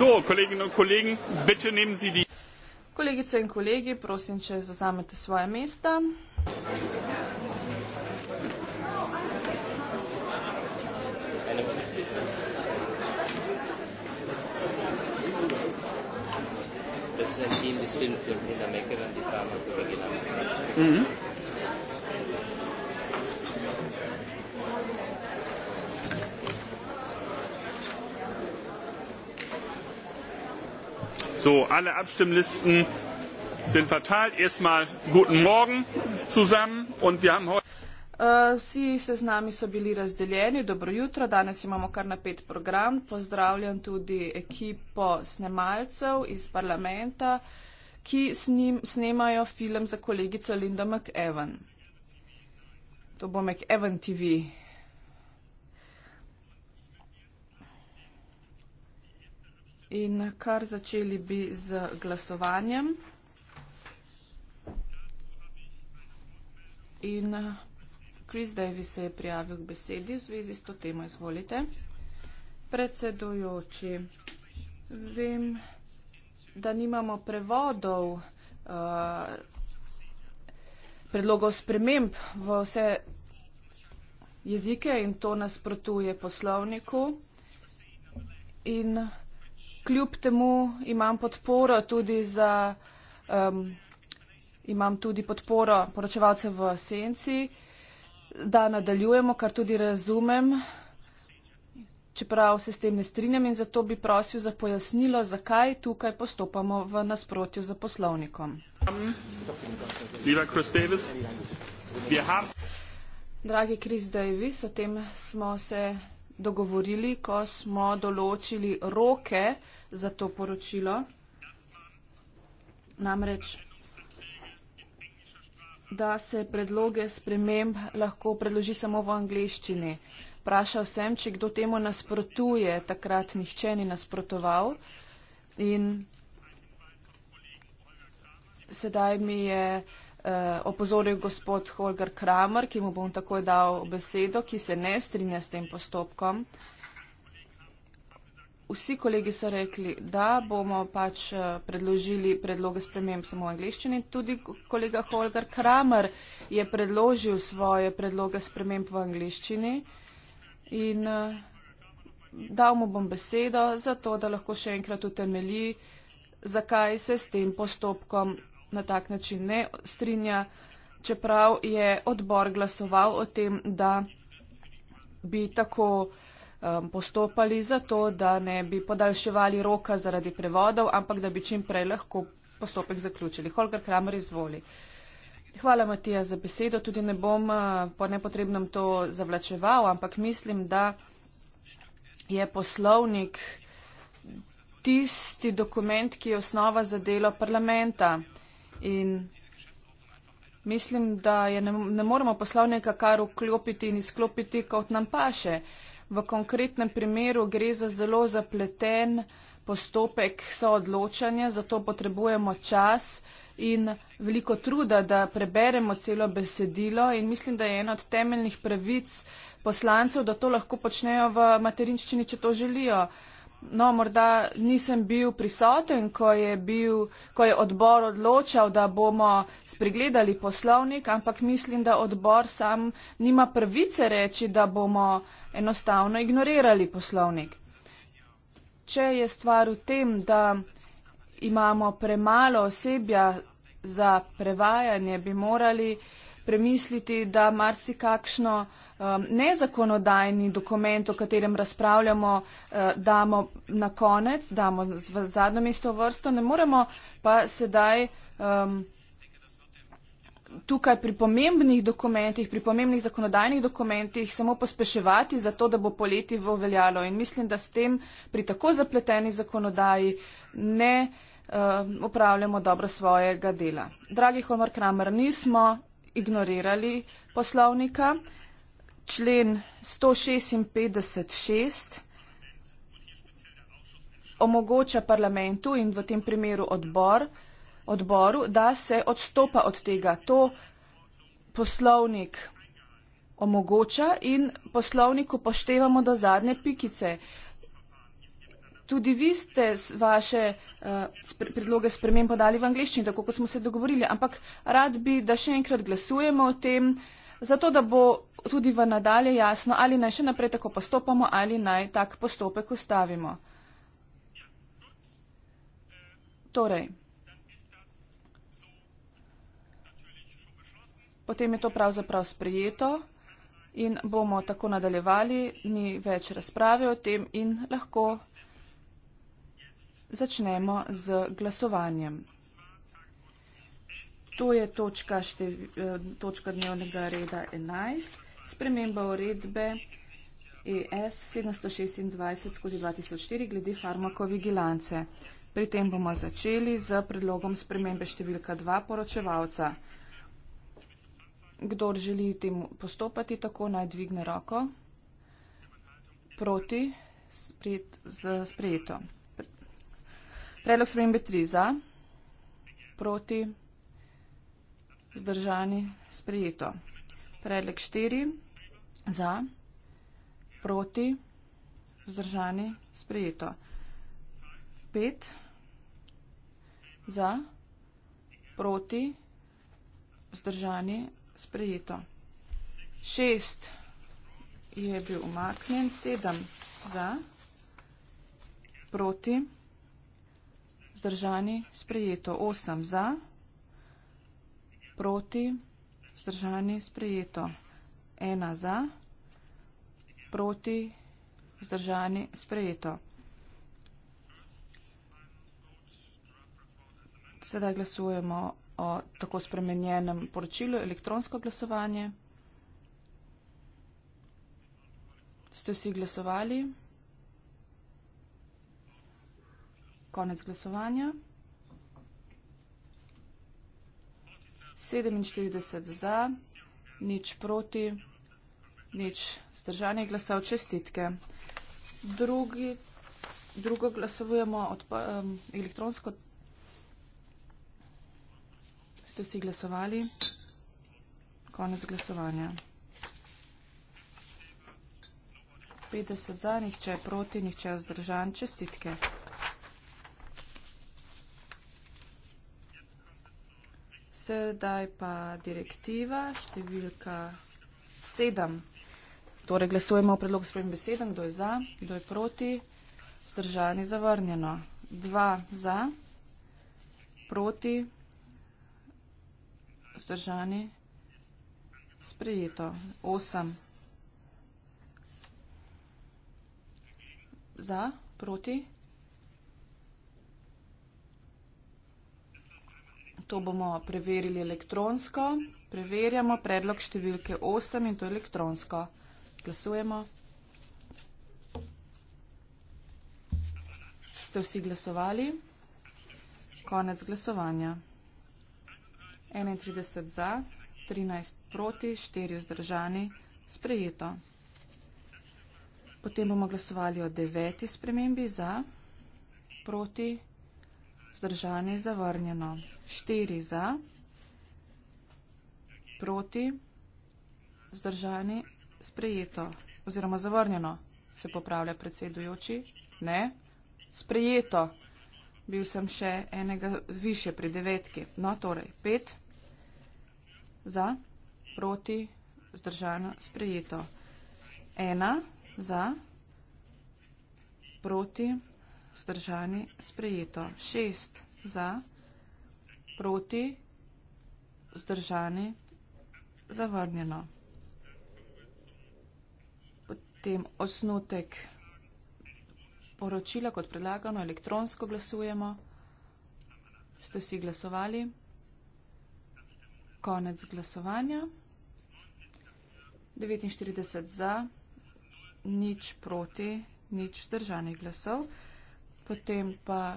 So, kolegin und Kollegen, bitte nehmen Sie die. Kolegice in kolegi, prosim, če zauzamete svoje mesta. Mm -hmm. So, alle Abstimmlisten sind verteilt. Erstmal guten Morgen zusammen und wir haben heute. Äh, vsi seznami so bili razdeljeni, dobro jutro, danes imamo kar na pet program. Pozdravljam tudi ekipo snemalcev iz parlamenta, ki snim, snemajo film za kolegico Linda McEwan. To bo McEwan TV. In kar začeli bi z glasovanjem. In eh, Chris Davis se je prijavil k besedi v zvezi s to temo. Izvolite. Predsedujoči, vem, da nimamo prevodov uh, predlogov sprememb v vse jezike in to nasprotuje poslovniku. In kljub temu imam podporo tudi za. Um, imam tudi podporo poročevalcev v senci, da nadaljujemo, kar tudi razumem, čeprav se s tem ne strinjam in zato bi prosil za pojasnilo, zakaj tukaj postopamo v nasprotju za poslovnikom. Dragi Kris Davis, o tem smo se dogovorili, ko smo določili roke za to poročilo. Namreč, da se predloge sprememb lahko predloži samo v angliščini. Prašal sem, če kdo temu nasprotuje, takrat nihče ni nasprotoval. In sedaj mi je. Eh, opozoril gospod Holger Kramer, ki mu bom takoj dal besedo, ki se ne strinja s tem postopkom. Vsi kolegi so rekli, da bomo pač eh, predložili predloge sprememb samo v angliščini. Tudi kolega Holger Kramer je predložil svoje predloge sprememb v angliščini in eh, dal mu bom besedo, zato da lahko še enkrat utemeli, zakaj se s tem postopkom na tak način ne strinja, čeprav je odbor glasoval o tem, da bi tako um, postopali zato, da ne bi podaljševali roka zaradi prevodov, ampak da bi čim prej lahko postopek zaključili. Holger Kramer izvoli. Hvala, Matija, za besedo. Tudi ne bom uh, po nepotrebnem to zavlačeval, ampak mislim, da je poslovnik tisti dokument, ki je osnova za delo parlamenta. In mislim, da je ne, ne moremo poslovnika kar vklopiti in izklopiti, kot nam paše. V konkretnem primeru gre za zelo zapleten postopek soodločanja, zato potrebujemo čas in veliko truda, da preberemo celo besedilo in mislim, da je ena od temeljnih pravic poslancev, da to lahko počnejo v materinščini, če to želijo. No, morda nisem bil prisoten, ko je, bil, ko je odbor odločal, da bomo spregledali poslovnik, ampak mislim, da odbor sam nima prvice reči, da bomo enostavno ignorirali poslovnik. Če je stvar v tem, da imamo premalo osebja za prevajanje, bi morali premisliti, da marsikakšno um, nezakonodajni dokument, o katerem razpravljamo, uh, damo na konec, damo v zadnjo mesto vrsto, ne moremo pa sedaj. Um, Tukaj pri pomembnih dokumentih, pri pomembnih zakonodajnih dokumentih samo pospeševati za to, da bo poleti v veljalo. In mislim, da s tem pri tako zapleteni zakonodaji ne uh, um, upravljamo dobro svojega dela. Dragi Holmar Kramer, nismo ignorirali poslovnika člen 156.6 omogoča parlamentu in v tem primeru odbor, odboru, da se odstopa od tega. To poslovnik omogoča in poslovnik upoštevamo do zadnje pikice. Tudi vi ste vaše uh, spre, predloge spremem podali v angliščini, tako kot smo se dogovorili, ampak rad bi, da še enkrat glasujemo o tem, zato da bo tudi v nadalje jasno, ali naj še naprej tako postopamo ali naj tak postopek ustavimo. Torej, potem je to pravzaprav sprejeto in bomo tako nadaljevali, ni več razprave o tem in lahko začnemo z glasovanjem. To je točka, števi, eh, točka dnevnega reda 11 sprememba uredbe e ES 726 skozi 2004 glede farmakovigilance. Pri tem bomo začeli z predlogom spremembe številka 2 poročevalca. Kdor želi tem postopati, tako naj dvigne roko proti za sprejeto. Predlog spremembe 3 za, proti, zdržani, sprejeto. Predlog štiri za, proti, vzdržani, sprejeto. Pet za, proti, vzdržani, sprejeto. Šest je bil umaknjen, sedem za, proti, vzdržani, sprejeto. Osem za, proti, vzdržani, sprejeto. Vzdržani sprejeto. Ena za, proti, vzdržani sprejeto. Sedaj glasujemo o tako spremenjenem poročilu, elektronsko glasovanje. Ste vsi glasovali? Konec glasovanja. 47 za, nič proti, nič zdržanih glasov, čestitke. Drugi, drugo glasujemo odpa, um, elektronsko. Ste vsi glasovali? Konec glasovanja. 50 za, nihče proti, nihče zdržan, čestitke. sedaj pa direktiva številka 7. Torej glasujemo o predlogu s prvim besedem, kdo je za, kdo je proti, vzdržani zavrnjeno. Dva za, proti, vzdržani, sprejeto. Osem za, proti. to bomo preverili elektronsko. Preverjamo predlog številke 8 in to elektronsko. Glasujemo. Ste vsi glasovali? Konec glasovanja. 31 za, 13 proti, 4 zdržani. Sprejeto. Potem bomo glasovali o deveti spremembi za, proti, vzdržani, zavrnjeno. 4 za, proti, vzdržani, sprejeto oziroma zavrnjeno, se popravlja predsedujoči, ne, sprejeto, bil sem še enega više pri devetki. No, torej, 5 za, proti, vzdržano, sprejeto. 1 za, proti, vzdržano vzdržani, sprejeto. Šest za, proti, vzdržani, zavrnjeno. Potem osnutek poročila kot predlagano, elektronsko glasujemo. Ste vsi glasovali? Konec glasovanja. 49 za, nič proti, nič vzdržanih glasov potem pa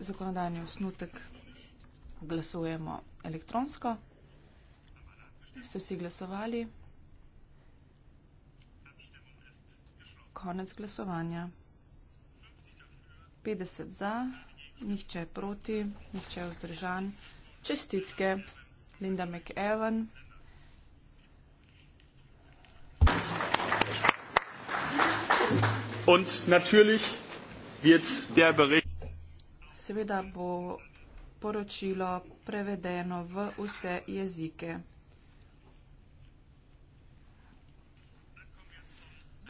zakonodajni osnutek glasujemo elektronsko. Ste vsi glasovali? Konec glasovanja. 50 za, nihče proti, nihče vzdržan. Čestitke, Linda McEwan. Und natürlich Seveda bo poročilo prevedeno v vse jezike.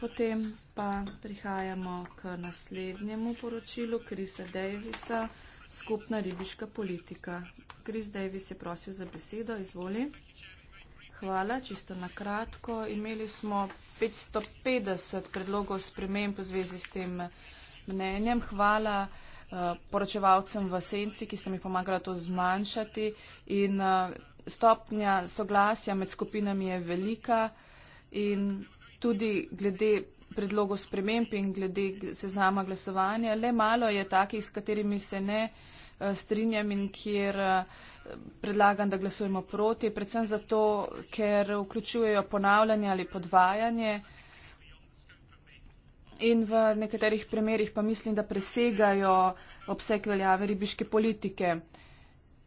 Potem pa prihajamo k naslednjemu poročilu Krisa Davisa, skupna ribiška politika. Kris Davis je prosil za besedo, izvoli. Hvala, čisto na kratko. Imeli smo 550 predlogov spremem po zvezi s tem mnenjem. Hvala uh, poročevalcem v senci, ki ste mi pomagali to zmanjšati. In, uh, stopnja soglasja med skupinami je velika in tudi glede predlogov sprememb in glede seznama glasovanja. Le malo je takih, s katerimi se ne uh, strinjam in kjer. Uh, Predlagam, da glasujemo proti, predvsem zato, ker vključujejo ponavljanje ali podvajanje in v nekaterih primerjih pa mislim, da presegajo obseg veljave ribiške politike.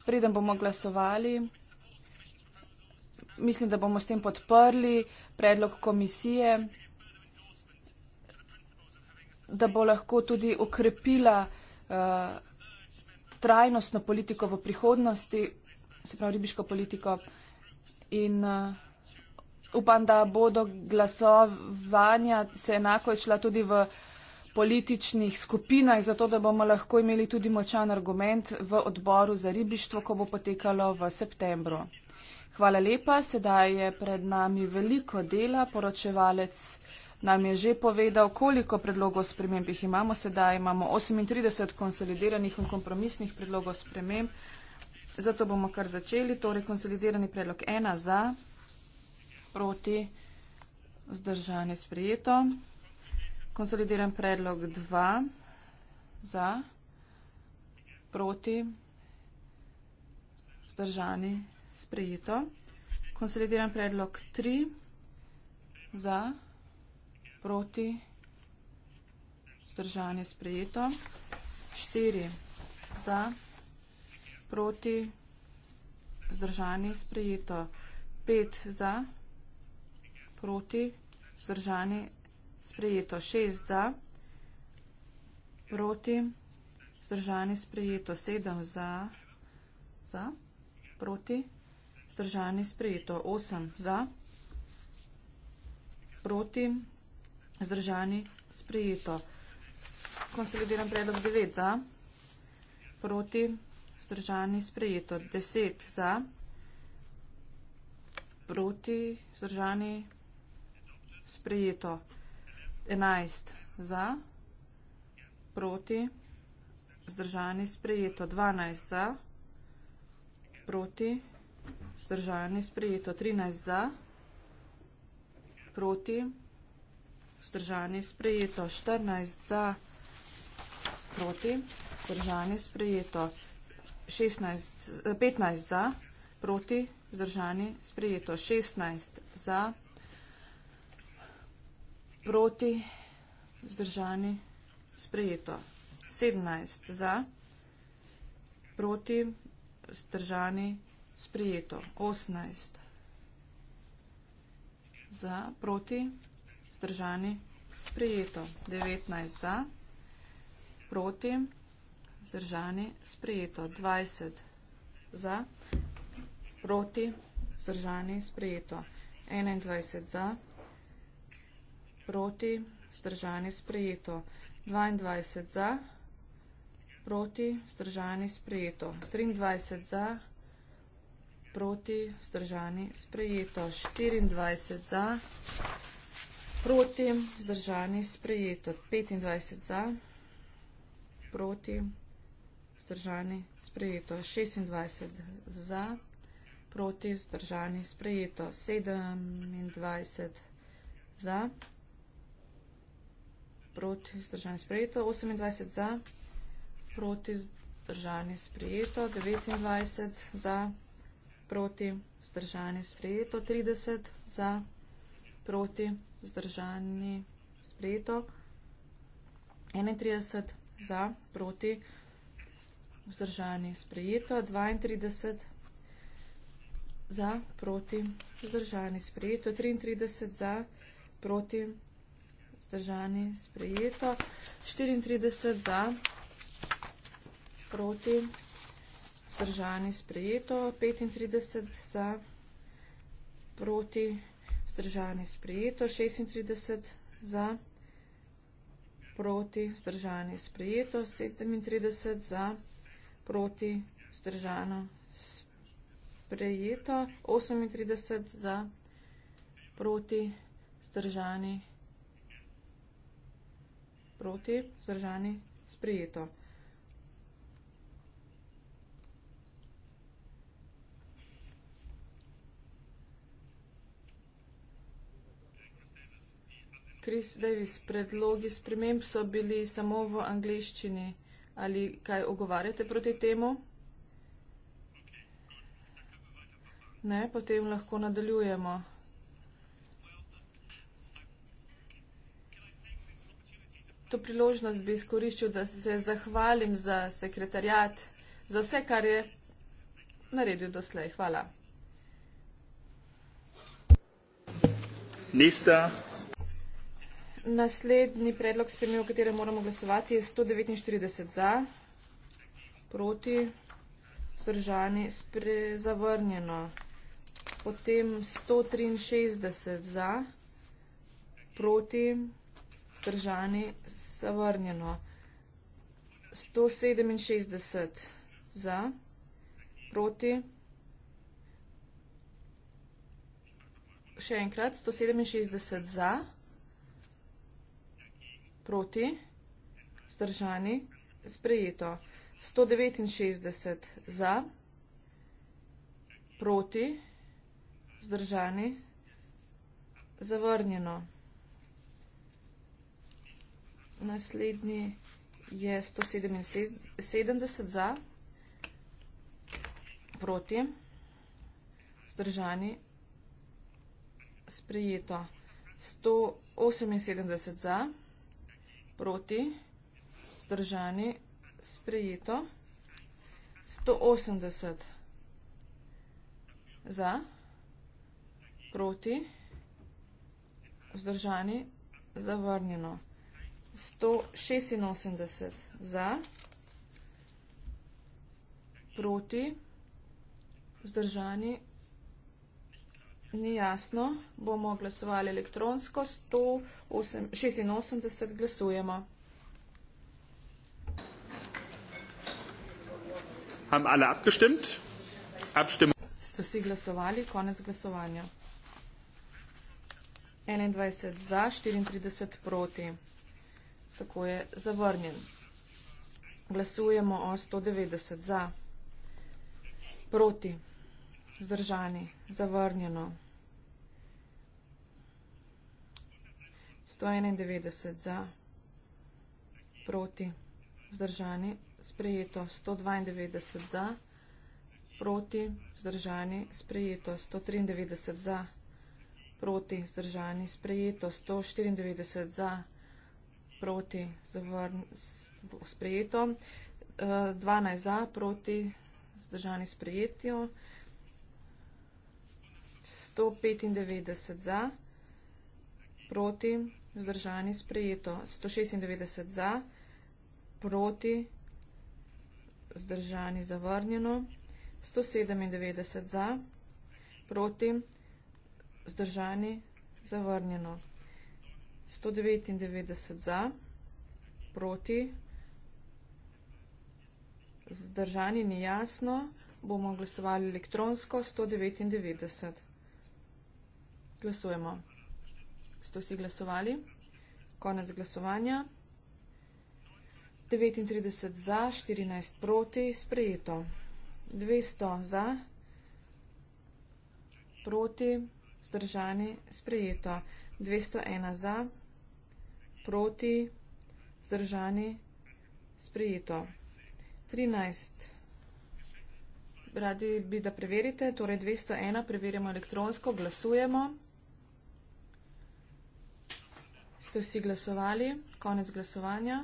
Preden bomo glasovali, mislim, da bomo s tem podprli predlog komisije, da bo lahko tudi okrepila uh, trajnostno politiko v prihodnosti, se pravi ribiško politiko. In, uh, upam, da bodo glasovanja se enako išla tudi v političnih skupinah, zato da bomo lahko imeli tudi močan argument v odboru za ribištvo, ko bo potekalo v septembru. Hvala lepa, sedaj je pred nami veliko dela, poročevalec nam je že povedal, koliko predlogov sprememb jih imamo, sedaj imamo 38 konsolideranih in kompromisnih predlogov sprememb, zato bomo kar začeli, torej konsolidirani predlog 1 za proti vzdržanje sprejeto. Konsolideren predlog 2 za proti vzdržanje sprejeto. Konsolideren predlog 3 za proti vzdržanje sprejeto. 4 za proti vzdržanje sprejeto. 5 za proti proti, vzdržani, sprejeto 6 za, proti, vzdržani, sprejeto 7 za, za, proti, vzdržani, sprejeto 8 za, proti, vzdržani, sprejeto. Konsolidiran predlog 9 za, proti, vzdržani, sprejeto 10 za, proti, vzdržani, sprejeto 10 za sprejeto. 11 za, proti, zdržani, sprejeto. 12 za, proti, zdržani, sprejeto. 13 za, proti, zdržani, sprejeto. 14 za, proti, zdržani, sprejeto. 16, 15 eh, za, proti, zdržani, sprejeto. 16 za, proti proti, zdržani, sprejeto. 17 za, proti, zdržani, sprejeto. 18 za, proti, zdržani, sprejeto. 19 za, proti, zdržani, sprejeto. 20 za, proti, zdržani, sprejeto. 21 za, proti, zdržani, sprejeto proti, zdržani sprejeto. 22 za, proti, zdržani sprejeto. 23 za, proti, zdržani sprejeto. 24 za, proti, zdržani sprejeto. 25 za, proti, zdržani sprejeto. 26 za, proti, zdržani sprejeto. 27 za, proti, zdržani sprejeto proti vzdržanje sprejeto, 28 za, proti vzdržanje sprejeto, 29 za, proti vzdržanje sprejeto, 30 za, proti vzdržanje sprejeto, 31 za, proti vzdržanje sprejeto, 32 za, proti vzdržanje sprejeto, 33 za, proti vzdržanje sprejeto. Zdržani, sprejeto. 34 za, proti, zdržani, sprejeto. 35 za, proti, zdržani, sprejeto. 36 za, proti, zdržani, sprejeto. 37 za, proti, zdržano, sprejeto. 38 za, proti, zdržani, sprejeto proti, vzdržani, sprejeto. Chris Davis, predlogi sprememb so bili samo v angliščini. Ali kaj ogovarjate proti temu? Ne, potem lahko nadaljujemo. to priložnost bi izkoriščil, da se zahvalim za sekretarjat, za vse, kar je naredil doslej. Hvala. Lista. Naslednji predlog spremljiv, o katerem moramo glasovati, je 149 za, proti, vzdržani, zavrnjeno. Potem 163 za, proti, vzdržani vzdržani, zavrnjeno. 167 za, proti. Še enkrat, 167 za, proti, vzdržani, sprejeto. 169 za, proti, vzdržani, zavrnjeno naslednji je 177 za, proti, zdržani, sprejeto. 178 za, proti, zdržani, sprejeto. 180 za, proti, vzdržani, zavrnjeno. 186 za, proti, vzdržani, ni jasno, bomo glasovali elektronsko, 186 glasujemo. Haben alle abgestimmt? Abstimmung. Ste vsi glasovali, konec glasovanja. 21 za, 34 proti tako je zavrnjen. Glasujemo o 190 za, proti, zdržani, zavrnjeno. 191 za, proti, zdržani, sprejeto. 192 za, proti, zdržani, sprejeto. 193 za, proti, zdržani, sprejeto. 194 za, proti zavrn, sprejeto, 12 eh, za proti zdržani sprejetju, 195 za proti zdržani sprejeto, 196 za proti zdržani zavrnjeno, 197 za proti zdržani zavrnjeno. 199 za, proti, zdržani ni jasno, bomo glasovali elektronsko 199. Glasujemo. Ste vsi glasovali? Konec glasovanja. 39 za, 14 proti, sprejeto. 200 za, proti, zdržani, sprejeto. 201 za, proti, zdržani, sprijeto. 13. Radi bi, da preverite, torej 201, preverjamo elektronsko, glasujemo. Ste vsi glasovali, konec glasovanja.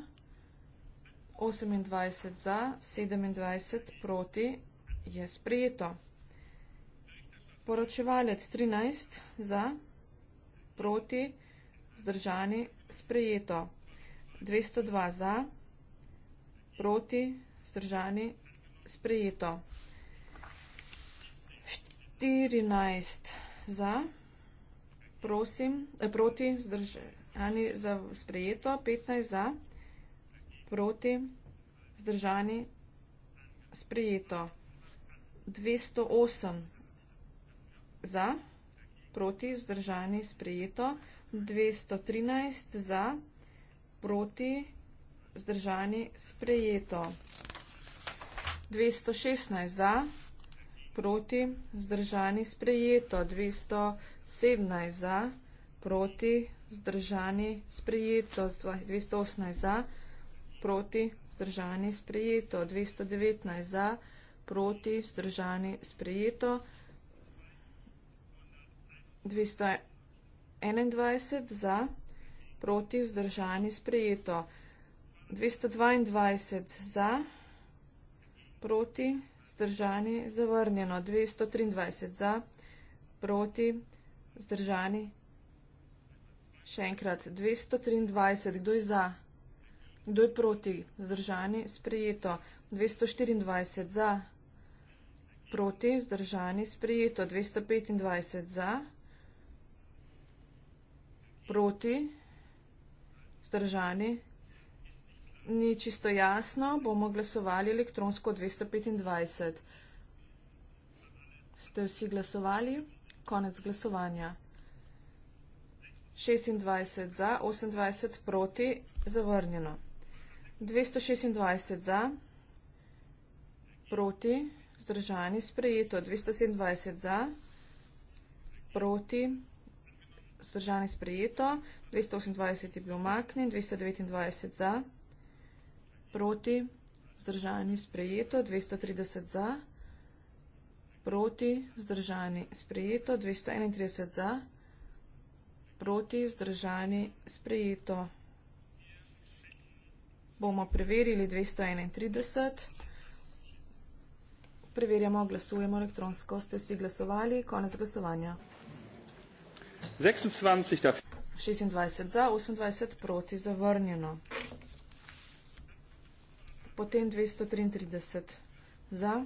28 za, 27 proti, je sprijeto. Poročevalec 13 za, proti, vzdržani, sprejeto. 202 za, proti, vzdržani, sprejeto. 14 za, prosim, eh, proti, vzdržani, za sprejeto. 15 za, proti, vzdržani, sprejeto. 208 za, proti, vzdržani, sprejeto, 213 za, proti, vzdržani, sprejeto, 216 za, proti, vzdržani, sprejeto, 217 za, proti, vzdržani, sprejeto, 218 za, proti, vzdržani, sprejeto, 219 za, proti, vzdržani, sprejeto, 219 za, proti, vzdržani, sprejeto, 221 za, proti vzdržani sprejeto. 222 za, proti vzdržani zavrnjeno. 223 za, proti vzdržani. Še enkrat, 223, kdo je za, kdo je proti, vzdržani, sprijeto, 224 za, proti, vzdržani, sprijeto, 225 za proti, zdržani. Ni čisto jasno, bomo glasovali elektronsko 225. Ste vsi glasovali? Konec glasovanja. 26 za, 28 proti, zavrnjeno. 226 za, proti, zdržani, sprejeto. 227 za, proti, Zdržani sprejeto, 228 je bil omaknjen, 229 za, proti, zdržani sprejeto, 230 za, proti, zdržani sprejeto, 231 za, proti, zdržani sprejeto. Bomo preverili 231. Preverjamo, glasujemo elektronsko. Ste vsi glasovali? Konec glasovanja. 26 dafür. 26 za, 28 proti, zavrnjeno. Potem 233 za,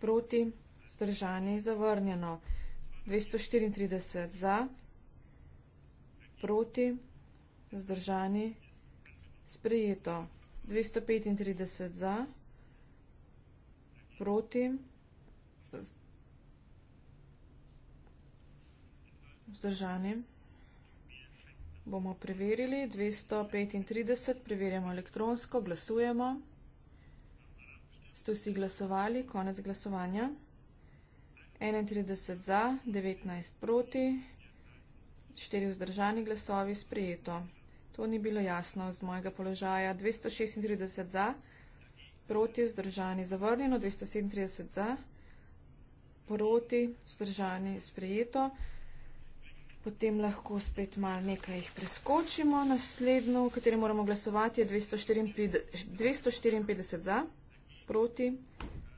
proti, zdržani, zavrnjeno. 234 za, proti, zdržani, sprejeto. 235 za, proti, zdržani. vzdržanim. Bomo preverili 235, preverjamo elektronsko, glasujemo. Ste vsi glasovali, konec glasovanja. 31 za, 19 proti, 4 vzdržani glasovi sprejeto. To ni bilo jasno z mojega položaja. 236 za, proti vzdržani zavrnjeno, 237 za, proti vzdržani sprejeto. Potem lahko spet malo nekaj jih preskočimo. Naslednjo, v kateri moramo glasovati, je 254 za, proti,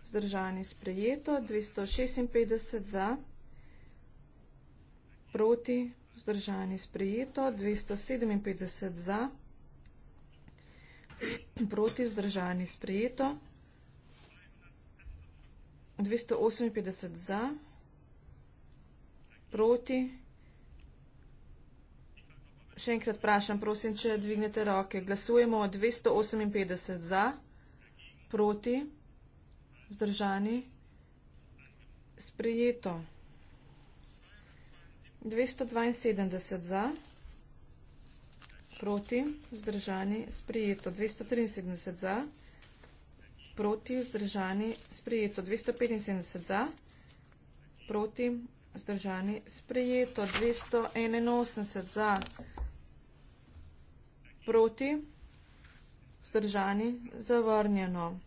vzdržani sprejeto, 256 za, proti, vzdržani sprejeto, 257 za, proti, vzdržani sprejeto, 258 za, proti, Še enkrat prašam, prosim, če dvignete roke. Glasujemo 258 za, proti, zdržani, sprejeto. 272 za, proti, zdržani, sprejeto. 273 za, proti, zdržani, sprejeto. 275 za, proti, zdržani, sprejeto. 281 za, proti. Proti? Vzdržani? Zavrnjeno.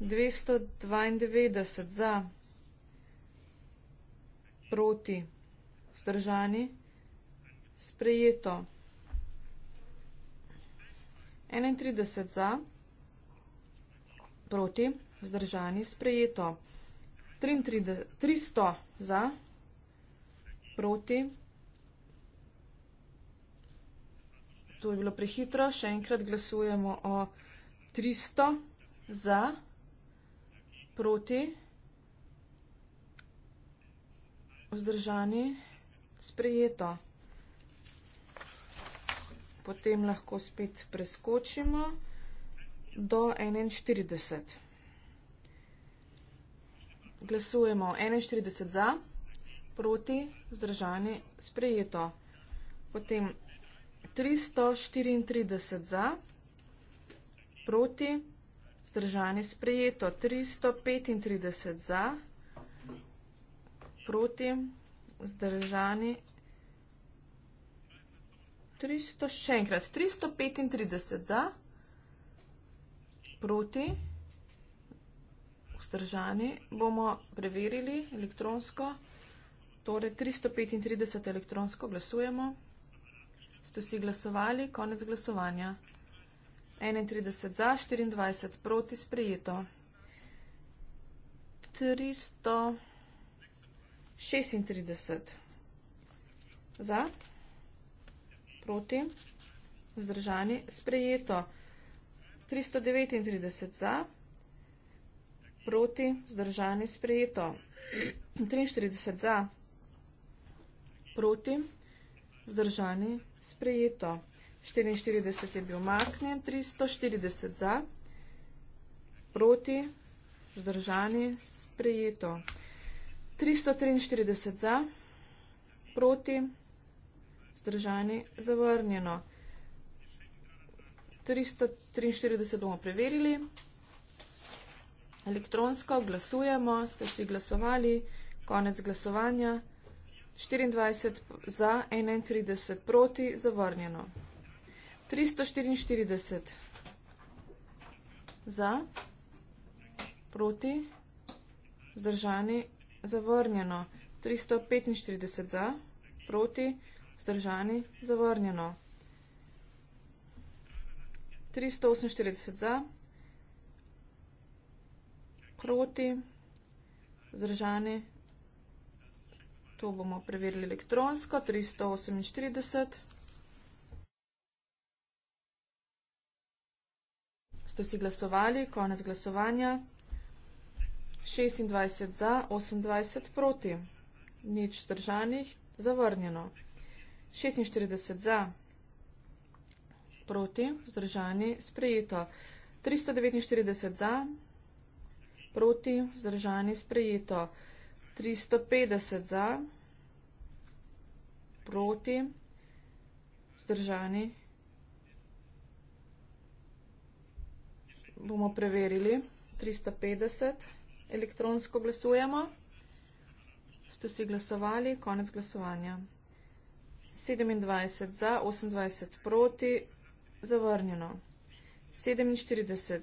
292 za. Proti? Vzdržani? Sprejeto. 31 za. Proti? Vzdržani? Sprejeto. 300 za. Proti? Vzdržani? to je bilo prehitro. Še enkrat glasujemo o 300 za, proti, vzdržani, sprejeto. Potem lahko spet preskočimo do 41. Glasujemo 41 za, proti, zdržani, sprejeto. Potem 334 za, proti, zdržani sprejeto, 335 za, proti, zdržani, 300, še enkrat, 335 za, proti, vzdržani, bomo preverili elektronsko, torej 335 elektronsko glasujemo. 335 za ste vsi glasovali, konec glasovanja. 31 za, 24 proti, sprejeto. 336 za, proti, vzdržani, sprejeto. 339 za, proti, vzdržani, sprejeto. 43 za, proti, vzdržani vzdržani, sprejeto. 44 je bil maknjen, 340 za, proti, vzdržani, sprejeto. 343 za, proti, vzdržani, zavrnjeno. 343 bomo preverili. Elektronsko glasujemo, ste si glasovali, konec glasovanja. 24 za, 31 proti, zavrnjeno. 344 za, proti, zdržani, zavrnjeno. 345 za, proti, zdržani, zavrnjeno. 348 za, proti, zdržani, zavrnjeno. To bomo preverili elektronsko, 348. Ste vsi glasovali, konec glasovanja. 26 za, 28 proti. Nič zdržanih, zavrnjeno. 46 za, proti, zdržani, sprejeto. 349 za, proti, zdržani, sprejeto. 350 za, proti, zdržani. Bomo preverili. 350 elektronsko glasujemo. Ste si glasovali, konec glasovanja. 27 za, 28 proti, zavrnjeno. 47.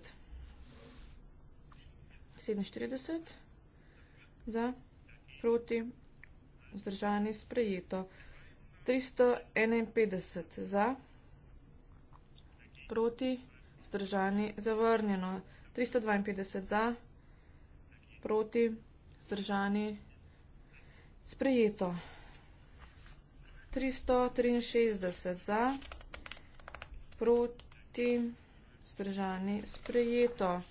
47 za proti, vzdržani sprejeto. 351 za, proti, vzdržani zavrnjeno. 352 za, proti, vzdržani sprejeto. 363 za, proti, vzdržani sprejeto.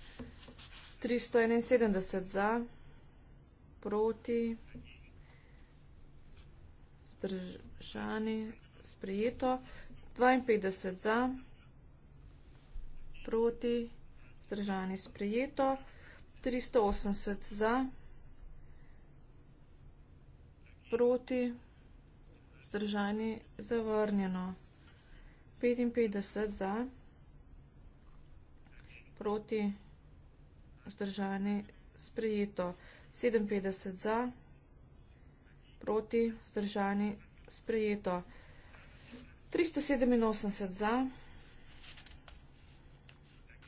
371 za, proti proti, zdržani, sprejeto, 52 za, proti, zdržani, sprejeto, 380 za, proti, zdržani, zavrnjeno, 55 za, proti, zdržani, sprejeto, 57 za, proti, vzdržani, sprejeto. 387 za,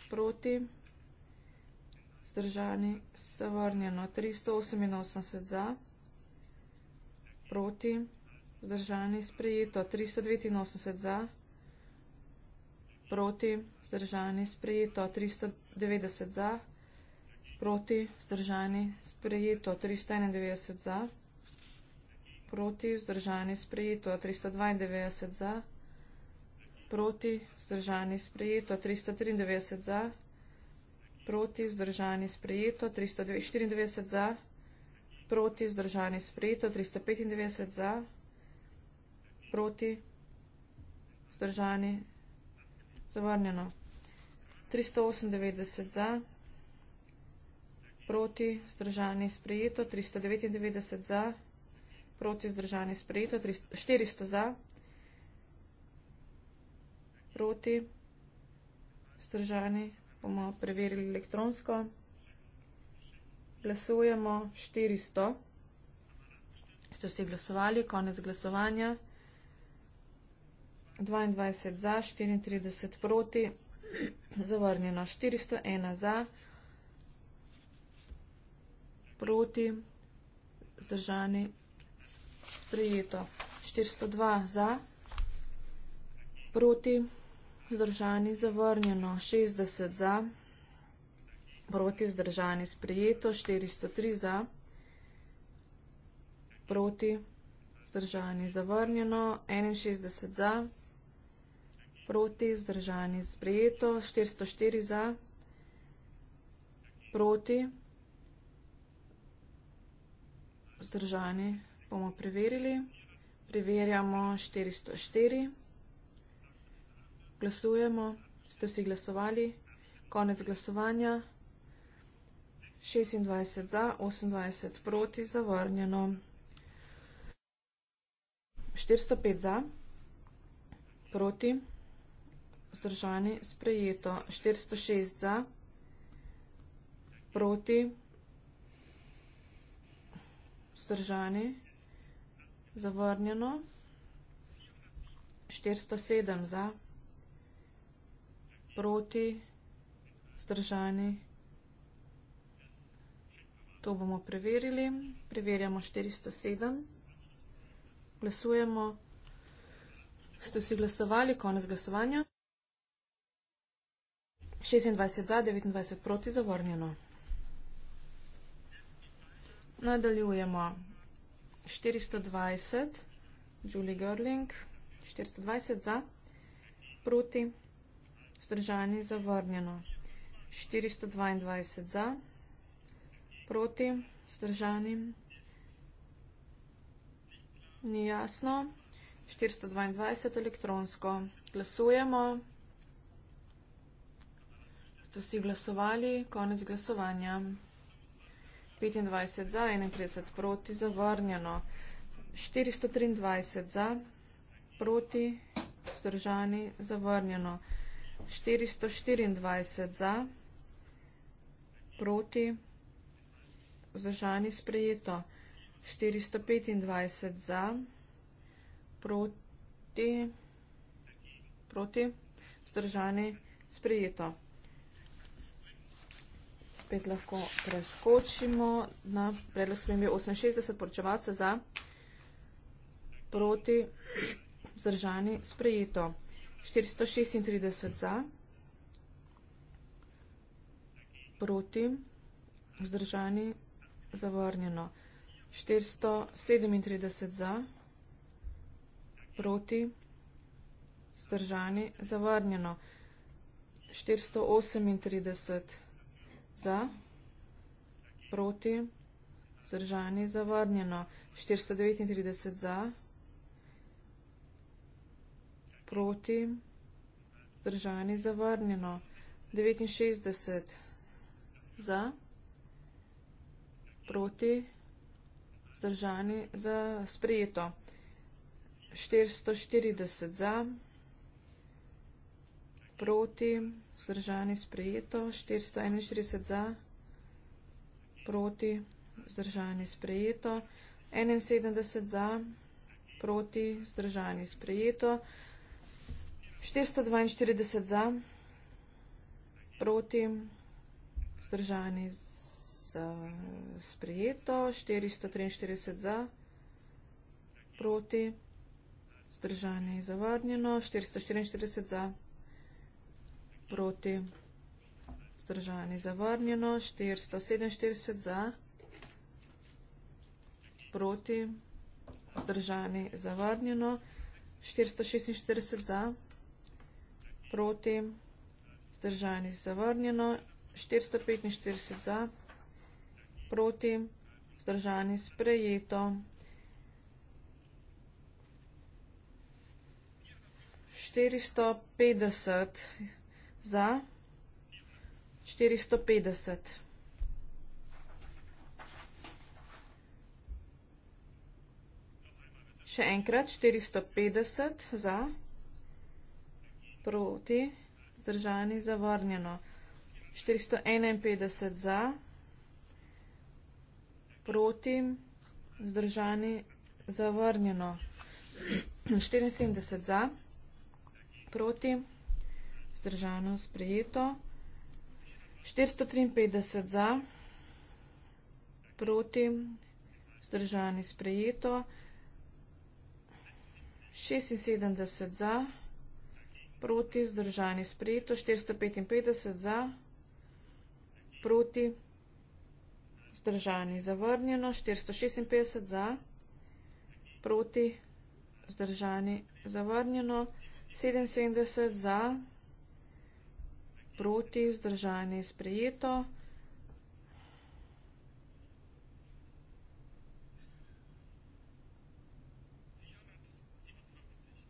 proti, vzdržani, zavrnjeno. 388 za, proti, vzdržani, sprejeto. 389 za, proti, vzdržani, sprejeto. 390 za, proti proti, vzdržani, sprejeto 391 za, proti, vzdržani, sprejeto 392 za, proti, vzdržani, sprejeto 393 za, proti, vzdržani, sprejeto 394 za, proti, vzdržani, sprejeto 395 za, proti, vzdržani, zavrnjeno 398 za proti, zdržani sprejeto, 399 za, proti, zdržani sprejeto, 400 za, proti, zdržani, bomo preverili elektronsko, glasujemo 400, ste vsi glasovali, konec glasovanja, 22 za, 34 proti, zavrnjeno 401 za, proti, zdržani, sprejeto. 402 za, proti, zdržani, zavrnjeno. 60 za, proti, zdržani, sprejeto. 403 za, proti, zdržani, zavrnjeno. 61 za, proti, zdržani, sprejeto. 404 za, proti, zdržani, sprejeto vzdržani, bomo preverili. Preverjamo 404. Glasujemo, ste vsi glasovali. Konec glasovanja. 26 za, 28 proti, zavrnjeno. 405 za, proti, vzdržani, sprejeto. 406 za, proti, vzdržani, zavrnjeno, 407 za, proti, vzdržani. To bomo preverili. Preverjamo 407. Glasujemo. Ste vsi glasovali? Konec glasovanja. 26 za, 29 proti, zavrnjeno. Nadaljujemo. 420, Julie Görling, 420 za, proti, vzdržani, zavrnjeno. 422 za, proti, vzdržani, ni jasno. 422 elektronsko. Glasujemo. Ste vsi glasovali? Konec glasovanja. 25 za, 31 proti, zavrnjeno. 423 za, proti, vzdržani, zavrnjeno. 424 za, proti, vzdržani, sprejeto. 425 za, proti, proti, vzdržani, sprejeto spet lahko preskočimo na predlog spremembe 68 poročevalce za proti vzdržani sprejeto. 436 za proti vzdržani zavrnjeno. 437 za proti vzdržani zavrnjeno. 438 za, proti, zdržani, zavrnjeno. 439 za, proti, zdržani, zavrnjeno. 69 za, proti, zdržani, za, sprijeto. 440 za, proti, proti, vzdržani sprejeto, 441 za, proti, vzdržani sprejeto, 71 za, proti, vzdržani sprejeto, 442 za, proti, vzdržani sprejeto, 443 za, proti, vzdržani zavrnjeno, 444 za, proti, proti. Zdržani zavrnjeno. 447 za. Proti. Zdržani zavrnjeno. 446 za. Proti. Zdržani zavrnjeno. 445 za. Proti. Zdržani sprejeto. 450 za 450. Še enkrat 450 za, proti, zdržani, zavrnjeno. 451 za, proti, zdržani, zavrnjeno. 74 za, proti, zdržani, zavrnjeno. Zdržano sprejeto. 453 za, proti, zdržani sprejeto. 76 za, proti, zdržani sprejeto. 455 za, proti, zdržani zavrnjeno. 456 za, proti, zdržani zavrnjeno. 77 za, proti proti, vzdržanje je sprejeto.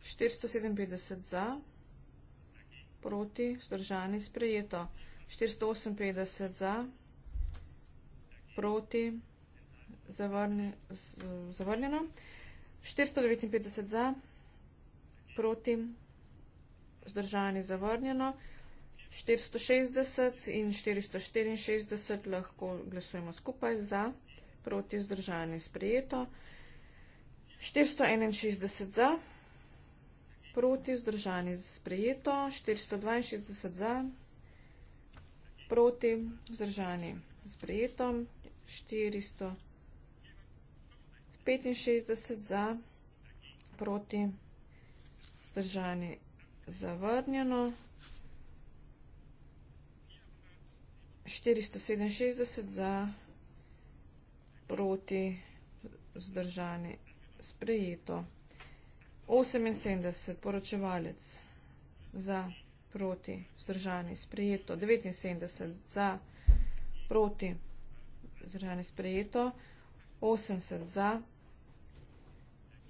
Štiristo sedeminpetdeset za, proti, vzdržanje sprejeto, štiristo oseminpetdeset za, proti, zavrne, zavrnjeno, štiristo devetinpetdeset za, proti, vzdržanje zavrnjeno, štiristo 460 in 464 lahko glasujemo skupaj za, proti zdržanje sprejeto. 461 za, proti zdržanje sprejeto. 462 za, proti zdržanje sprejeto. 465 za, proti zdržanje zavrnjeno. 467 za proti vzdržani sprejeto. 78 poročevalec za proti vzdržani sprejeto. 79 za proti vzdržani sprejeto. 80 za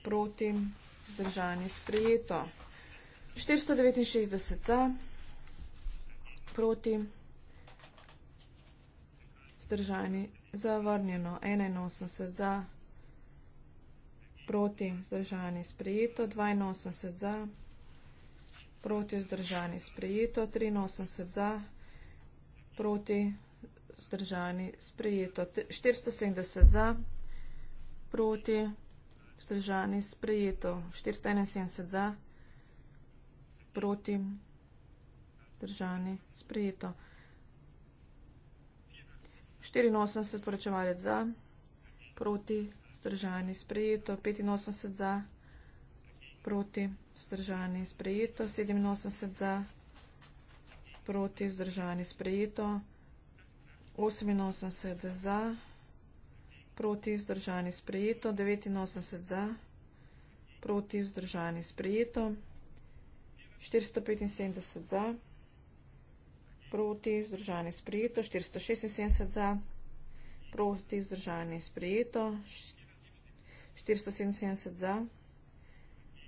proti vzdržani sprejeto. 469 za proti vzdržani sprejeto vzdržani, zavrnjeno 81 za, proti vzdržani sprejeto 82 za, proti vzdržani sprejeto 83 za, proti vzdržani sprejeto 470 za, proti vzdržani sprejeto 471 za, proti vzdržani sprejeto. 84 poročevalec za, proti, vzdržani, sprejeto, 85 za, proti, vzdržani, sprejeto, 87 za, proti, vzdržani, sprejeto, 88 za, proti, vzdržani, sprejeto, 89 za, proti, vzdržani, sprejeto, 475 za proti, vzdržani sprejeto, 476 za, proti, vzdržani sprejeto, 477 za,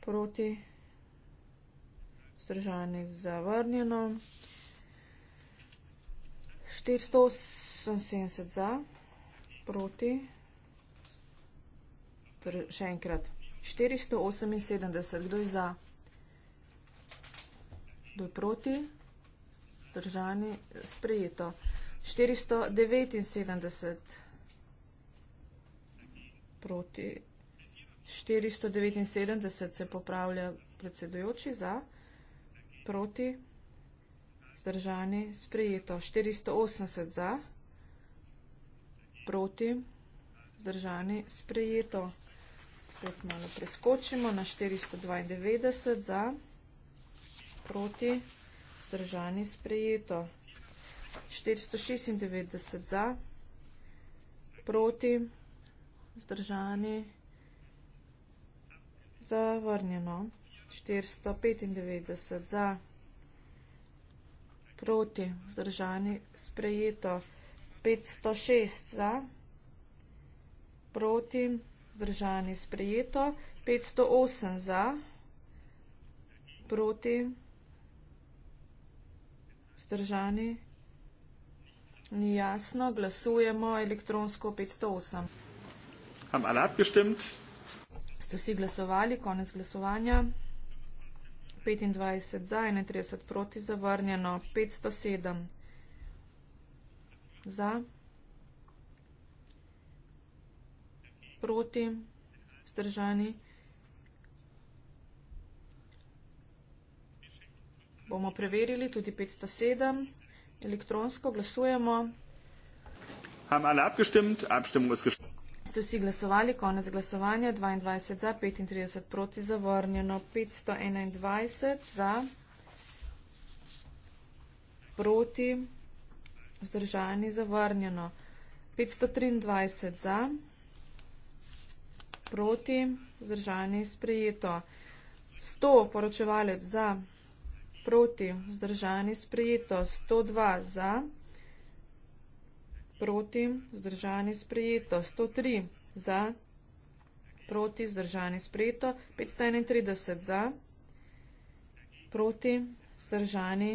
proti, vzdržani zavrnjeno, 478 za, proti, še enkrat, 478, kdo je za, kdo je proti, vzdržani, sprejeto. 479 proti. 479 se popravlja predsedujoči za, proti, vzdržani, sprejeto. 480 za, proti, vzdržani, sprejeto. Spet malo preskočimo na 492 za, proti, vzdržani vzdržani sprejeto. 496 za, proti, vzdržani, zavrnjeno. 495 za, proti, vzdržani, sprejeto. 506 za, proti, vzdržani, sprejeto. 508 za, proti, vzdržani, sprejeto vzdržani. Ni jasno, glasujemo elektronsko 508. Am alle abgestimmt? Ste vsi glasovali, konec glasovanja. 25 za, 31 proti, zavrnjeno. 507 za, proti, vzdržani. bomo preverili tudi 507. Elektronsko glasujemo. Ste vsi glasovali, konec glasovanja, 22 za, 35 proti, zavrnjeno, 521 za, proti, vzdržani, zavrnjeno, 523 za, proti, vzdržani, sprejeto, 100 poročevalec za, proti, vzdržani sprejeto, 102 za, proti, vzdržani sprejeto, 103 za, proti, vzdržani sprejeto, 531 za, proti, vzdržani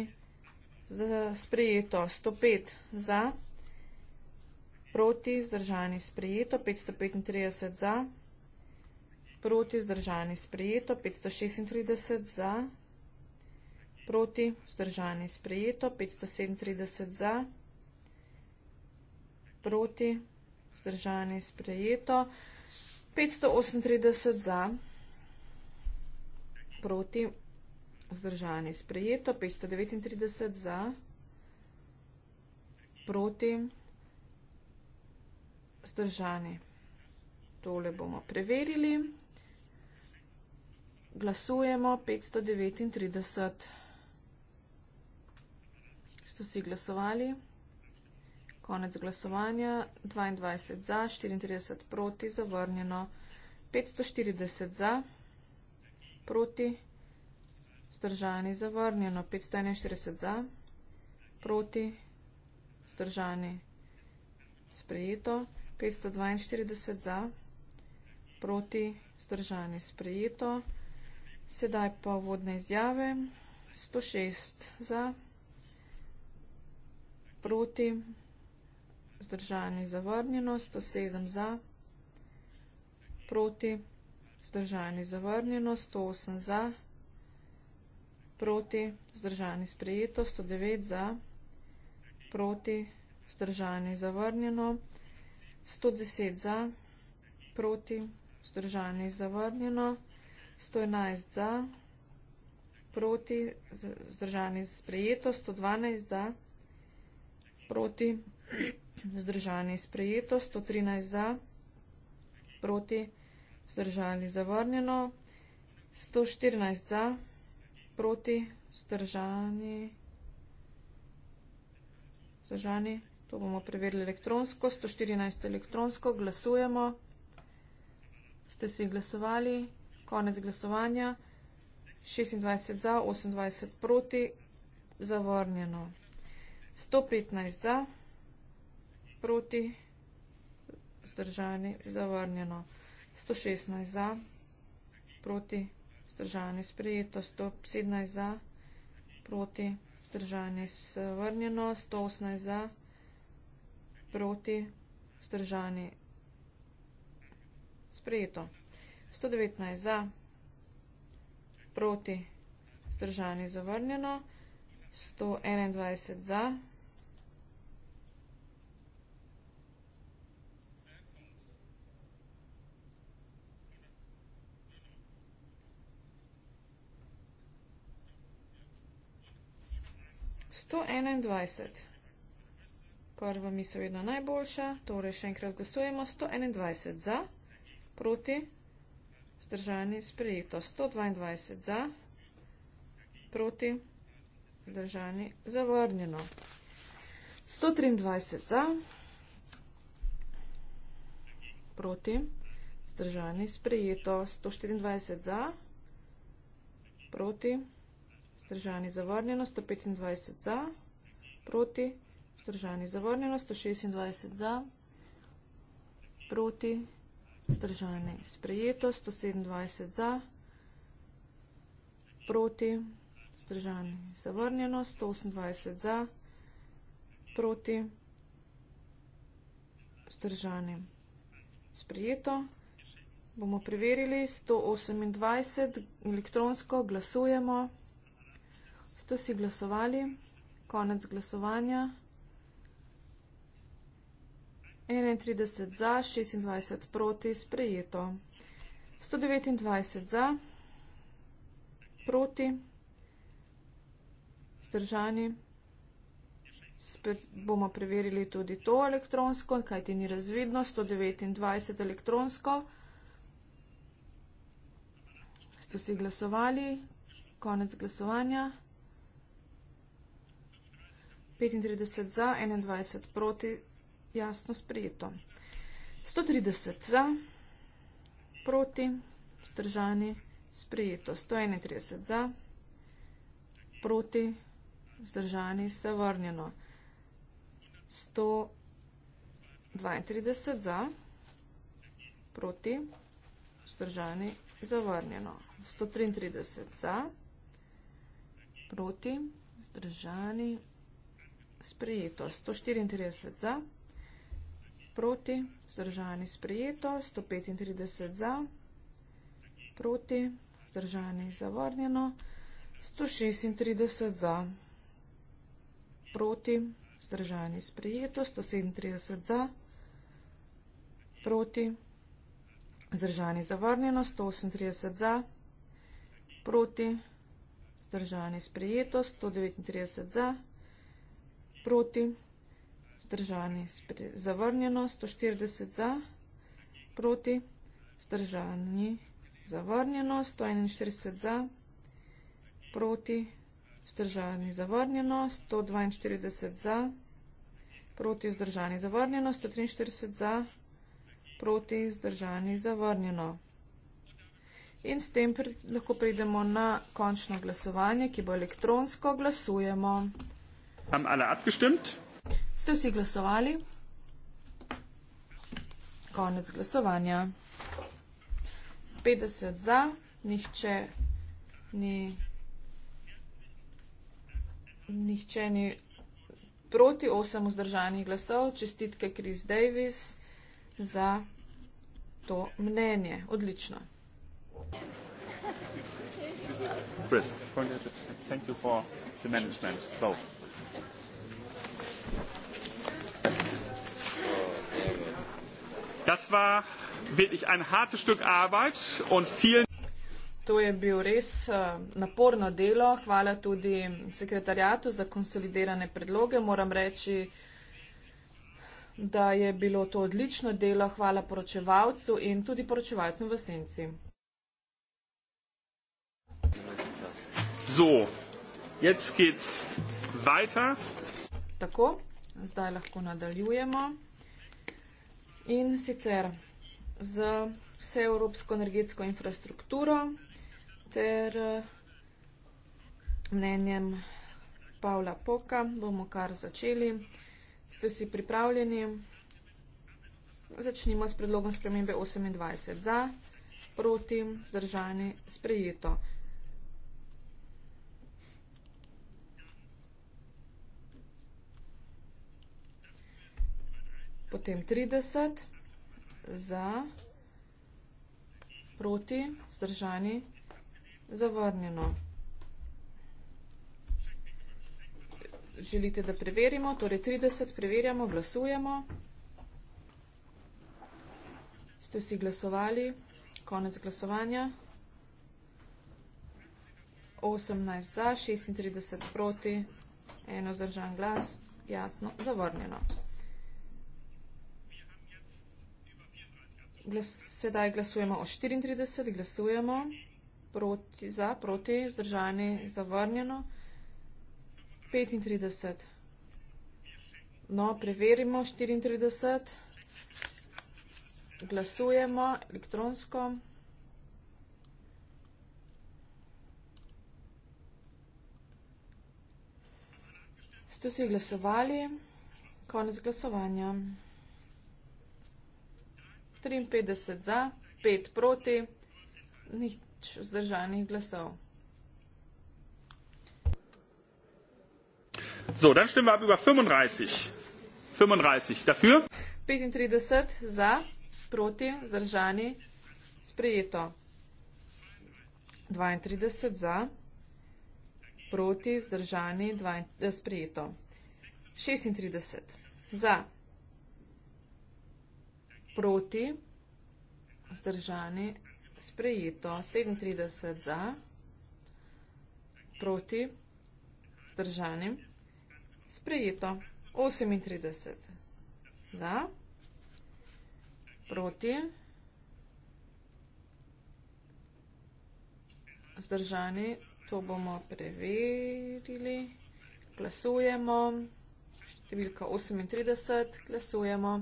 sprejeto, 105 za, proti, vzdržani sprejeto, 535 za, proti, vzdržani sprejeto, 536 za proti, vzdržani sprejeto, 537 za, proti, vzdržani sprejeto, 538 za, proti, vzdržani sprejeto, 539 za, proti, vzdržani. Tole bomo preverili. Glasujemo 539 so si glasovali. Konec glasovanja. 22 za, 34 proti, zavrnjeno. 540 za, proti, zdržani, zavrnjeno. 541 za, proti, zdržani, sprejeto. 542 za, proti, zdržani, sprejeto. Sedaj pa vodne izjave. 106 za, proti, vzdržani zavrnjeno, 107 za, proti, vzdržani zavrnjeno, 108 za, proti, vzdržani sprejeto, 109 za, proti, vzdržani zavrnjeno, 110 za, proti, vzdržani zavrnjeno, 111 za, proti, vzdržani sprejeto, 112 za, proti, proti, vzdržani sprejeto, 113 za, proti, vzdržali zavrnjeno, 114 za, proti, vzdržani, vzdržani, to bomo preverili elektronsko, 114 elektronsko, glasujemo, ste si glasovali, konec glasovanja, 26 za, 28 proti, zavrnjeno. 115 za, proti, zdržani, zavrnjeno. 116 za, proti, zdržani, sprejeto. 117 za, proti, zdržani, zavrnjeno. 118 za, proti, zdržani, sprejeto. 119 za, proti, zdržani, zavrnjeno. 121 za. To je 21. Prva misel je vedno najboljša, torej še enkrat glasujemo 121 za, proti, zdržani sprejeto 122 za, proti. Zdržani zavrnjeno. 123 za. Proti. Zdržani sprejeto. 124 za. Proti. Zdržani zavrnjeno. 125 za. Proti. Zdržani zavrnjeno. 126 za. Proti. Zdržani sprejeto. 127 za. Proti. Proti. Zdržani. Zavrnjeno. 128 za. Proti. Zdržani. Sprijeto. Bomo preverili. 128 elektronsko. Glasujemo. Sto si glasovali. Konec glasovanja. 31 za, 26 proti, sprejeto. 129 za, proti zdržani. Spet bomo preverili tudi to elektronsko, kaj ti ni razvidno, 129 elektronsko. Ste vsi glasovali, konec glasovanja. 35 za, 21 proti, jasno sprijeto. 130 za, proti, zdržani, sprijeto. 131 za, proti, zdržani vzdržani se vrnjeno. 132 za, proti, vzdržani zavrnjeno. 133 za, proti, vzdržani sprejeto. 134 za, proti, vzdržani sprejeto. 135 za, proti, vzdržani zavrnjeno. 136 za, proti proti, zdržani sprejeto, 137 za, proti, zdržani zavrnjeno, 138 za, proti, zdržani sprejeto, 139 za, proti, zdržani zavrnjeno, 140 za, proti, zdržani zavrnjeno, 141 za, proti, Vzdržani zavrnjeno, 142 za, proti vzdržani zavrnjeno, 143 za, proti vzdržani zavrnjeno. In s tem lahko pridemo na končno glasovanje, ki bo elektronsko glasujemo. Am alle abgestimmt? Ste vsi glasovali? Konec glasovanja. 50 za, nihče ni Nihče ni proti, osem vzdržanih glasov. Čestitke Kris Davis za to mnenje. Odlično. Chris, thank you for the management, both. Das war wirklich ein hartes Stück Arbeit und vielen To je bil res eh, naporno delo. Hvala tudi sekretarjatu za konsolidirane predloge. Moram reči, da je bilo to odlično delo. Hvala poročevalcu in tudi poročevalcem v senci. So, jetzt geht's weiter. Tako, zdaj lahko nadaljujemo. In sicer z vseevropsko energetsko infrastrukturo, ter eh, mnenjem Pavla Poka bomo kar začeli. Ste vsi pripravljeni? Začnimo s predlogom spremembe 28. Za, proti, zdržani, sprejeto. Potem 30 za, proti, zdržani, Zavrnjeno. Želite, da preverimo? Torej 30 preverjamo, glasujemo. Ste vsi glasovali? Konec glasovanja. 18 za, 36 proti, eno zdržan glas, jasno, zavrnjeno. Glas, sedaj glasujemo o 34, glasujemo proti, za, proti, vzdržani, zavrnjeno. 35. No, preverimo 34. Glasujemo elektronsko. Ste vsi glasovali? Konec glasovanja. 53 za, 5 proti pač vzdržanih glasov. So, dann stimmen wir ab über 35. 35 dafür. 35 za, proti, zdržani, sprejeto. 32 za, proti, zdržani, dvaj, eh, sprejeto. 36 za, proti, zdržani, sprejeto sprejeto 37 za, proti, zdržanim, sprejeto 38 za, proti, zdržani, to bomo preverili, glasujemo, številka 38, glasujemo.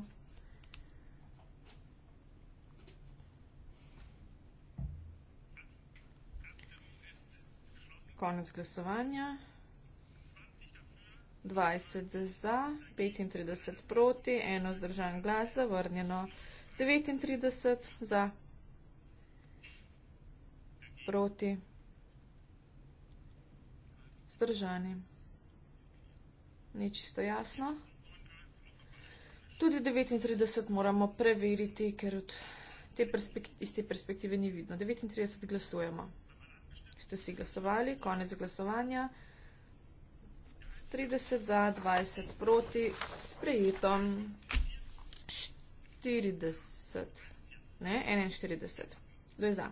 Konec glasovanja. 20 za, 35 proti, eno zdržan glas, zavrnjeno. 39 za, proti, zdržani. Ni čisto jasno. Tudi 39 moramo preveriti, ker te iz te perspektive ni vidno. 39 glasujemo ste vsi glasovali, konec glasovanja. 30 za, 20 proti, sprejeto. 40, ne, 41. Kdo je za?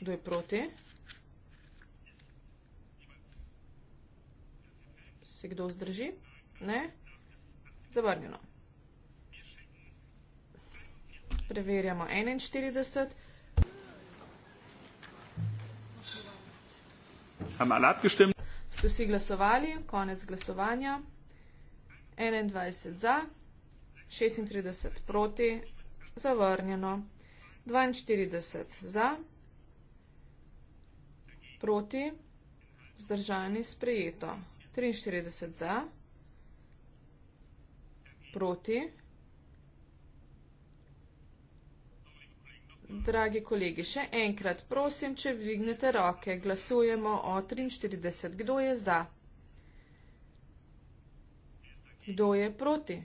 Kdo je proti? Se kdo zdrži? Ne? Zavrnjeno. Preverjamo 41. Amal abgestimmt. Ste vsi glasovali, konec glasovanja. 21 za, 36 proti, zavrnjeno. 42 za, proti, zdržani, sprejeto. 43 za, proti, Dragi kolegi, še enkrat prosim, če dvignete roke, glasujemo o 43. Kdo je za? Kdo je proti?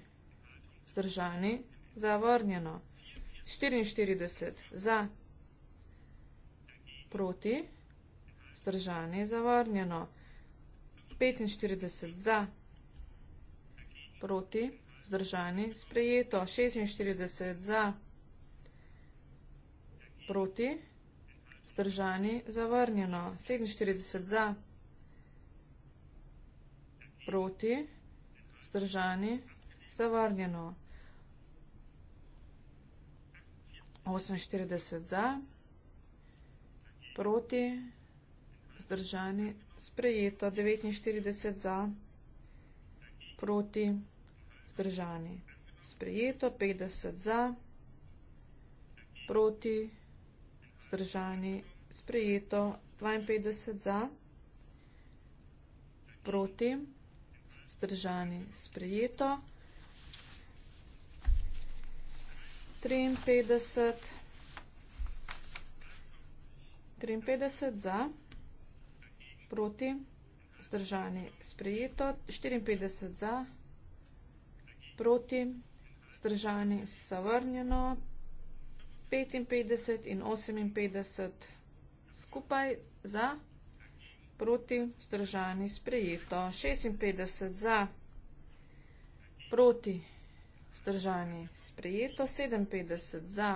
Zdržani? Zavrnjeno. 44. Za? Proti? Zdržani? Zavrnjeno. 45. Za? Proti? Zdržani? Sprejeto. 46. Za? Proti? proti, vzdržani, zavrnjeno, 47 za, proti, vzdržani, zavrnjeno, 48 za, proti, vzdržani, sprejeto, 49 za, proti, vzdržani, sprejeto, 50 za, proti, vzdržani, vzdržani, sprejeto 52 za, proti, vzdržani, sprejeto 53, 53 za, proti, vzdržani, sprejeto 54 za, proti, vzdržani, zavrnjeno 53. 55 in 58 skupaj za, proti, vzdržani, sprejeto. 56 za, proti, vzdržani, sprejeto. 57 za,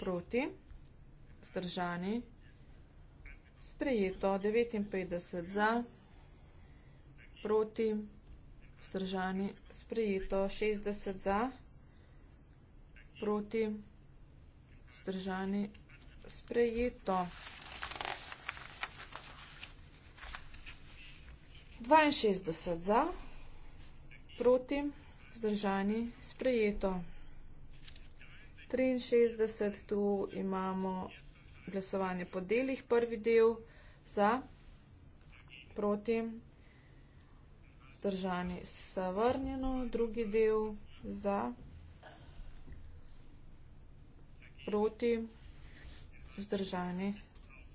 proti, vzdržani, sprejeto. 59 za, proti, vzdržani, sprejeto. 60 za, proti proti stržani sprejeto. 62 za, proti, zdržani, sprejeto. 63, tu imamo glasovanje po delih, prvi del za, proti, zdržani, zavrnjeno, drugi del za, proti, vzdržani,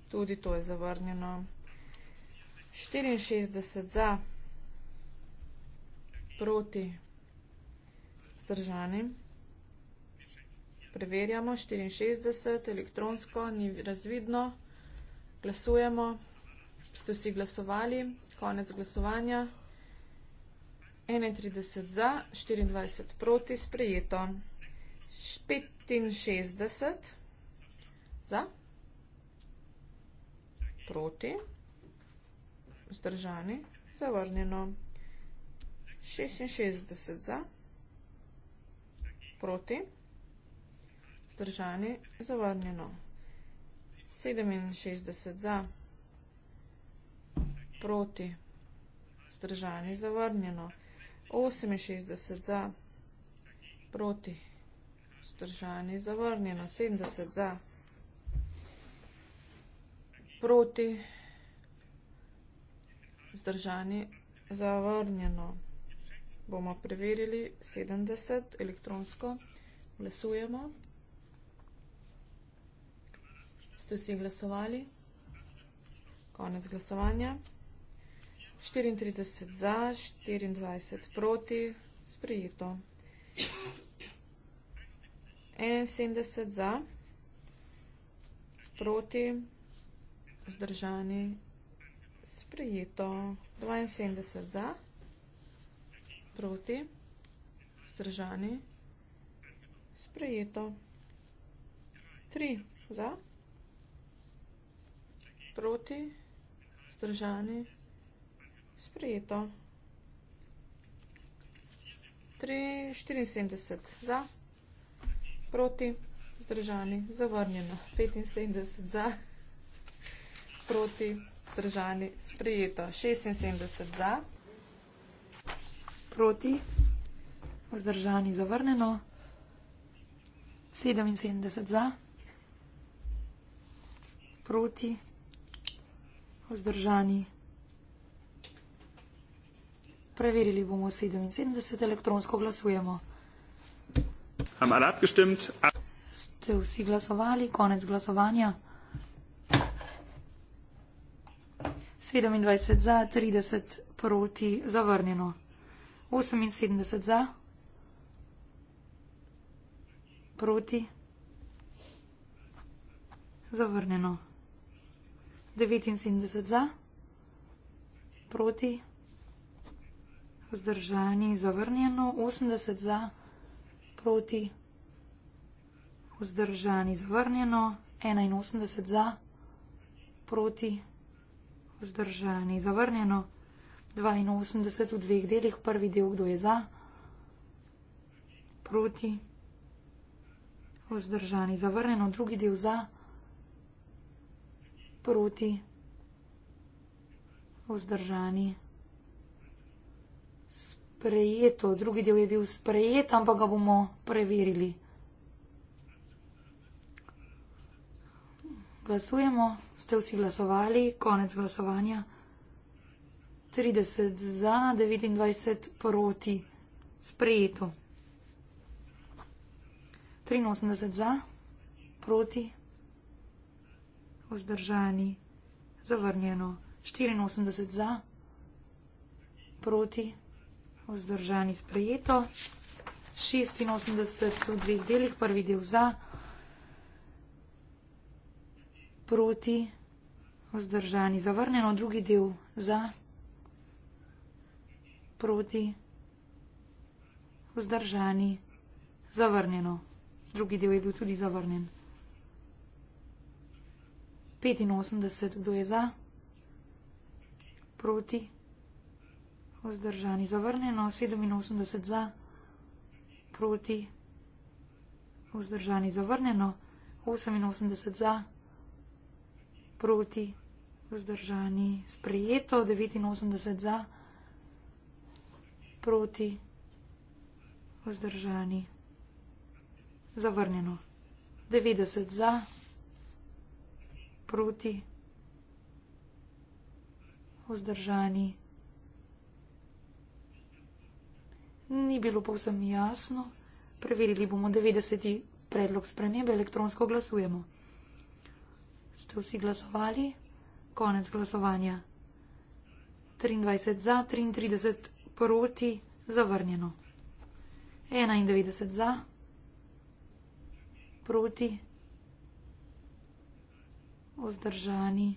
tudi to je zavrnjeno. 64 za, proti, vzdržani. Preverjamo 64, elektronsko, ni razvidno. Glasujemo, ste vsi glasovali, konec glasovanja. 31 za, 24 proti, sprejeto. 65 za, proti, vzdržani, zavrnjeno, 66 za, proti, vzdržani, zavrnjeno, 67 za, proti, vzdržani, zavrnjeno, 68 za, proti, vzdržani, zavrnjeno, Vzdržani zavrnjeno. 70 za. Proti. Vzdržani zavrnjeno. Bomo preverili 70 elektronsko. Glasujemo. Ste vsi glasovali? Konec glasovanja. 34 za, 24 proti. Sprejeto. 71 za, proti, vzdržani, sprijeto. 72 za, proti, vzdržani, sprijeto. 3 za, proti, vzdržani, sprijeto. 3, 74 za proti, zdržani, zavrnjeno. 75 za, proti, zdržani, sprijeto. 76 za, proti, zdržani, zavrnjeno. 77 za, proti, zdržani. Preverili bomo 77, elektronsko glasujemo. Haben alle abgestimmt? Ab Ste vsi glasovali? Konec glasovanja. 27 za, 30 proti, zavrnjeno. 78 za, proti, zavrnjeno. 79 za, proti, vzdržani, zavrnjeno. 80 za, proti proti, vzdržani zavrnjeno, 81 za, proti, vzdržani zavrnjeno, 82 v dveh delih, prvi del, kdo je za, proti, vzdržani zavrnjeno, drugi del za, proti, vzdržani zavrnjeno prejeto, drugi del je bil sprejet, ampak ga bomo preverili. Glasujemo, ste vsi glasovali, konec glasovanja. 30 za, 29 proti, sprejeto. 83 za, proti, vzdržani, zavrnjeno. 84 za, proti vzdržani sprejeto. 86 v dveh delih, prvi del za, proti, vzdržani zavrnjeno, drugi del za, proti, vzdržani zavrnjeno. Drugi del je bil tudi zavrnjen. 85 kdo je za, proti, vzdržani zavrnjeno. Vzdržani, zavrnjeno 87 za, proti. Vzdržani, zavrnjeno 88 za, proti. Vzdržani, sprejeto 89 za, proti. Vzdržani, zavrnjeno 90 za, proti. Vzdržani, zavrnjeno. ni bilo povsem jasno. Preverili bomo 90. predlog spremembe, elektronsko glasujemo. Ste vsi glasovali? Konec glasovanja. 23 za, 33 proti, zavrnjeno. 91 za, proti, vzdržani,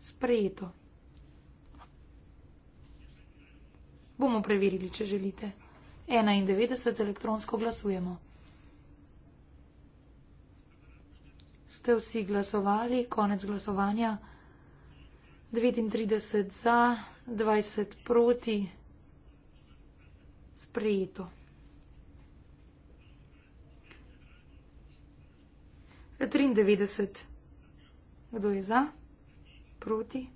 sprejeto. Bomo preverili, če želite. 91 elektronsko glasujemo. Ste vsi glasovali? Konec glasovanja. 39 za, 20 proti. Sprejeto. E, 93. Kdo je za? Proti.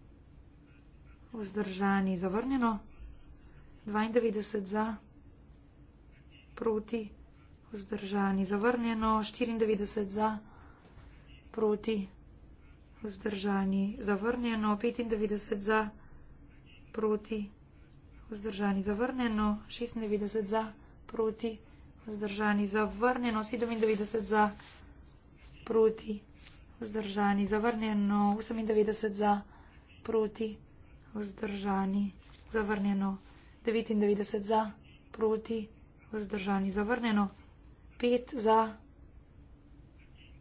Vzdržani, zavrnjeno. 92 za, proti, vzdržani. Zavrnjeno 94 za, proti, vzdržani. Zavrnjeno 95 za, proti, vzdržani. Zavrnjeno 96 za, proti, vzdržani. Zavrnjeno 97 za, proti, vzdržani. Zavrnjeno 98 za, proti, vzdržani. Zavrnjeno. 99 za, proti, vzdržani, zavrnjeno, 5 za,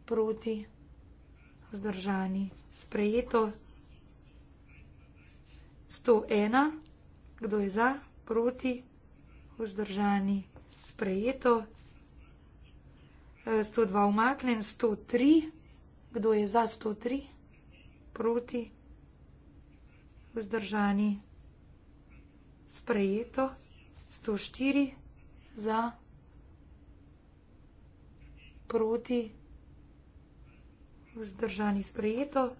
proti, vzdržani, sprejeto, 101, kdo je za, proti, vzdržani, sprejeto, 102 umaknen, 103, kdo je za, 103, proti, vzdržani, sprejeto sprejeto, 104 za, proti, vzdržani sprejeto,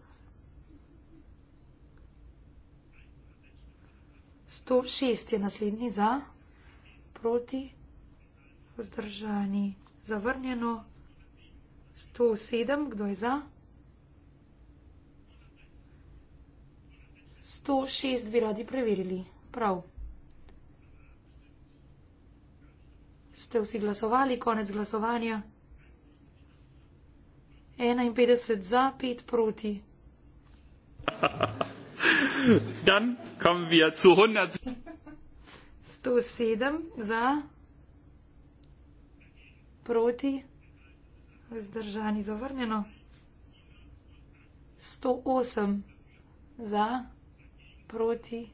106 je naslednji za, proti, vzdržani zavrnjeno, 107, kdo je za? 106 bi radi preverili. Prav. ste vsi glasovali, konec glasovanja. 51 za, 5 proti. Dan, kam vi je 100? 107 za, proti, zdržani, zavrnjeno. 108 za, proti,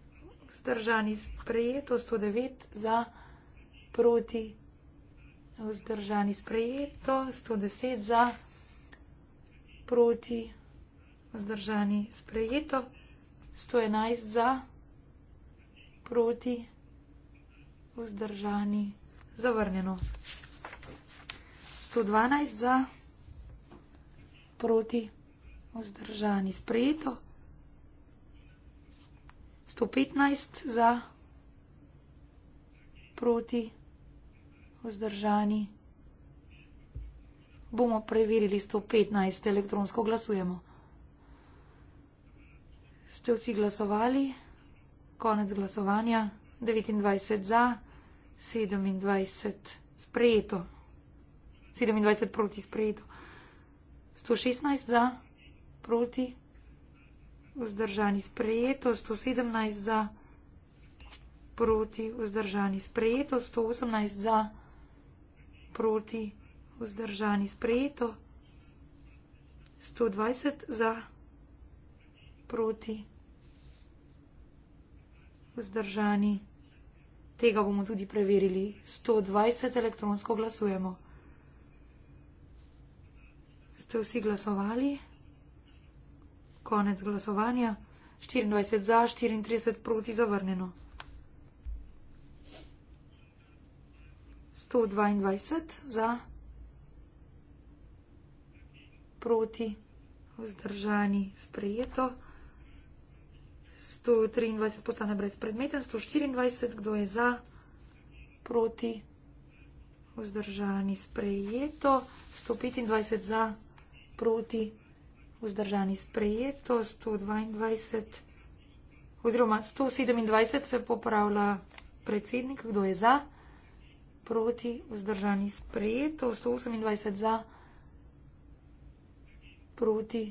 zdržani, sprejeto. 109 za, proti, vzdržani sprejeto, 110 za, proti vzdržani sprejeto, 111 za, proti vzdržani zavrnjeno, 112 za, proti vzdržani sprejeto, 115 za, proti vzdržani zavrnjeno vzdržani. Bomo preverili 115, elektronsko glasujemo. Ste vsi glasovali? Konec glasovanja. 29 za, 27 sprejeto. 27 proti sprejeto. 116 za, proti, vzdržani sprejeto. 117 za, proti, vzdržani sprejeto. 118 za, proti proti, vzdržani sprejeto, 120 za, proti, vzdržani. Tega bomo tudi preverili. 120 elektronsko glasujemo. Ste vsi glasovali? Konec glasovanja. 24 za, 34 proti zavrnjeno. 122 za, proti, vzdržani, sprejeto. 123 postane brezpredmeten, 124, kdo je za, proti, vzdržani, sprejeto. 125 za, proti, vzdržani, sprejeto. 122 oziroma 127 se popravlja predsednik, kdo je za proti vzdržani sprejeto, 128 za, proti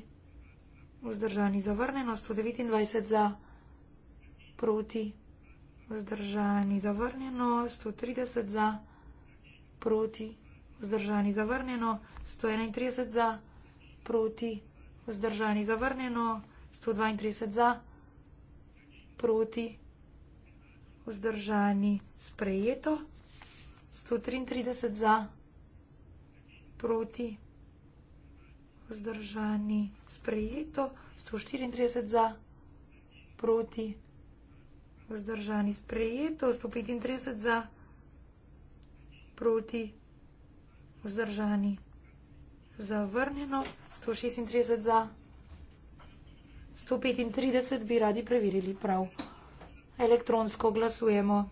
vzdržani zavrnjeno, 129 za, proti vzdržani zavrnjeno, 130 za, proti vzdržani zavrnjeno, 131 za, proti vzdržani zavrnjeno, 132 za, proti vzdržani sprejeto. 133 za, proti, vzdržani, sprejeto, 134 za, proti, vzdržani, sprejeto, 135 za, proti, vzdržani, zavrnjeno, 136 za, 135 bi radi preverili prav. Elektronsko glasujemo.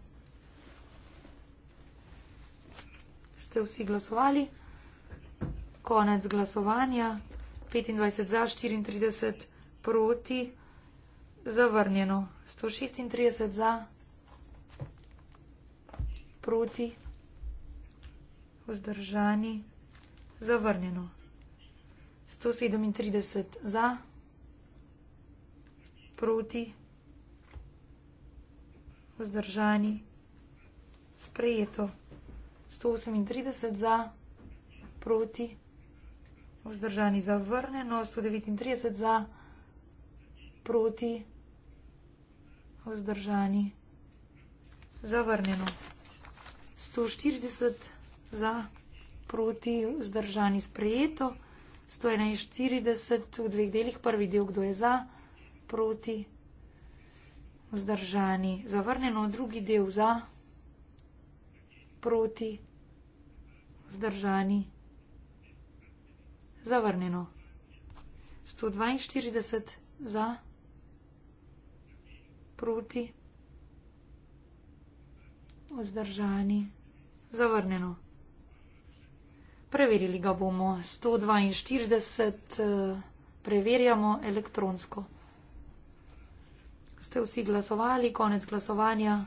ste vsi glasovali. Konec glasovanja. 25 za, 34 proti. Zavrnjeno. 136 za, proti, vzdržani. Zavrnjeno. 137 za, proti, vzdržani. Sprejeto. 138 za, proti, vzdržani za vrneno, 139 za, proti, vzdržani za vrneno, 140 za, proti, vzdržani sprejeto, 141 v dveh delih, prvi del, kdo je za, proti, vzdržani za vrneno, drugi del za, proti, proti, vzdržani, zavrnjeno. 142 za, proti, vzdržani, zavrnjeno. Preverili ga bomo. 142 eh, preverjamo elektronsko. Ste vsi glasovali, konec glasovanja.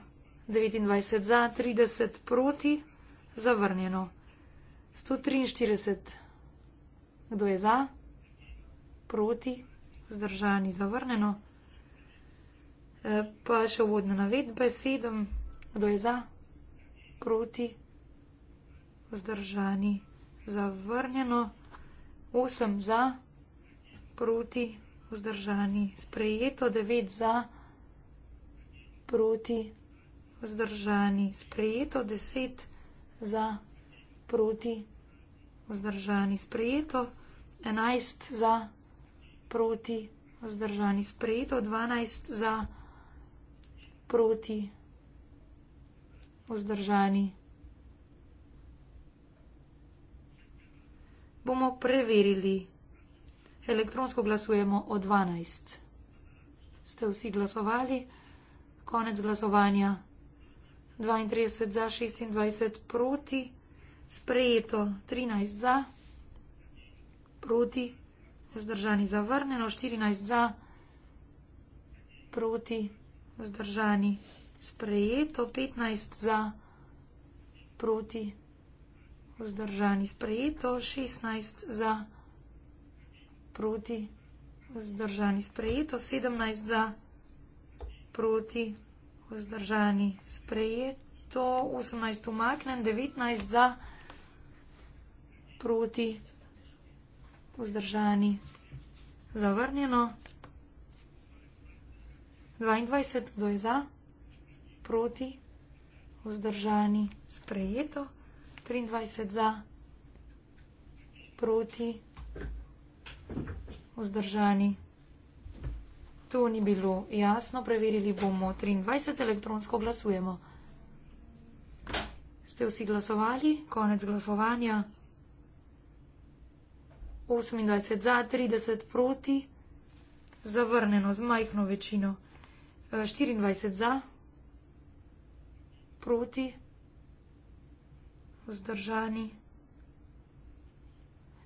29 za, 30 proti, zavrnjeno. 143, kdo je za, proti, vzdržani, zavrnjeno. E, pa še vodne navedbe, 7, kdo je za, proti, vzdržani, zavrnjeno. 8 za, proti, vzdržani, sprejeto, 9 za, proti, vzdržani vzdržani, sprejeto deset za, proti vzdržani, sprejeto enajst za, proti vzdržani, sprejeto dvanajst za, proti vzdržani. Bomo preverili. Elektronsko glasujemo o 12. Ste vsi glasovali? Konec glasovanja. 32 za, 26 proti, sprejeto 13 za, proti, vzdržani zavrnjeno, 14 za, proti, vzdržani sprejeto, 15 za, proti, vzdržani sprejeto, 16 za, proti, vzdržani sprejeto, 17 za, proti, vzdržani sprejeto vzdržani, sprejeto 18 umaknem, 19 za, proti, vzdržani, zavrnjeno, 22, kdo je za, proti, vzdržani, sprejeto, 23 za, proti, vzdržani, zavrnjeno. To ni bilo jasno, preverili bomo. 23 elektronsko glasujemo. Ste vsi glasovali? Konec glasovanja. 28 za, 30 proti. Zavrnjeno z majhno večino. 24 e, za, proti, vzdržani.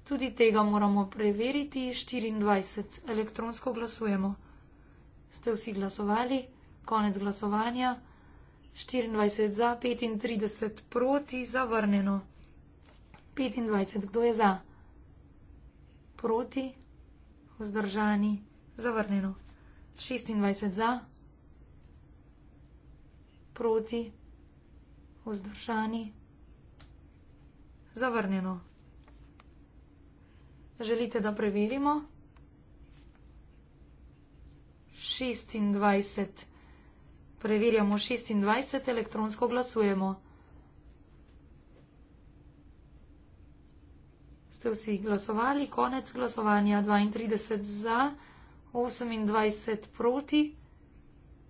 Tudi tega moramo preveriti. 24 elektronsko glasujemo ste vsi glasovali, konec glasovanja, 24 za, 35 proti, zavrnjeno. 25, kdo je za? Proti, vzdržani, zavrnjeno. 26 za, proti, vzdržani, zavrnjeno. Želite, da preverimo? 26. Preverjamo 26, elektronsko glasujemo. Ste vsi glasovali, konec glasovanja 32 za, 28 proti,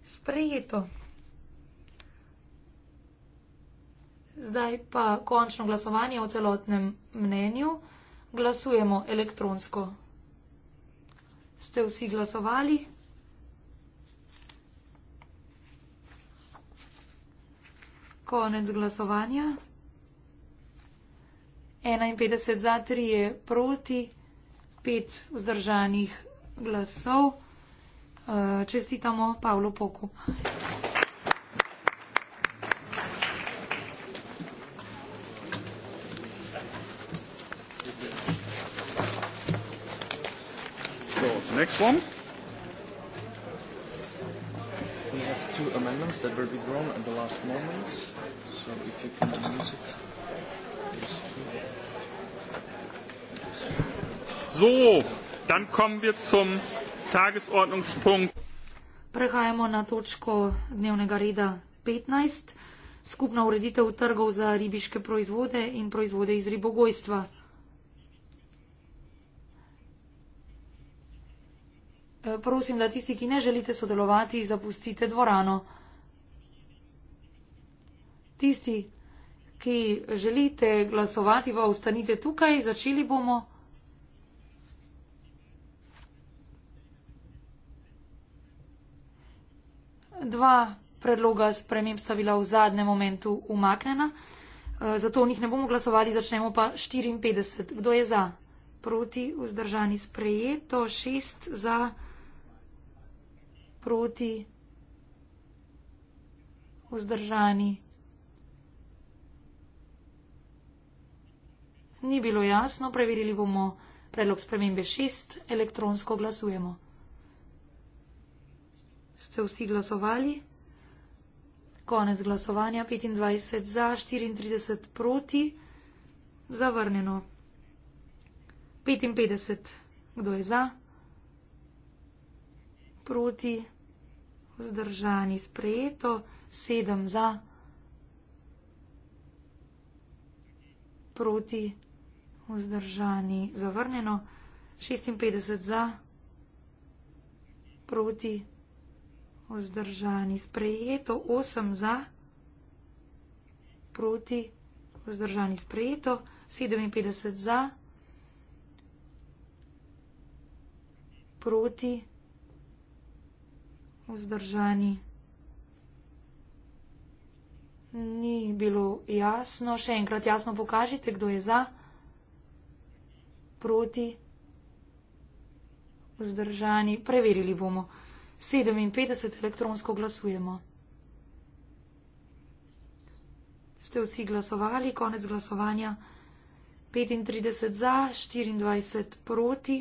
sprejeto. Zdaj pa končno glasovanje o celotnem mnenju. Glasujemo elektronsko. Ste vsi glasovali? Konec glasovanja. 51 za, 3 je proti, 5 vzdržanih glasov. Eh, čestitamo Pavlu Poku. Next one. two amendments that were withdrawn at the last moment. So if you can use it. So, dann kommen wir zum Tagesordnungspunkt. Prehajamo na točko dnevnega reda 15, skupna ureditev trgov za ribiške proizvode in proizvode iz ribogojstva. Eh, prosim, da tisti, ki ne želite sodelovati, zapustite dvorano. Tisti, ki želite glasovati, pa ostanite tukaj, začeli bomo. Dva predloga sprememb sta bila v zadnjem momentu umaknjena, eh, zato o njih ne bomo glasovali, začnemo pa 54. Kdo je za? Proti, vzdržani sprejeto, šest za proti, vzdržani. Ni bilo jasno, preverili bomo predlog spremembe 6, elektronsko glasujemo. Ste vsi glasovali? Konec glasovanja 25 za, 34 proti, zavrnjeno. 55, kdo je za? Proti vzdržani, sprejeto, sedem za, proti, vzdržani, zavrnjeno, 56 za, proti, vzdržani, sprejeto, osem za, proti, vzdržani, sprejeto, 57 za, proti, vzdržani, sprejeto, vzdržani. Ni bilo jasno. Še enkrat jasno pokažite, kdo je za, proti, vzdržani. Preverili bomo. 57 elektronsko glasujemo. Ste vsi glasovali, konec glasovanja. 35 za, 24 proti.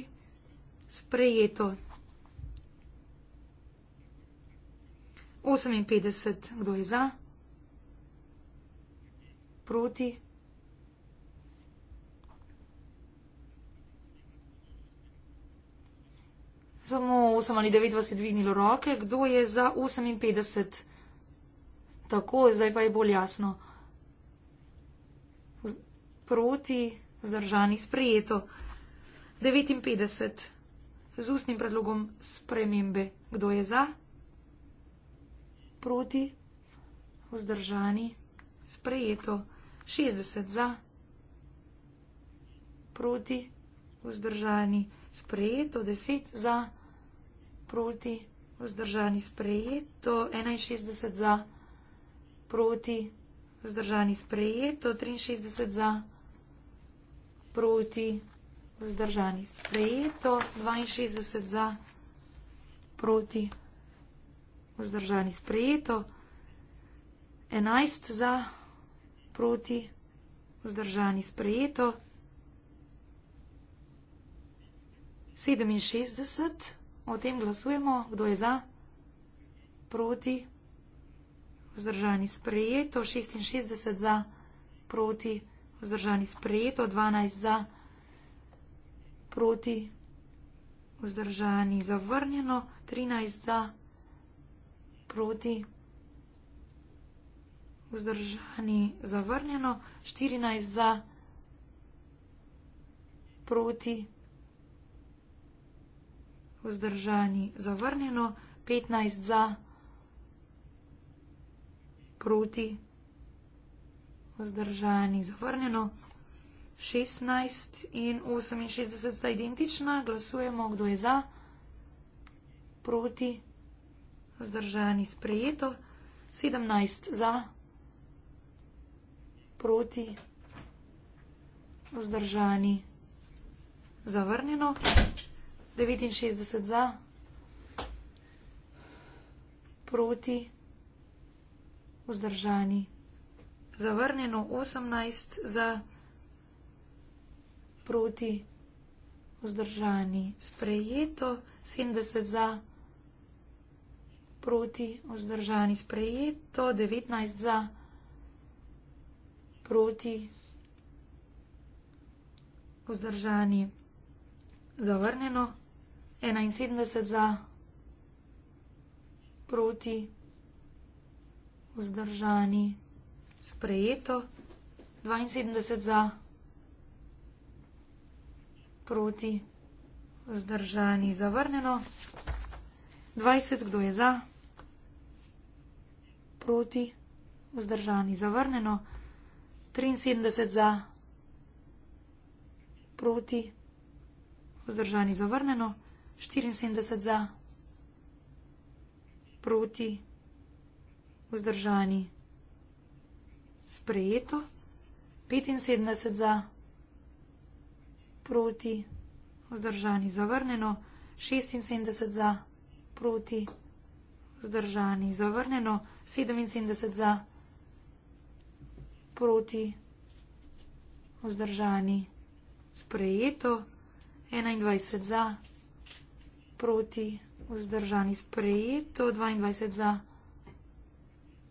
Sprejeto. 58, kdo je za? Proti? Samo 8 ali 9 vas je dvignilo roke. Kdo je za 58? Tako, zdaj pa je bolj jasno. Proti, zdržani, sprejeto. 59. Z ustnim predlogom spremembe. Kdo je za? proti, vzdržani, sprejeto, 60 za, proti, vzdržani, sprejeto, 10 za, proti, vzdržani, sprejeto, 61 za, proti, vzdržani, sprejeto, 63 za, proti, vzdržani, sprejeto, 62 za, proti, vzdržani, sprejeto vzdržani sprejeto, 11 za, proti, vzdržani sprejeto, 67, o tem glasujemo, kdo je za, proti, vzdržani sprejeto, 66 za, proti, vzdržani sprejeto, 12 za, proti, vzdržani zavrnjeno, 13 za, proti, proti, vzdržani zavrnjeno, 14 za, proti, vzdržani zavrnjeno, 15 za, proti, vzdržani zavrnjeno. 16 in 68 sta identična, glasujemo, kdo je za, proti vzdržani, sprejeto, 17 za, proti, vzdržani, zavrnjeno, 69 za, proti, vzdržani, zavrnjeno, 18 za, proti, vzdržani, sprejeto, 70 za, proti, vzdržani, zavrnjeno, 18 za, proti, vzdržani, sprejeto, 70 za, proti, vzdržani sprejeto, 19 za, proti, vzdržani zavrnjeno, 71 za, proti, vzdržani sprejeto, 72 za, proti, vzdržani zavrnjeno. 20, kdo je za? proti, vzdržani, zavrnjeno, 73 za, proti, vzdržani, zavrnjeno, 74 za, proti, vzdržani, sprejeto, 75 za, proti, vzdržani, zavrnjeno, 76 za, proti, vzdržani vzdržani, zavrnjeno 77 za, proti vzdržani, sprejeto 21 za, proti vzdržani, sprejeto 22 za,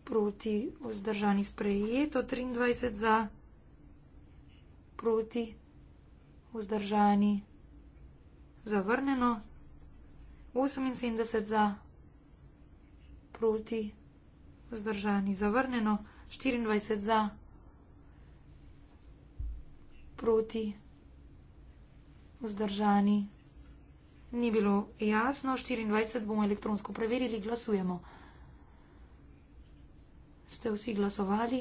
proti vzdržani, sprejeto 23 za, proti vzdržani, zavrnjeno 78 za proti, vzdržani, zavrnjeno, 24 za, proti, vzdržani. Ni bilo jasno, 24 bomo elektronsko preverili, glasujemo. Ste vsi glasovali?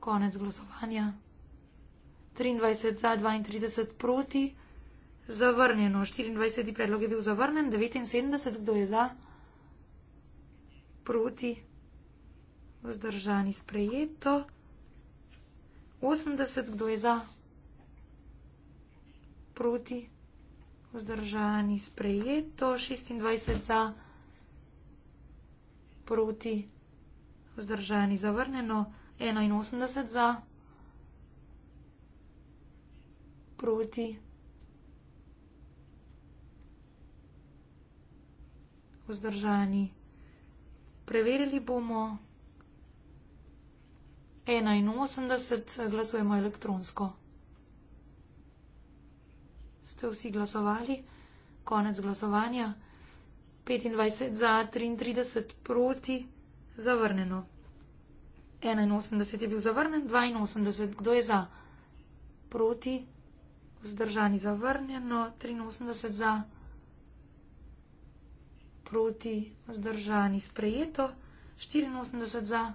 Konec glasovanja. 23 za, 32 proti, zavrnjeno. 24. predlog je bil zavrnen, 79 kdo je za? proti, vzdržani sprejeto. 80, kdo je za, proti, vzdržani sprejeto. 26 za, proti, vzdržani zavrnjeno. 81 za, proti. Vzdržani Preverili bomo 81, glasujemo elektronsko. Ste vsi glasovali? Konec glasovanja. 25 za, 33 proti, zavrnjeno. 81 je bil zavrnen, 82, kdo je za? Proti, vzdržani zavrnjeno, 83 za proti, vzdržani, sprejeto, 84 za,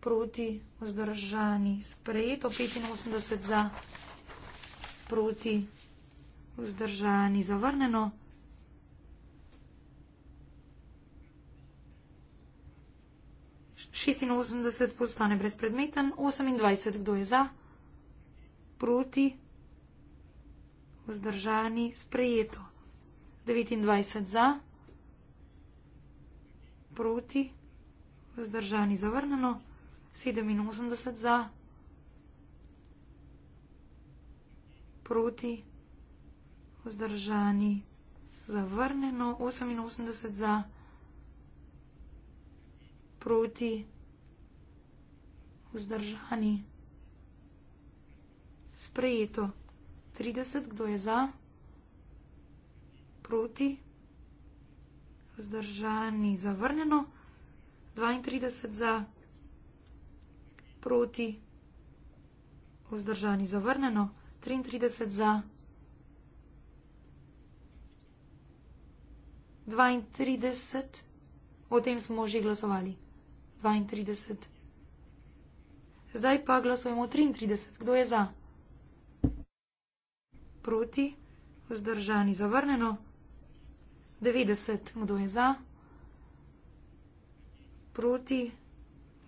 proti, vzdržani, sprejeto, 85 za, proti, vzdržani, zavrneno. Šestinosemdeset postane brezpredmeten, osemindvajset kdo je za, proti, vzdržani, sprejeto. 29 za, proti, vzdržani zavrnjeno, 87 za, proti, vzdržani zavrnjeno, 88 za, proti, vzdržani, sprejeto, 30, kdo je za? proti, vzdržani, zavrnjeno, 32 za, proti, vzdržani, zavrnjeno, 33 za, 32, o tem smo že glasovali, 32. Zdaj pa glasujemo 33. Kdo je za? Proti? Vzdržani? Zavrnjeno? 90. Kdo je za? Proti?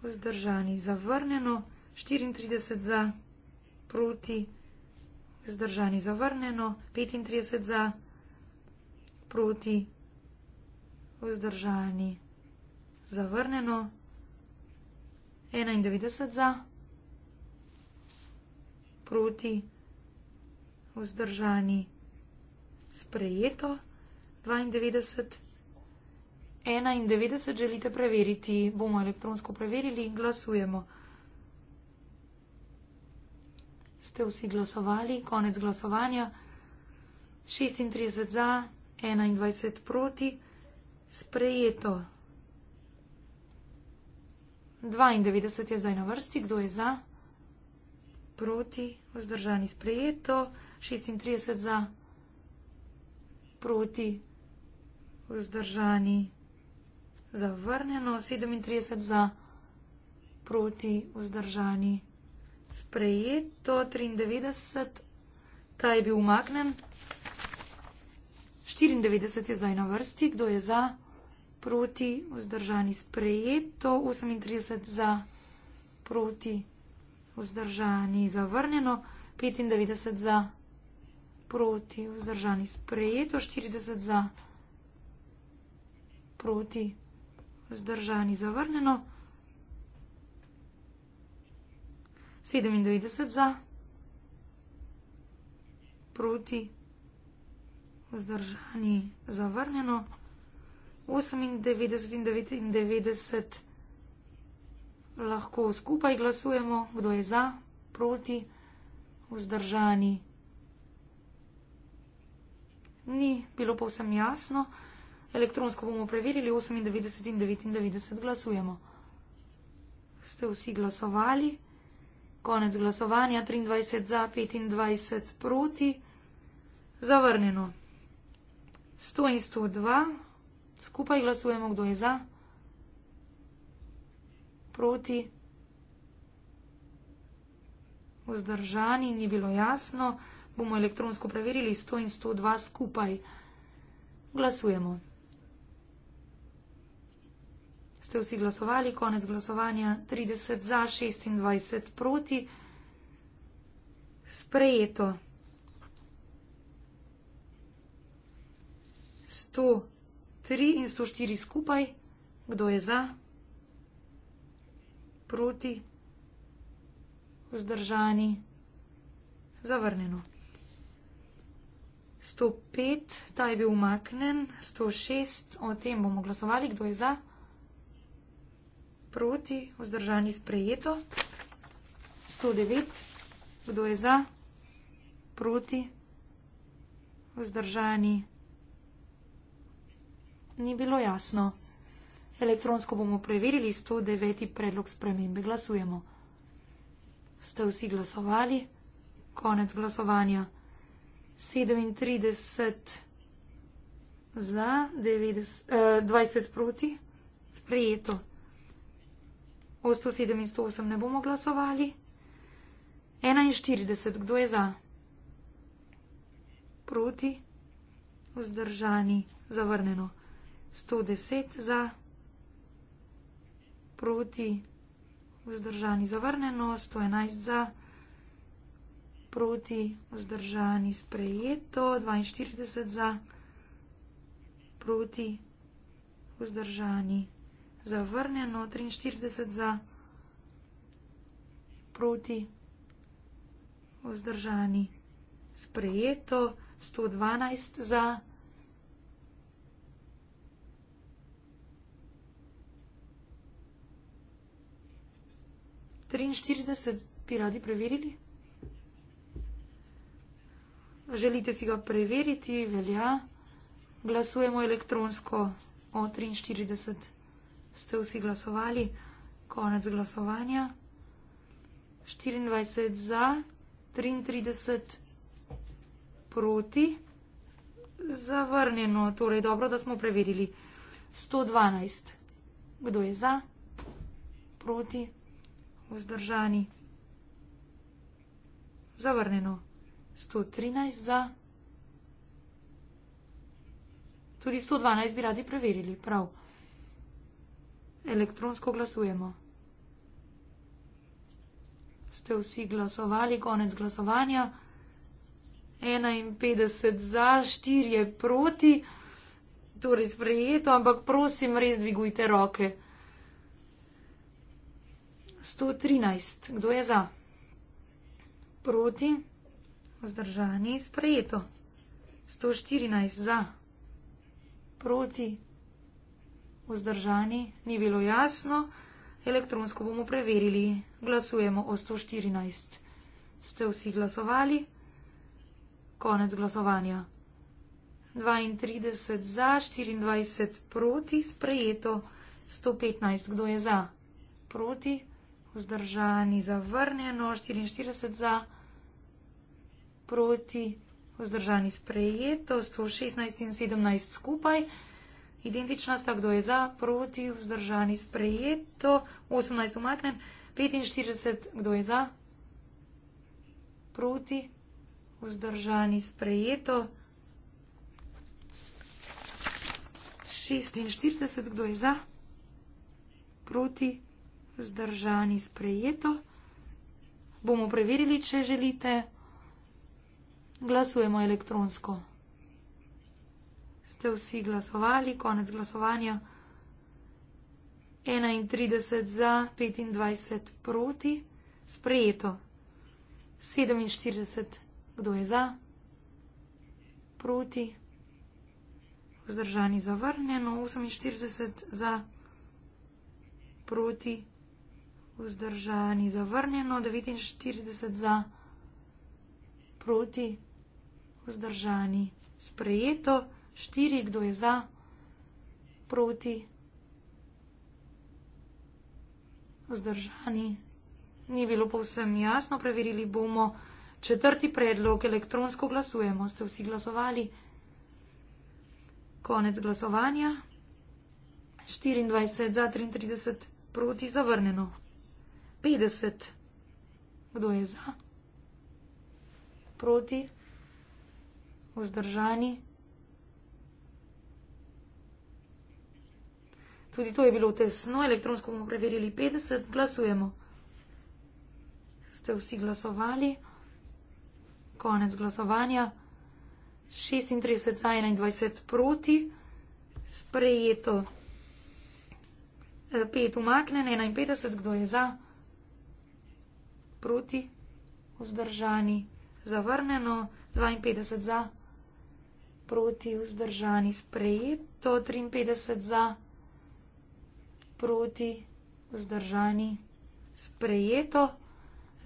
Vzdržani. Zavrnjeno. 34 za. Proti? Vzdržani. Zavrnjeno. 35 za. Proti? Vzdržani. Zavrnjeno. 91 za. Proti? Vzdržani. Sprejeto. 92. 91 želite preveriti, bomo elektronsko preverili in glasujemo. Ste vsi glasovali, konec glasovanja. 36 za, 21 proti, sprejeto. 92 je zdaj na vrsti, kdo je za, proti, vzdržani sprejeto, 36 za, proti, vzdržani, zavrnjeno, 37 za, proti vzdržani, sprejeto, 93, ta je bil umaknen, 94 je zdaj na vrsti, kdo je za, proti vzdržani, sprejeto, 38 za, proti vzdržani, zavrnjeno, 95 za, proti vzdržani, sprejeto, 40 za, proti vzdržani proti, vzdržani, zavrnjeno, 97 za, proti, vzdržani, zavrnjeno, 98 in 99 lahko skupaj glasujemo, kdo je za, proti, vzdržani. Ni bilo povsem jasno. Elektronsko bomo preverili 98 in 99 glasujemo. Ste vsi glasovali? Konec glasovanja 23 za, 25 proti. Zavrnjeno. 100 in 102. Skupaj glasujemo, kdo je za. Proti. Vzdržani, ni bilo jasno. Bomo elektronsko preverili 100 in 102 skupaj. Glasujemo ste vsi glasovali, konec glasovanja 30 za, 26 proti. Sprejeto. 103 in 104 skupaj. Kdo je za? Proti? Vzdržani? Zavrnjeno. 105, ta je bil umaknen. 106, o tem bomo glasovali. Kdo je za? proti, vzdržani sprejeto. 109, kdo je za, proti, vzdržani. Ni bilo jasno. Elektronsko bomo preverili 109. predlog spremembe. Glasujemo. Ste vsi glasovali? Konec glasovanja. 37 za, 90, eh, 20 proti. Sprejeto. O 107 in 108 ne bomo glasovali. 41, kdo je za? Proti, vzdržani, zavrnjeno. 110 za, proti, vzdržani, zavrnjeno. 111 za, proti, vzdržani, sprejeto. 42 za, proti, vzdržani, sprejeto zavrnjeno, 43 za, proti, vzdržani, sprejeto, 112 za, Trinštirideset bi radi preverili? Želite si ga preveriti, velja. Glasujemo elektronsko o trinštirideset ste vsi glasovali. Konec glasovanja. 24 za, 33 proti. Zavrnjeno, torej dobro, da smo preverili. 112. Kdo je za, proti, vzdržani? Zavrnjeno. 113 za. Tudi 112 bi radi preverili. Prav elektronsko glasujemo. Ste vsi glasovali, konec glasovanja. 51 za, 4 je proti, torej sprejeto, ampak prosim, res dvigujte roke. 113, kdo je za? Proti, vzdržani, sprejeto. 114 za, proti, vzdržani, ni bilo jasno, elektronsko bomo preverili, glasujemo o 114. Ste vsi glasovali? Konec glasovanja. 32 za, 24 proti, sprejeto 115. Kdo je za? Proti, vzdržani, zavrnjeno, 44 za, proti, vzdržani, sprejeto 116 in 17 skupaj. Identična sta, kdo je za, proti, vzdržani, sprejeto, 18 umaknen, 45, kdo je za, proti, vzdržani, sprejeto, 46, kdo je za, proti, vzdržani, sprejeto. Bomo preverili, če želite. Glasujemo elektronsko ste vsi glasovali, konec glasovanja. 31 za, 25 proti, sprejeto. 47, kdo je za, proti, vzdržani zavrnjeno. 48 za, proti, vzdržani zavrnjeno. 49 za, proti, vzdržani sprejeto štiri, kdo je za, proti, vzdržani. Ni bilo povsem jasno, preverili bomo četrti predlog, elektronsko glasujemo, ste vsi glasovali. Konec glasovanja. 24 za, 33 proti, zavrnjeno. 50, kdo je za, proti, vzdržani. Tudi to je bilo tesno, elektronsko bomo preverili 50, glasujemo. Ste vsi glasovali? Konec glasovanja. 36 za 21 proti. Sprejeto. 5 umaknen, 51, kdo je za? Proti. Vzdržani. Zavrneno. 52 za. Proti. Vzdržani. Sprejeto. 53 za proti, vzdržani, sprejeto.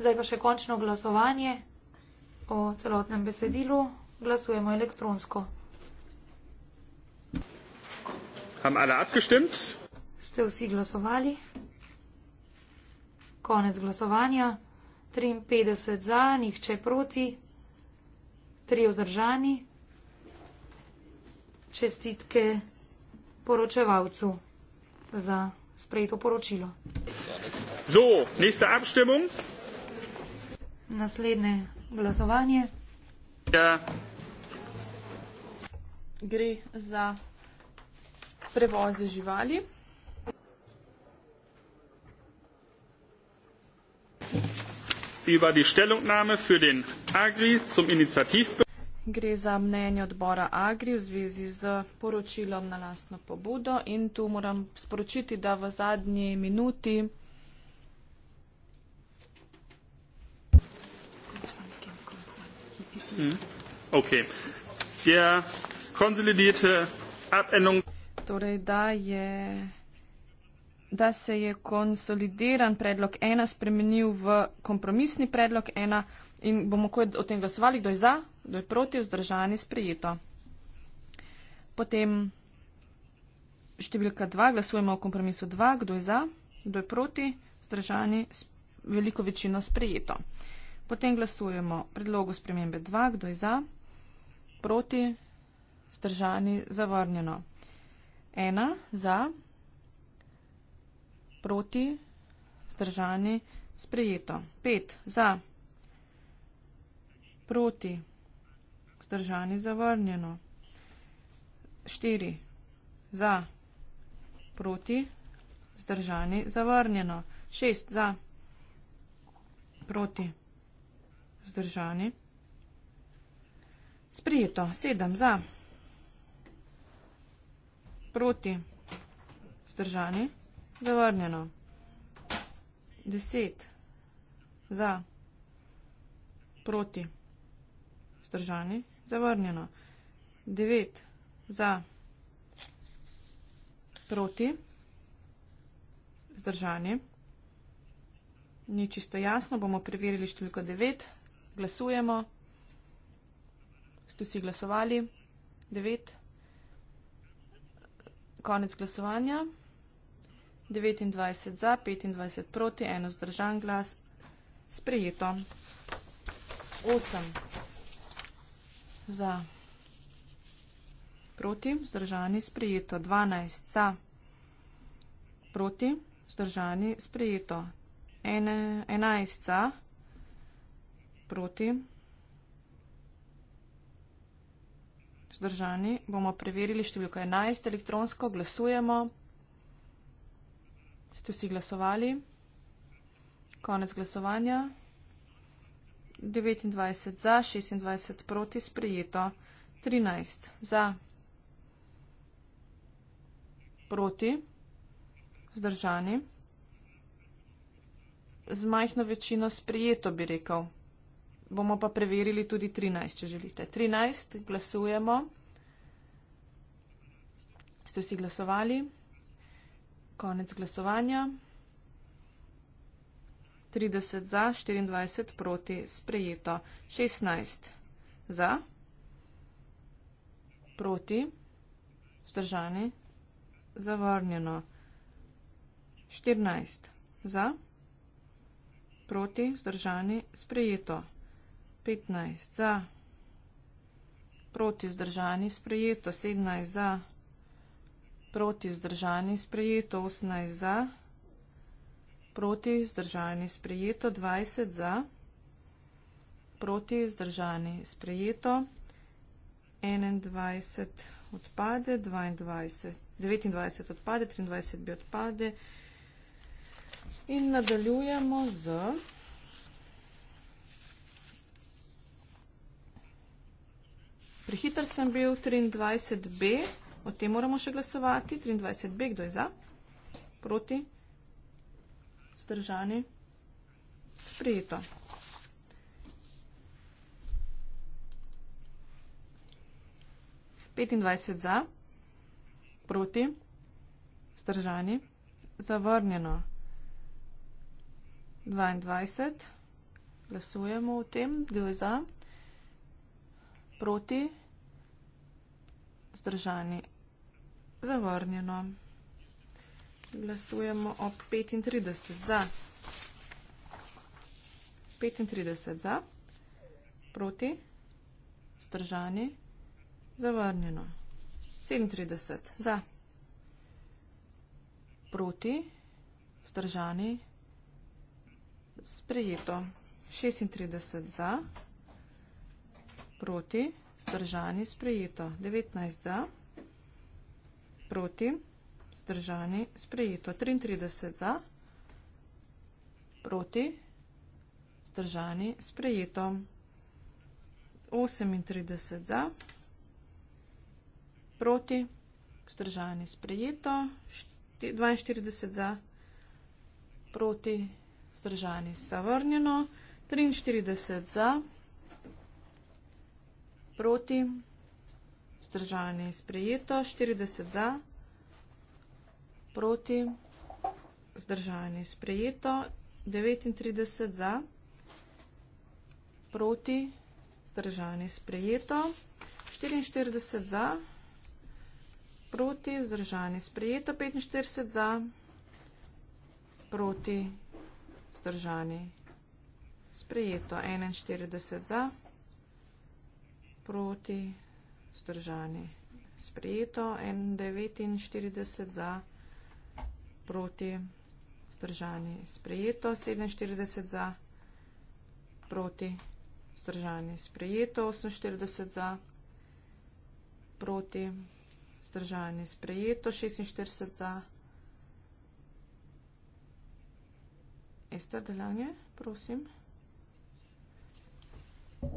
Zdaj pa še končno glasovanje o celotnem besedilu. Glasujemo elektronsko. Ste vsi glasovali? Konec glasovanja. 53 za, nihče proti, 3 vzdržani. Čestitke poročevalcu za sprejeto poročilo. So, Naslednje glasovanje. Ja. Gre za prevoze živali. Über die Stellungnahme für den Agri zum Initiativbericht gre za mnenje odbora Agri v zvezi z poročilom na lastno pobudo in tu moram sporočiti, da v zadnji minuti. Hm? Okay. Torej, da, je, da se je konsolidiran predlog ena spremenil v kompromisni predlog ena in bomo o tem glasovali, kdo je za kdo je proti, vzdržani, sprejeto. Potem številka 2, glasujemo o kompromisu 2, kdo je za, kdo je proti, vzdržani, veliko večino sprejeto. Potem glasujemo predlogu spremembe 2, kdo je za, proti, vzdržani, zavrnjeno. 1 za, proti, vzdržani, sprejeto. 5 za, proti, vzdržani. Vzdržani zavrnjeno. 4. Za. Proti. Vzdržani zavrnjeno. 6. Za. Proti. Vzdržani. Sprijeto. 7. Za. Proti. Vzdržani. Zavrnjeno. 10. Za. Proti. Vzdržani. Zavrnjeno. 9 za proti. Zdržani. Ni čisto jasno, bomo preverili številko 9. Glasujemo. Ste vsi glasovali? 9. Konec glasovanja. 29 za, 25 proti, eno zdržan glas. Sprejeto. 8 za, proti, vzdržani, sprejeto, 12 za, proti, vzdržani, sprejeto, 11 za, proti, vzdržani, bomo preverili številko 11, elektronsko glasujemo, ste vsi glasovali, konec glasovanja. 29 za, 26 proti, sprejeto. 13 za, proti, zdržani. Z majhno večino sprejeto, bi rekel. Bomo pa preverili tudi 13, če želite. 13, glasujemo. Ste vsi glasovali? Konec glasovanja. 30 za, 24 proti, sprejeto. 16 za, proti, vzdržani, zavrnjeno. 14 za, proti, vzdržani, sprejeto. 15 za, proti, vzdržani, sprejeto. 17 za, proti, vzdržani, sprejeto. 18 za, proti vzdržani sprejeto, 20 za, proti vzdržani sprejeto, 21 odpade, 22, 29 odpade, 23 bi odpade in nadaljujemo z Prihiter sem bil 23B, o tem moramo še glasovati. 23B, kdo je za? Proti? vzdržani. Sprejeto. Petindvajset za, proti, vzdržani, zavrnjeno. Dvaindvajset, glasujemo o tem, kdo je za, proti, vzdržani, zavrnjeno. Glasujemo o 35 za. 35 za, proti, stržani, zavrnjeno. 37 za, proti, stržani, sprejeto. 36 za, proti, stržani, sprejeto. 19 za, proti, stržani vzdržani, sprejeto 33 za, proti, vzdržani, sprejeto 38 za, proti, vzdržani, sprejeto 42 za, proti, vzdržani, zavrnjeno 43 za, proti, vzdržani, sprejeto 40 za, proti, proti, zdržanje sprejeto, 39 za, proti, zdržanje sprejeto, 44 za, proti, zdržanje sprejeto, 45 za, proti, zdržanje sprejeto, 41 za, proti, zdržanje sprejeto, 49 za, proti, proti, vzdržani, sprejeto, 47 za, proti, vzdržani, sprejeto, 48 za, proti, vzdržani, sprejeto, 46 za. Ester Delanje, prosim.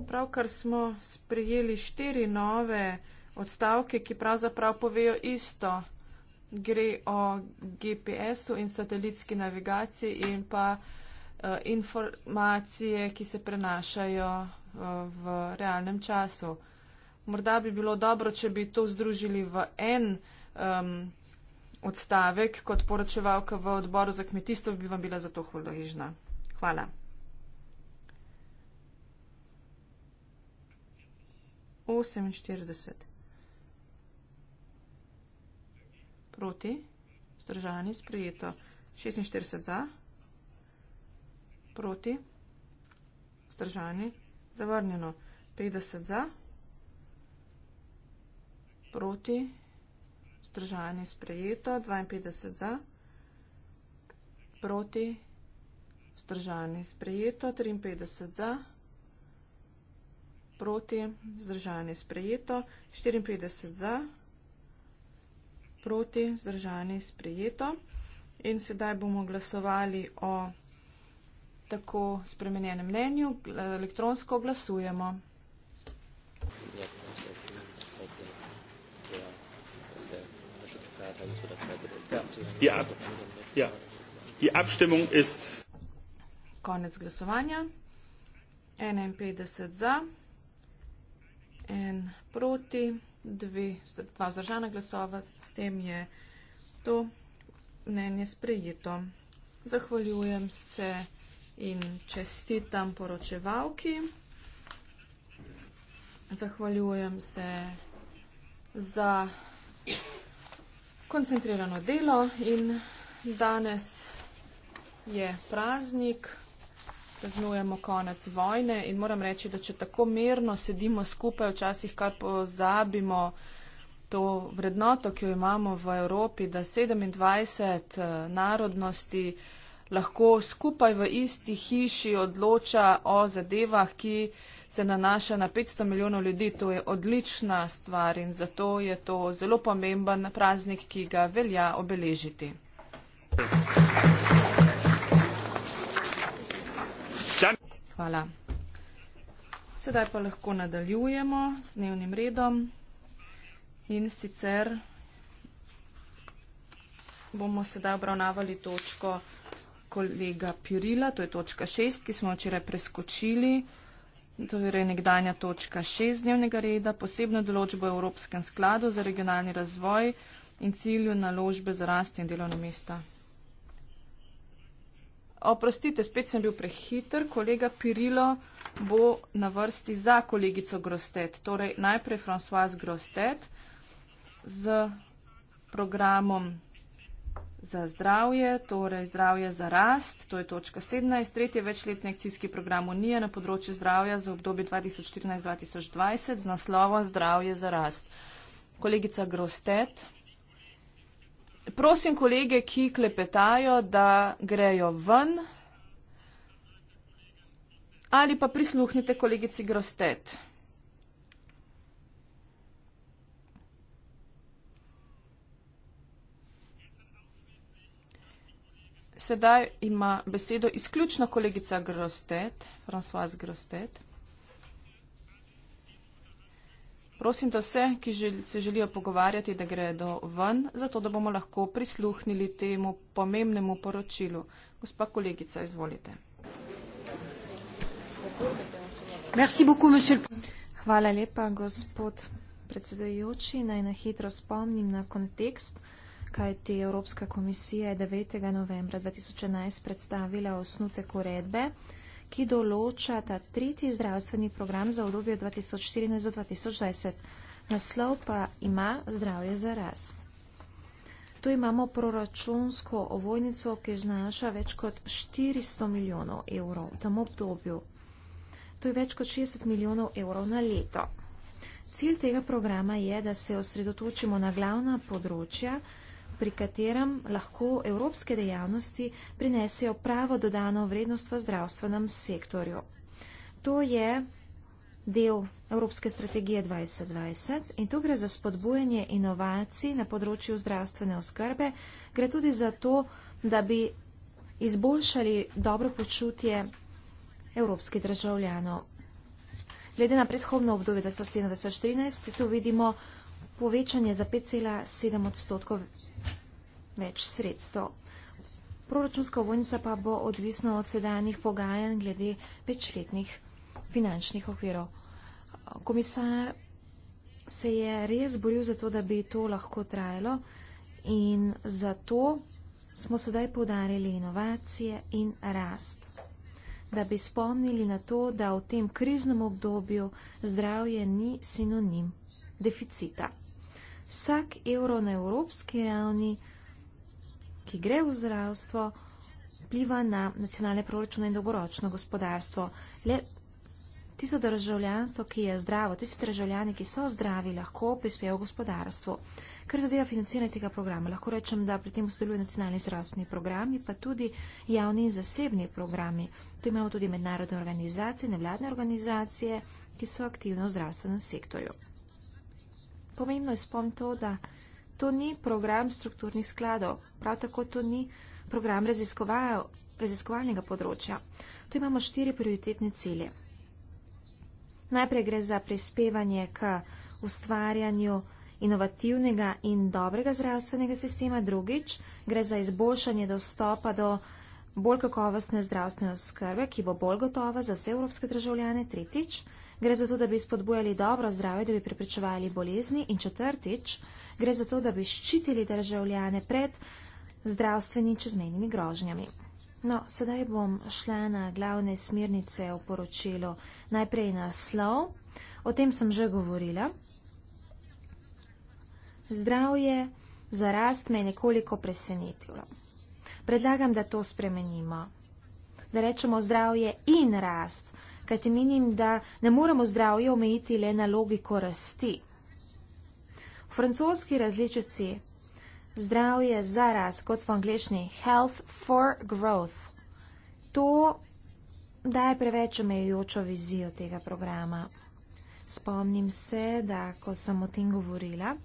Pravkar smo sprejeli štiri nove odstavke, ki pravzaprav povejo isto gre o GPS-u in satelitski navigaciji in pa eh, informacije, ki se prenašajo eh, v realnem času. Morda bi bilo dobro, če bi to združili v en um, odstavek kot poročevalka v odboru za kmetijstvo, bi vam bila za to hvaležna. Hvala. 48. proti, zdržani, sprejeto 46 za, proti, zdržani, zavrnjeno 50 za, proti, zdržani, sprejeto 52 za, proti, zdržani, sprejeto 53 za, proti, zdržani, sprejeto 54 za, proti, proti, zdržani, sprejeto. In sedaj bomo glasovali o tako spremenjenem mnenju. Elektronsko glasujemo. Ja, ja. Konec glasovanja. 51 za, 1 proti dve, dva zdržana glasova, s tem je to mnenje sprejeto. Zahvaljujem se in čestitam poročevalki. Zahvaljujem se za koncentrirano delo in danes je praznik praznujemo konec vojne in moram reči, da če tako mirno sedimo skupaj, včasih kar pozabimo to vrednoto, ki jo imamo v Evropi, da 27 eh, narodnosti lahko skupaj v isti hiši odloča o zadevah, ki se nanaša na 500 milijonov ljudi. To je odlična stvar in zato je to zelo pomemben praznik, ki ga velja obeležiti. Thank you. hvala. Sedaj pa lahko nadaljujemo s dnevnim redom in sicer bomo sedaj obravnavali točko kolega Pirila, to je točka 6, ki smo včeraj preskočili. To torej, je nekdanja točka 6 dnevnega reda, posebno določbo Evropskem skladu za regionalni razvoj in cilju naložbe za rast in delovna mesta. Oprostite, spet sem bil prehiter. Kolega Pirilo bo na vrsti za kolegico Grostet. Torej, najprej François Grostet z programom za zdravje, torej zdravje za rast, to je točka 17, tretje večletni akcijski program Unije na področju zdravja za obdobje 2014-2020 z naslovom zdravje za rast. Kolegica Grostet prosim kolege, ki klepetajo, da grejo ven ali pa prisluhnite kolegici Grostet. Sedaj ima besedo izključno kolegica Grostet, Françoise Grostet. Prosim, da vse, ki se želijo pogovarjati, da gredo ven, zato da bomo lahko prisluhnili temu pomembnemu poročilu. Gospa kolegica, izvolite. Hvala lepa, gospod predsedujoči. Naj na hitro spomnim na kontekst, kaj ti Evropska komisija je 9. novembra 2011 predstavila osnutek uredbe ki določa ta tretji zdravstveni program za obdobje 2014 do 2020. Naslov pa ima zdravje za rast. Tu imamo proračunsko ovojnico, ki znaša več kot 400 milijonov evrov v tem obdobju. To je več kot 60 milijonov evrov na leto. Cilj tega programa je, da se osredotočimo na glavna področja, pri katerem lahko evropske dejavnosti prinesejo pravo dodano vrednost v zdravstvenem sektorju. To je del Evropske strategije 2020 in tu gre za spodbujanje inovacij na področju zdravstvene oskrbe, gre tudi za to, da bi izboljšali dobro počutje evropskih državljanov. Glede na predhodno obdobje 2017-2013, tu vidimo, povečanje za 5,7 odstotkov več sredstev. Proračunska vojnica pa bo odvisna od sedajnih pogajanj glede večletnih finančnih okvirov. Komisar se je res boril za to, da bi to lahko trajalo in zato smo sedaj podarili inovacije in rast da bi spomnili na to, da v tem kriznem obdobju zdravje ni sinonim deficita vsak evro na evropski ravni, ki gre v zdravstvo, vpliva na nacionalne proračune in dolgoročno gospodarstvo. Le tisto državljanstvo, ki je zdravo, tisti državljani, ki so zdravi, lahko prispejo v gospodarstvo. Kar zadeva financiranje tega programa, lahko rečem, da pri tem sodeluje nacionalni zdravstveni programi, pa tudi javni in zasebni programi. Tu imamo tudi mednarodne organizacije, nevladne organizacije, ki so aktivne v zdravstvenem sektorju pomembno izpomniti to, da to ni program strukturnih skladov, prav tako to ni program raziskovalnega področja. Tu imamo štiri prioritetne cilje. Najprej gre za prispevanje k ustvarjanju inovativnega in dobrega zdravstvenega sistema, drugič gre za izboljšanje dostopa do bolj kakovostne zdravstvene oskrbe, ki bo bolj gotova za vse evropske državljane, tretjič gre za to, da bi spodbujali dobro zdravje, da bi preprečevali bolezni in četrtič, gre za to, da bi ščitili državljane pred zdravstvenimi čezmenjimi grožnjami. No, sedaj bom šla na glavne smernice v poročilu. Najprej naslov, o tem sem že govorila. Zdravje za rast me je nekoliko presenetilo. Predlagam, da to spremenimo. Da rečemo zdravje in rast kajti menim, da ne moremo zdravje omejiti le na logiko rasti. V francoski različici zdravje za rast, kot v angliščini health for growth, to daje preveč omejujočo vizijo tega programa. Spomnim se, da ko sem o tem govorila,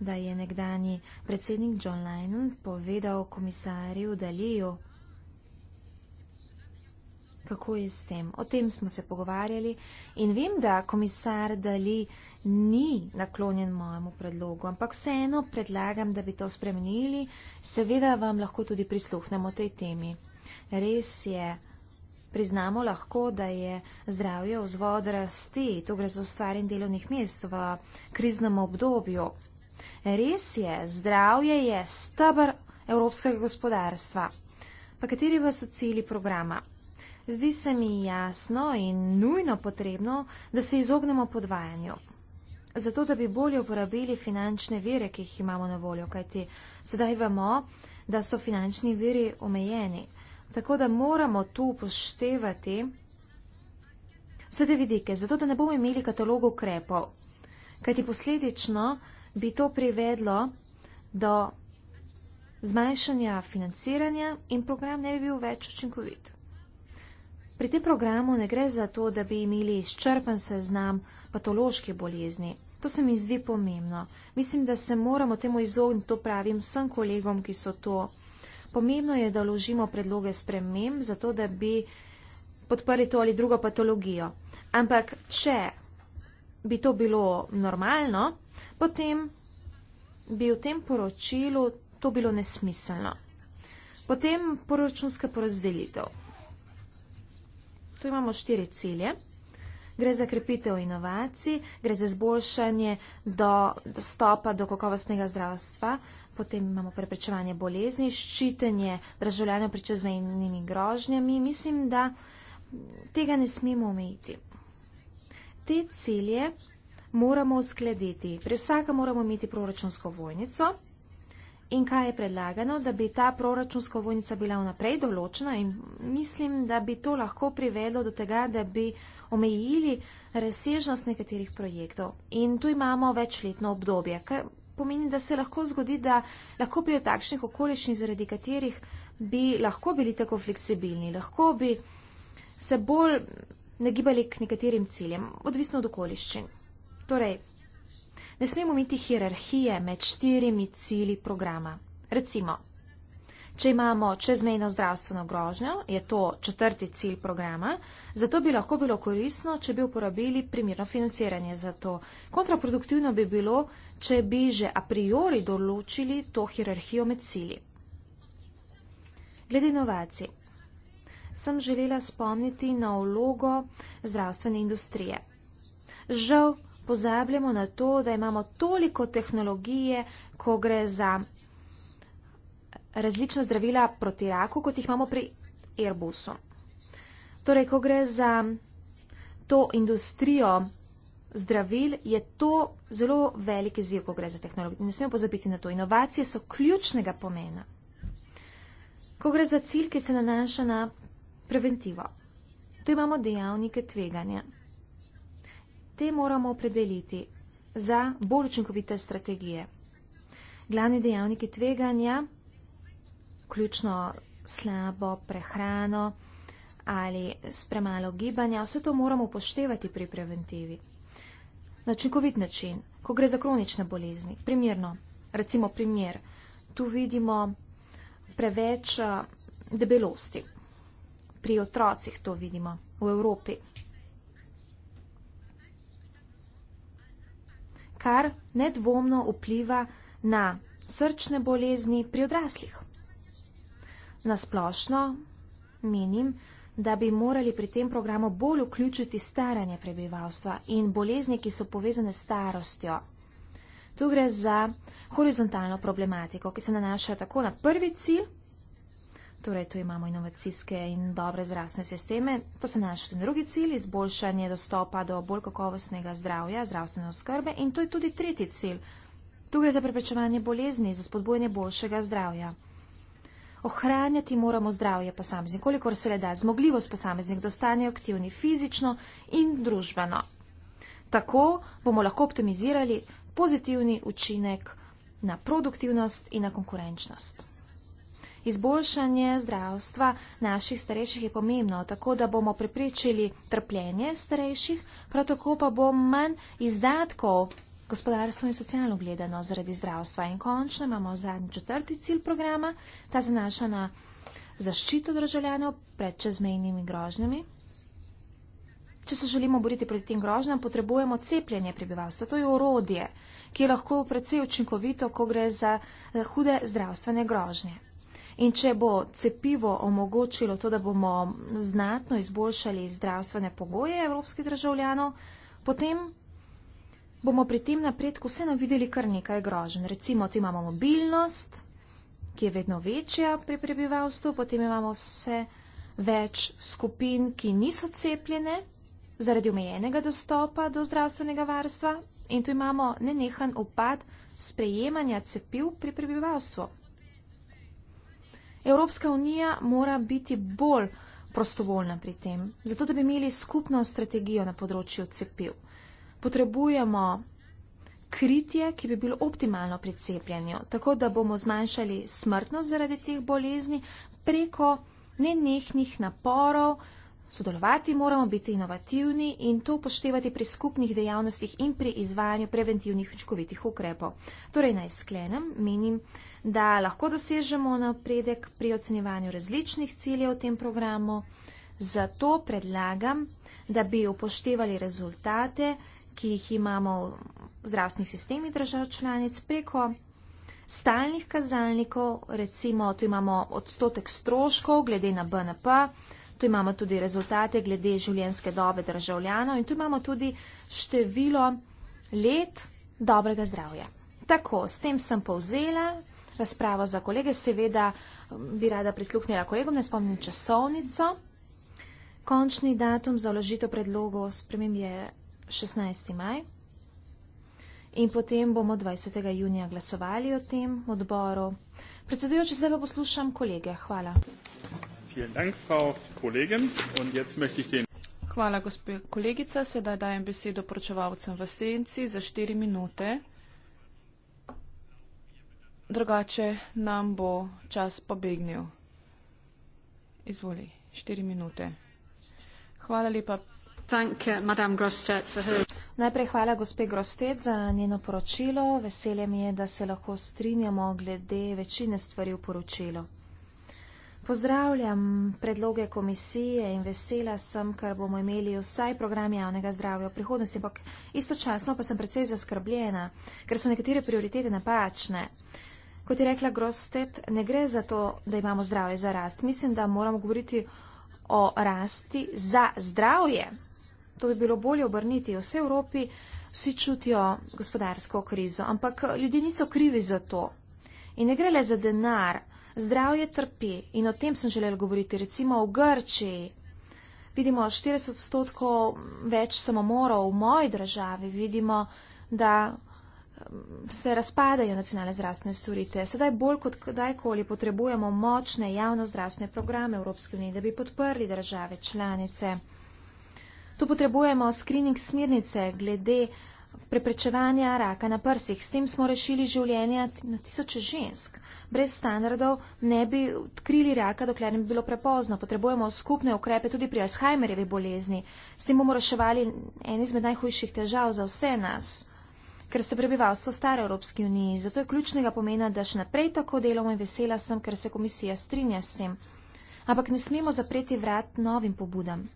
da je nekdani predsednik John Lennon povedal komisarju Daliju, kako je s tem. O tem smo se pogovarjali in vem, da komisar Dali ni naklonjen mojemu predlogu, ampak vseeno predlagam, da bi to spremenili. Seveda vam lahko tudi prisluhnemo tej temi. Res je. Priznamo lahko, da je zdravje vzvod rasti, to gre za ustvarjanje delovnih mest v kriznem obdobju. Res je, zdravje je stabr evropskega gospodarstva. Pa kateri pa so cili programa? zdi se mi jasno in nujno potrebno, da se izognemo podvajanju. Zato, da bi bolje uporabili finančne vire, ki jih imamo na voljo, kajti sedaj vemo, da so finančni viri omejeni. Tako da moramo tu poštevati vse te vidike, zato da ne bomo imeli katalogu ukrepov. Kajti posledično bi to privedlo do zmanjšanja financiranja in program ne bi bil več učinkovit. Pri tem programu ne gre za to, da bi imeli izčrpen seznam patoloških bolezni. To se mi zdi pomembno. Mislim, da se moramo temu izogniti, to pravim vsem kolegom, ki so to. Pomembno je, da ložimo predloge sprememb, zato da bi podprli to ali drugo patologijo. Ampak, če bi to bilo normalno, potem bi v tem poročilu to bilo nesmiselno. Potem poročunska porazdelitev tu imamo štiri cilje. Gre za krepitev inovacij, gre za zboljšanje do, dostopa do kakovostnega zdravstva, potem imamo preprečevanje bolezni, ščitenje državljanov pred čezmejnimi grožnjami. Mislim, da tega ne smemo omejiti. Te cilje moramo uskladiti. Pri vsakem moramo imeti proračunsko vojnico in kaj je predlagano, da bi ta proračunska vojnica bila vnaprej določena in mislim, da bi to lahko privedlo do tega, da bi omejili razsežnost nekaterih projektov. In tu imamo večletno obdobje, kar pomeni, da se lahko zgodi, da lahko pri takšnih okoliščinah, zaradi katerih bi lahko bili tako fleksibilni, lahko bi se bolj nagibali k nekaterim ciljem, odvisno od okoliščin. Torej, ne smemo imeti hierarhije med štirimi cili programa. Recimo, če imamo čezmejno zdravstveno grožnjo, je to četrti cilj programa, zato bi lahko bilo korisno, če bi uporabili primirno financiranje za to. Kontraproduktivno bi bilo, če bi že a priori določili to hierarhijo med cili. Glede inovacij, sem želela spomniti na vlogo zdravstvene industrije žal pozabljamo na to, da imamo toliko tehnologije, ko gre za različna zdravila proti raku, kot jih imamo pri Airbusu. Torej, ko gre za to industrijo zdravil, je to zelo velik izziv, ko gre za tehnologijo. Ne smemo pozabiti na to. Inovacije so ključnega pomena. Ko gre za cilj, ki se nanaša na preventivo. Tu imamo dejavnike tveganja te moramo opredeliti za bolj učinkovite strategije. Glavni dejavniki tveganja, ključno slabo prehrano ali spremalo gibanja, vse to moramo upoštevati pri preventivi. Na učinkovit način, ko gre za kronične bolezni, primerno, recimo primer, tu vidimo preveč eh, debelosti. Pri otrocih to vidimo v Evropi. kar nedvomno vpliva na srčne bolezni pri odraslih. Na splošno menim, da bi morali pri tem programu bolj vključiti staranje prebivalstva in bolezni, ki so povezane s starostjo. Tu gre za horizontalno problematiko, ki se nanaša tako na prvi cilj, Torej, tu imamo inovacijske in dobre zdravstvene sisteme. To se nanaša tudi na drugi cilj, izboljšanje dostopa do bolj kakovostnega zdravja, zdravstvene oskrbe. In to je tudi tretji cilj. Tu gre za preprečevanje bolezni, za spodbojanje boljšega zdravja. Ohranjati moramo zdravje posameznika, kolikor se le da, zmogljivost posameznika, da ostane aktivni fizično in družbeno. Tako bomo lahko optimizirali pozitivni učinek na produktivnost in na konkurenčnost. Izboljšanje zdravstva naših starejših je pomembno, tako da bomo pripričali trpljenje starejših, prav tako pa bo manj izdatkov gospodarstvo in socialno gledano zaradi zdravstva. In končno imamo zadnji četrti cilj programa, ta zanaša na zaščito državljanov pred čezmejnimi grožnjami. Če se želimo boriti proti tem grožnjam, potrebujemo cepljenje prebivalstva. To je orodje, ki je lahko precej učinkovito, ko gre za eh, hude zdravstvene grožnje. In če bo cepivo omogočilo to, da bomo znatno izboljšali zdravstvene pogoje evropskih državljanov, potem bomo pri tem napredku vseeno videli kar nekaj grožen. Recimo, tu imamo mobilnost, ki je vedno večja pri prebivalstvu, potem imamo vse več skupin, ki niso cepljene zaradi omejenega dostopa do zdravstvenega varstva in tu imamo nenehan upad sprejemanja cepiv pri prebivalstvu. Evropska unija mora biti bolj prostovoljna pri tem, zato da bi imeli skupno strategijo na področju cepiv. Potrebujemo kritje, ki bi bilo optimalno pri cepljenju, tako da bomo zmanjšali smrtnost zaradi teh bolezni preko nenehnih naporov, Sodelovati moramo biti inovativni in to upoštevati pri skupnih dejavnostih in pri izvajanju preventivnih učinkovitih ukrepov. Torej, naj sklenem, menim, da lahko dosežemo napredek pri ocenjevanju različnih ciljev v tem programu, zato predlagam, da bi upoštevali rezultate, ki jih imamo v zdravstvenih sistemih držav članic preko stalnih kazalnikov, recimo tu imamo odstotek stroškov glede na BNP, Tu imamo tudi rezultate glede življenjske dobe državljanov in tu imamo tudi število let dobrega zdravja. Tako, s tem sem povzela razpravo za kolege. Seveda um, bi rada prisluhnila kolegom, ne spomnim časovnico. Končni datum za vložitev predlogo spremem je 16. maj. In potem bomo 20. junija glasovali o tem odboru. Predsedujoče, zdaj pa poslušam kolege. Hvala. Hvala, gospod kolegica. Sedaj dajem besedo pročevalcem v senci za štiri minute. Drugače nam bo čas pobegnil. Izvoli, štiri minute. Hvala lepa. Thank, uh, Najprej hvala gospe Grostet za njeno poročilo. Veselje mi je, da se lahko strinjamo glede večine stvari v poročilu. Pozdravljam predloge komisije in vesela sem, ker bomo imeli vsaj program javnega zdravja v prihodnosti, ampak istočasno pa sem precej zaskrbljena, ker so nekatere prioritete napačne. Kot je rekla Grosted, ne gre za to, da imamo zdravje za rast. Mislim, da moramo govoriti o rasti za zdravje. To bi bilo bolje obrniti. Vse v Evropi vsi čutijo gospodarsko krizo, ampak ljudje niso krivi za to. In ne gre le za denar, Zdravje trpi in o tem sem želela govoriti. Recimo v Grčiji vidimo 40 odstotkov več samomorov, v moji državi vidimo, da mm, se razpadajo nacionalne zdravstvene storitve. Sedaj bolj kot kdajkoli potrebujemo močne javno zdravstvene programe Evropske unije, da bi podprli države članice. Tu potrebujemo screening smirnice glede preprečevanja raka na prsih. S tem smo rešili življenja na tisoče žensk brez standardov ne bi odkrili raka, dokler ne bi bilo prepozno. Potrebujemo skupne ukrepe tudi pri Alzheimerjevi bolezni. S tem bomo reševali en izmed najhujših težav za vse nas, ker se prebivalstvo stara v Evropski uniji. Zato je ključnega pomena, da še naprej tako delamo in vesela sem, ker se komisija strinja s tem. Ampak ne smemo zapreti vrat novim pobudam.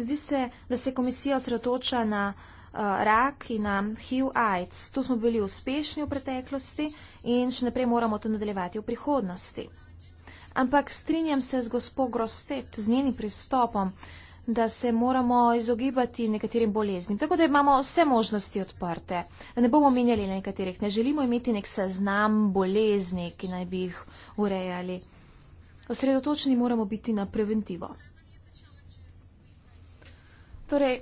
Zdi se, da se komisija osredotoča na Eh, rak in na um, HIV AIDS. Tu smo bili uspešni v preteklosti in še naprej moramo to nadaljevati v prihodnosti. Ampak strinjam se z gospod Grostet, z njenim pristopom, da se moramo izogibati nekaterim boleznim. Tako da imamo vse možnosti odprte. Ne bomo menjali nekaterih, ne želimo imeti nek seznam bolezni, ki naj bi jih urejali. Osredotočeni moramo biti na preventivo. Torej,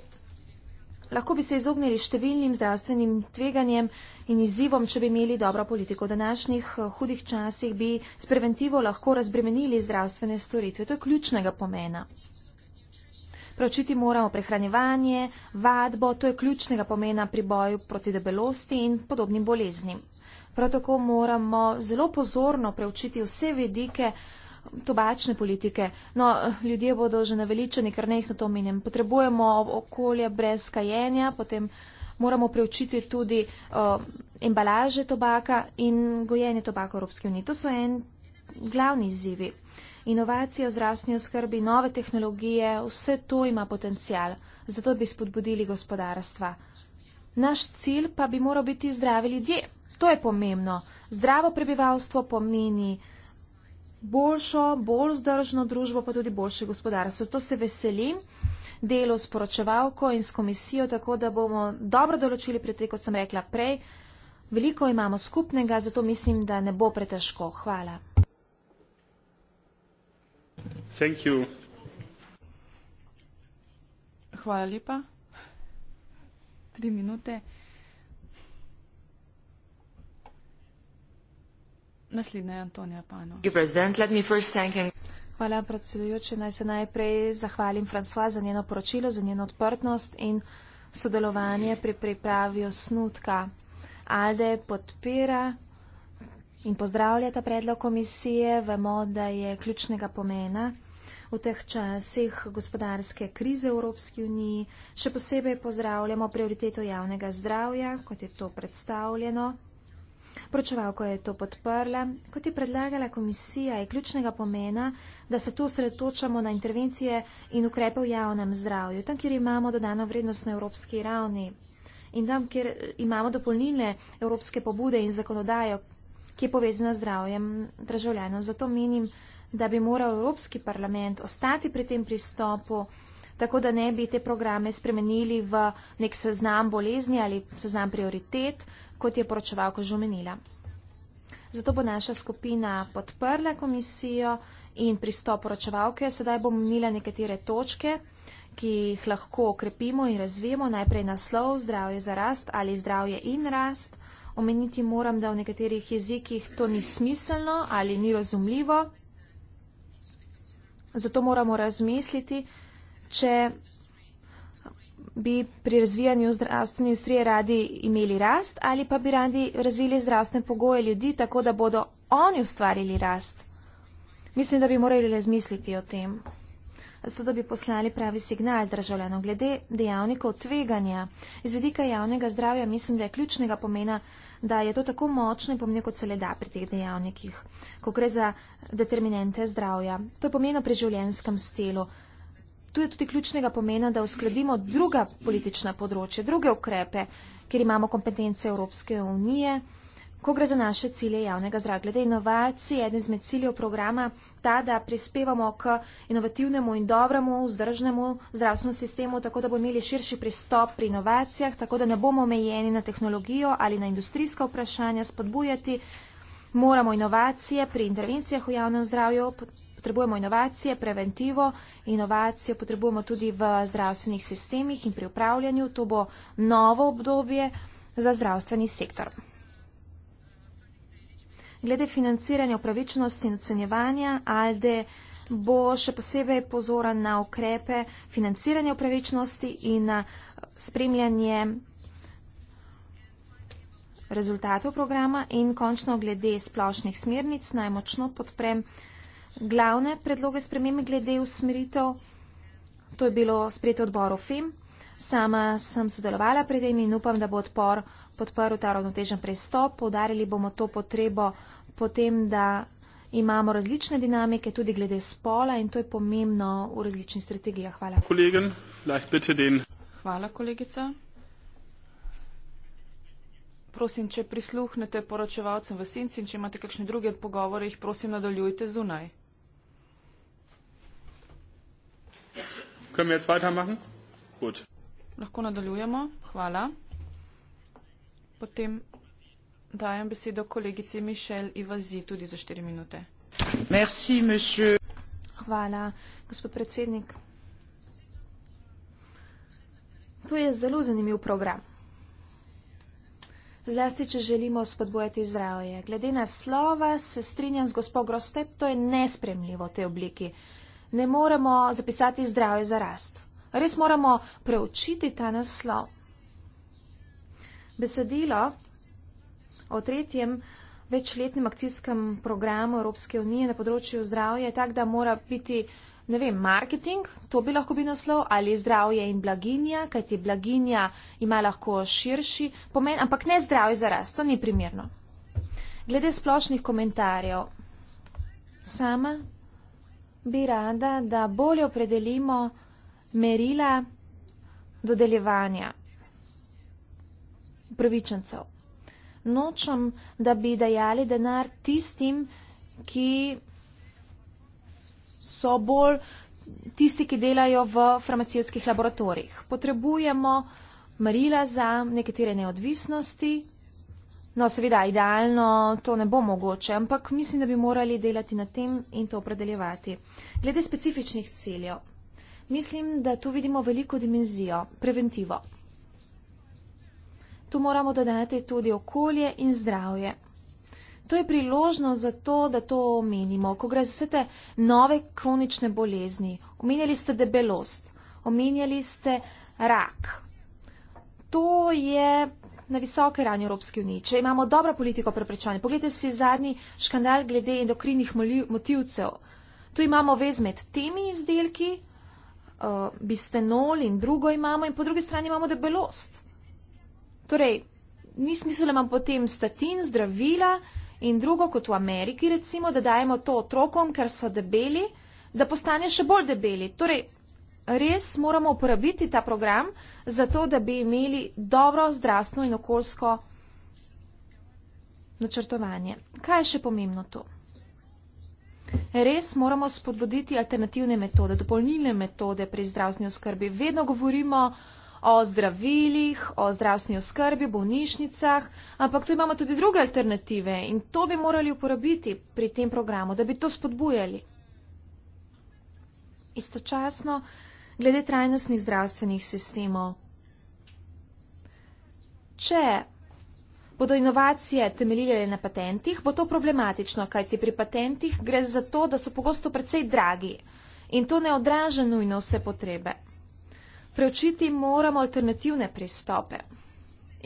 lahko bi se izognili številnim zdravstvenim tveganjem in izzivom, če bi imeli dobro politiko. V današnjih eh, hudih časih bi s preventivo lahko razbremenili zdravstvene storitve. To je ključnega pomena. Pročiti moramo prehranjevanje, vadbo, to je ključnega pomena pri boju proti debelosti in podobnim boleznim. Prav tako moramo zelo pozorno preučiti vse vedike, tobačne politike. No, ljudje bodo že naveličeni, ker nekaj na to menim. Potrebujemo okolje brez kajenja, potem moramo preučiti tudi o, eh, embalaže tobaka in gojenje tobaka v Evropski uniji. To so en glavni izzivi. Inovacija v zrastni oskrbi, nove tehnologije, vse to ima potencial, zato bi spodbudili gospodarstva. Naš cilj pa bi moral biti zdravi ljudje. To je pomembno. Zdravo prebivalstvo pomeni uh, boljšo, bolj vzdržno družbo, pa tudi boljše gospodarstvo. To se veselim delo s poročevalko in s komisijo, tako da bomo dobro določili pri tem, kot sem rekla prej. Veliko imamo skupnega, zato mislim, da ne bo pretežko. Hvala. Hvala lepa. Tri minute. Naslednja je Antonija Pano. Hvala, predsedujoči. Naj se najprej zahvalim Fransua za njeno poročilo, za njeno odprtnost in sodelovanje pri pripravi osnutka. Alde podpira in pozdravlja ta predlog komisije. Vemo, da je ključnega pomena v teh časih gospodarske krize v Evropski uniji. Še posebej pozdravljamo prioriteto javnega zdravja, kot je to predstavljeno. Pročevalko je to podprla. Kot je predlagala komisija, je ključnega pomena, da se tu sredotočamo na intervencije in ukrepe v javnem zdravju, tam, kjer imamo dodano vrednost na evropski ravni in tam, kjer imamo dopolnilne evropske pobude in zakonodajo, ki je povezana z zdravjem državljanov. Zato menim, da bi moral Evropski parlament ostati pri tem pristopu, tako da ne bi te programe spremenili v nek seznam bolezni ali seznam prioritet, kot je poročevalka že omenila. Zato bo naša skupina podprla komisijo in pristop poročevalke. Sedaj bom omenila nekatere točke, ki jih lahko okrepimo in razvijemo. Najprej naslov zdravje za rast ali zdravje in rast. Omeniti moram, da v nekaterih jezikih to ni smiselno ali ni razumljivo. Zato moramo razmisliti, če bi pri razvijanju zdravstvene industrije radi imeli rast ali pa bi radi razvili zdravstvene pogoje ljudi tako, da bodo oni ustvarili rast? Mislim, da bi morali razmisliti o tem, zato da bi poslali pravi signal državljanom glede dejavnikov tveganja. Iz vidika javnega zdravja mislim, da je ključnega pomena, da je to tako močno in pomembno, kot se le da pri teh dejavnikih, ko gre za determinante zdravja. To je pomeno pri življenjskem stilu tu je tudi ključnega pomena, da uskladimo druga politična področja, druge ukrepe, kjer imamo kompetence Evropske unije, ko gre za naše cilje javnega zdravja. Glede inovacij, eden izmed ciljev programa ta, da prispevamo k inovativnemu in dobremu, vzdržnemu zdravstvenemu sistemu, tako da bomo imeli širši pristop pri inovacijah, tako da ne bomo omejeni na tehnologijo ali na industrijska vprašanja spodbujati. Moramo inovacije pri intervencijah v javnem zdravju potrebujemo inovacije, preventivo, inovacijo potrebujemo tudi v zdravstvenih sistemih in pri upravljanju. To bo novo obdobje za zdravstveni sektor. Glede financiranja upravičnosti in ocenjevanja, ALDE bo še posebej pozoran na ukrepe financiranja upravičnosti in na spremljanje rezultatov programa in končno glede splošnih smernic najmočno podprem glavne predloge spremembe glede usmeritev. To je bilo sprejeto odboru FEM. Sama sem sodelovala pri tem in upam, da bo odpor podprl ta ravnotežen pristop. Podarili bomo to potrebo potem, da imamo različne dinamike tudi glede spola in to je pomembno v različnih strategijah. Hvala. Kolegen, Hvala, kolegica. Prosim, če prisluhnete poročevalcem v senci in če imate kakšne druge pogovore, jih prosim nadaljujte zunaj. können wir jetzt weitermachen? Gut. Lahko nadaljujemo, hvala. Potem dajem besedo kolegici Mišel Ivazi tudi za štiri minute. Merci, monsieur. Hvala, gospod predsednik. To je zelo zanimiv program. Zlasti, če želimo spodbojati zdravje. Glede na slova, se strinjam z gospod Grostep, to je nespremljivo v tej obliki ne moremo zapisati zdravje za rast. Res moramo preučiti ta naslov. Besedilo o tretjem večletnem akcijskem programu Evropske unije na področju zdravja je tak, da mora biti, ne vem, marketing, to bi lahko bil naslov, ali zdravje in blaginja, kajti blaginja ima lahko širši pomen, ampak ne zdravje za rast, to ni primerno. Glede splošnih komentarjev, sama bi rada, da bolje opredelimo merila dodeljevanja pravičencev. Nočem, da bi dajali denar tistim, ki so bolj tisti, ki delajo v farmacijskih laboratorijih. Potrebujemo merila za nekatere neodvisnosti. No, seveda, idealno to ne bo mogoče, ampak mislim, da bi morali delati na tem in to opredeljevati. Glede specifičnih ciljev, mislim, da tu vidimo veliko dimenzijo, preventivo. Tu moramo dodati tudi okolje in zdravje. To je priložnost za to, da to omenimo, ko gre za vse te nove kronične bolezni. Omenjali ste debelost, omenjali ste rak. To je na visoke ravni Evropske unije, če imamo dobro politiko preprečevanja. Poglejte si zadnji škandal glede endokrinih motivcev. Tu imamo vez med temi izdelki, uh, bistenol in drugo imamo in po drugi strani imamo debelost. Torej, ni smisel, da imamo potem statin, zdravila in drugo kot v Ameriki, recimo, da dajemo to otrokom, ker so debeli, da postanejo še bolj debeli. Torej, res moramo uporabiti ta program, zato da bi imeli dobro zdravstveno in okoljsko načrtovanje. Kaj je še pomembno tu? Res moramo spodbuditi alternativne metode, dopolnilne metode pri zdravstveni oskrbi. Vedno govorimo o zdravilih, o zdravstveni oskrbi, bolnišnicah, ampak tu imamo tudi druge alternative in to bi morali uporabiti pri tem programu, da bi to spodbujali. Istočasno glede trajnostnih zdravstvenih sistemov. Če bodo inovacije temeljile na patentih, bo to problematično, kajti pri patentih gre za to, da so pogosto precej dragi in to ne odraža nujno vse potrebe. Preučiti moramo alternativne pristope.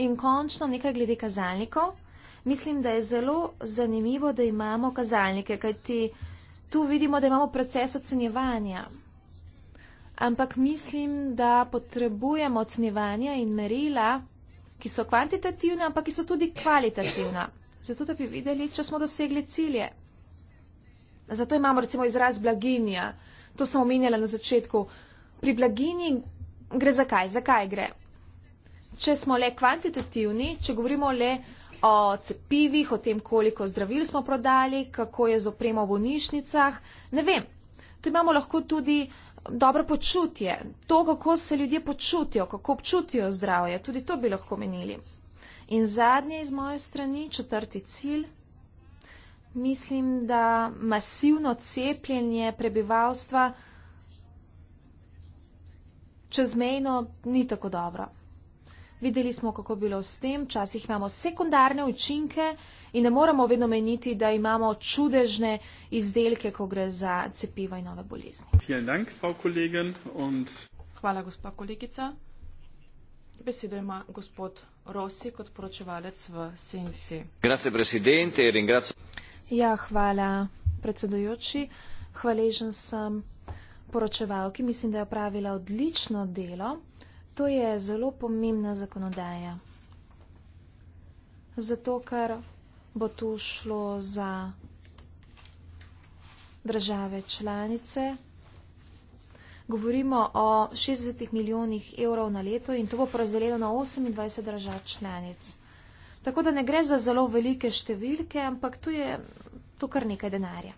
In končno nekaj glede kazalnikov. Mislim, da je zelo zanimivo, da imamo kazalnike, kajti tu vidimo, da imamo proces ocenjevanja ampak mislim, da potrebujemo ocenjevanja in merila, ki so kvantitativna, ampak ki so tudi kvalitativna, zato da bi videli, če smo dosegli cilje. Zato imamo recimo izraz blaginja. To sem omenjala na začetku. Pri blagini gre za kaj? Za kaj gre? Če smo le kvantitativni, če govorimo le o cepivih, o tem, koliko zdravil smo prodali, kako je z opremo v bolnišnicah, ne vem. To imamo lahko tudi dobro počutje, to, kako se ljudje počutijo, kako občutijo zdravje, tudi to bi lahko menili. In zadnje iz moje strani, četrti cilj, mislim, da masivno cepljenje prebivalstva čezmejno ni tako dobro. Videli smo, kako je bilo s tem, včasih imamo sekundarne učinke, in ne moramo vedno meniti, da imamo čudežne izdelke, ko gre za cepiva in nove bolezni. Dank, und... Hvala, gospa kolegica. Besedo ima gospod Rossi kot poročevalec v senci. Ringrazio... Ja, hvala, predsedujoči. Hvaležen sem poročevalki. Mislim, da je opravila odlično delo. To je zelo pomembna zakonodaja. Zato, ker bo tu šlo za države članice. Govorimo o 60 milijonih evrov na leto in to bo porazdeljeno na 28 držav članic. Tako da ne gre za zelo velike številke, ampak tu je to kar nekaj denarja.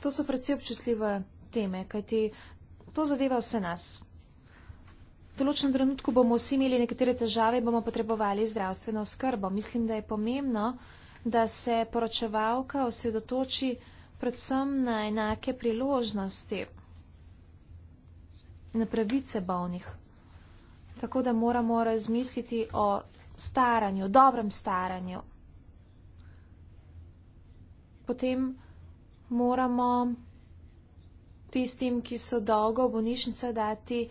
To so predvsej občutljive teme, kajti to zadeva vse nas. V določenem trenutku bomo vsi imeli nekatere težave in bomo potrebovali zdravstveno oskrbo. Mislim, da je pomembno, da se poročevalka osredotoči predvsem na enake priložnosti, na pravice bolnih. Tako da moramo razmisliti o staranju, dobrem staranju. Potem moramo tistim, ki so dolgo v bolnišnice, dati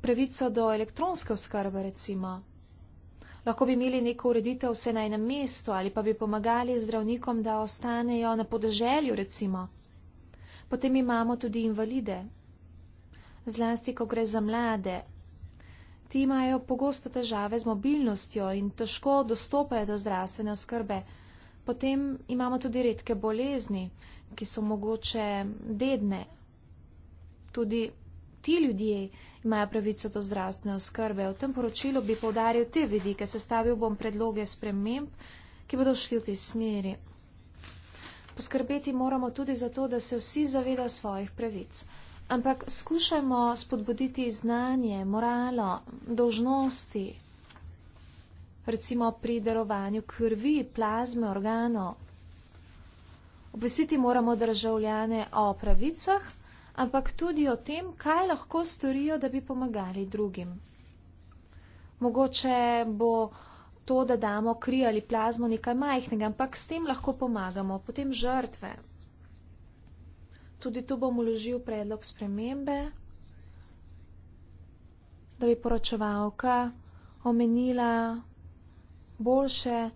pravico do elektronske oskrbe, recimo. Lahko bi imeli neko ureditev vse na enem mestu ali pa bi pomagali zdravnikom, da ostanejo na podeželju, recimo. Potem imamo tudi invalide, zlasti, ko gre za mlade. Ti imajo pogosto težave z mobilnostjo in težko dostopajo do zdravstvene oskrbe. Potem imamo tudi redke bolezni, ki so mogoče dedne. Tudi ti ljudje imajo pravico do zdravstvene oskrbe. V tem poročilu bi povdaril te vidike, sestavil bom predloge sprememb, ki bodo šli v tej smeri. Poskrbeti moramo tudi za to, da se vsi zavedajo svojih pravic. Ampak skušajmo spodbuditi znanje, moralo, dožnosti, recimo pri darovanju krvi, plazme, organov. Obvestiti moramo državljane o pravicah, ampak tudi o tem, kaj lahko storijo, da bi pomagali drugim. Mogoče bo to, da damo kri ali plazmo nekaj majhnega, ampak s tem lahko pomagamo, potem žrtve. Tudi tu bom uložil predlog spremembe, da bi poročevalka omenila boljše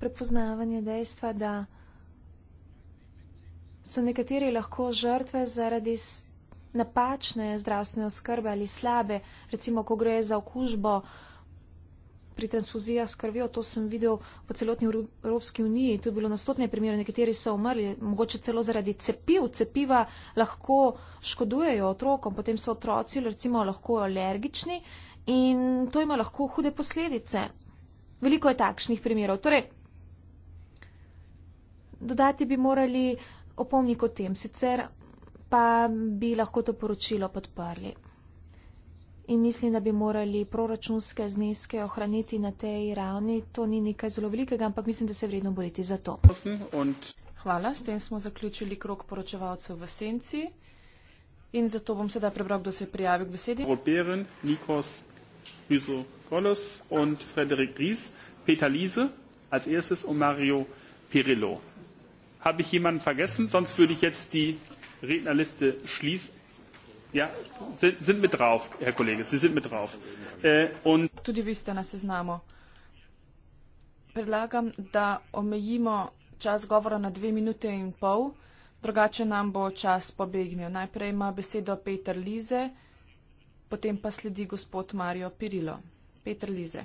prepoznavanje dejstva, da so nekateri lahko žrtve zaradi napačne zdravstvene oskrbe ali slabe, recimo, ko gre za okužbo pri transfuzijah s krvjo, to sem videl po celotni Evropski uniji, tu je bilo nastotne primere, nekateri so umrli, mogoče celo zaradi cepiv, cepiva lahko škodujejo otrokom, potem so otroci recimo lahko alergični in to ima lahko hude posledice. Veliko je takšnih primerov. Torej, dodati bi morali uh, opomnik o tem, sicer pa bi lahko to poročilo podprli. In mislim, da bi morali proračunske zneske ohraniti na tej ravni. To ni nekaj zelo velikega, ampak mislim, da se je vredno boriti za to. Hvala, s tem smo zaključili krok poročevalcev v senci. In zato bom sedaj prebral, kdo se je prijavil k besedi. Robert, Nikos, Rizo, Golos in Frederik Ries, Peter Lise, als erstes in Mario Pirillo. Habe ich jemanden vergessen? Sonst würde ich jetzt die Rednerliste schließen. Ja, sind, sind mit drauf, Herr Kollege, Sie sind mit drauf. Äh, und Tudi vi ste na seznamu. Predlagam, da omejimo čas govora na dve minute in pol, drugače nam bo čas pobegnil. Najprej ima besedo Peter Lize, potem pa sledi gospod Mario Pirilo. Peter Lize.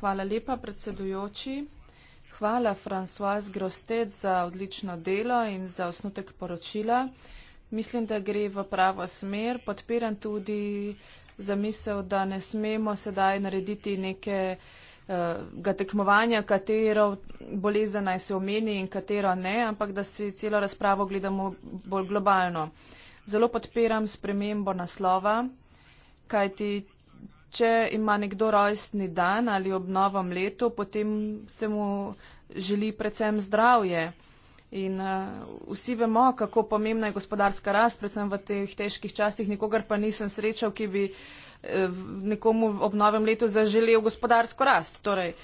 Hvala lepa, predsedujoči hvala, François Grostet, za odlično delo in za osnutek poročila. Mislim, da gre v pravo smer. Podpiram tudi zamisel, da ne smemo sedaj narediti neke eh, ga tekmovanja, katero bolezen naj se omeni in katero ne, ampak da si celo razpravo gledamo bolj globalno. Zelo podpiram spremembo naslova, kajti če ima nekdo rojstni dan ali ob novem letu, potem se mu želi predvsem zdravje. In uh, vsi vemo, kako pomembna je gospodarska rast, predvsem v teh težkih časih. Nikogar pa nisem srečal, ki bi eh, nekomu ob novem letu zaželel gospodarsko rast. Torej,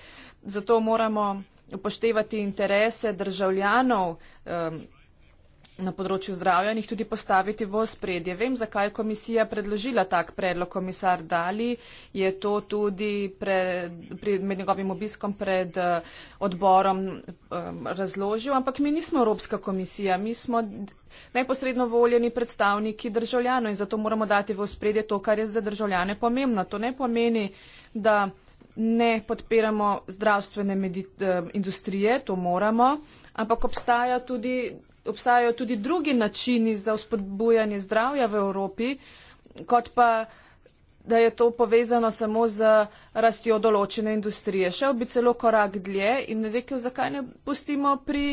zato moramo upoštevati interese državljanov. Eh, na področju zdravja in jih tudi postaviti v ospredje. Vem, zakaj je komisija predložila tak predlog, komisar Dali je to tudi pred, pred, med njegovim obiskom pred eh, odborom um, razložil, ampak mi nismo Evropska komisija, mi smo neposredno voljeni predstavniki državljanov in zato moramo dati v ospredje to, kar je za državljane pomembno. To ne pomeni, da ne podpiramo zdravstvene eh, industrije, to moramo, ampak obstaja tudi obstajajo tudi drugi načini za vzpodbujanje zdravja v Evropi, kot pa da je to povezano samo z rastjo določene industrije. Šel bi celo korak dlje in rekel, zakaj ne pustimo pri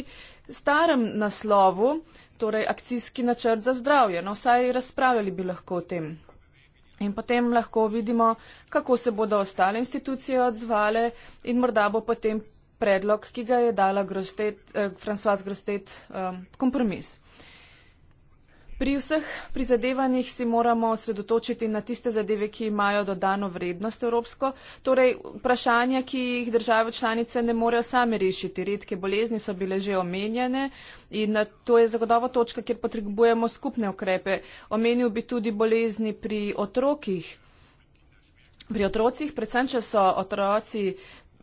starem naslovu, torej akcijski načrt za zdravje. No, vsaj razpravljali bi lahko o tem. In potem lahko vidimo, kako se bodo ostale institucije odzvale in morda bo potem predlog, ki ga je dala Grostet, eh, François Grostet, um, kompromis. Pri vseh prizadevanjih si moramo osredotočiti na tiste zadeve, ki imajo dodano vrednost evropsko, torej vprašanja, ki jih države članice ne morejo same rešiti. Redke bolezni so bile že omenjene in to je zagotovo točka, kjer potrebujemo skupne ukrepe. Omenil bi tudi bolezni pri otrokih. Pri otrocih, predvsem če so otroci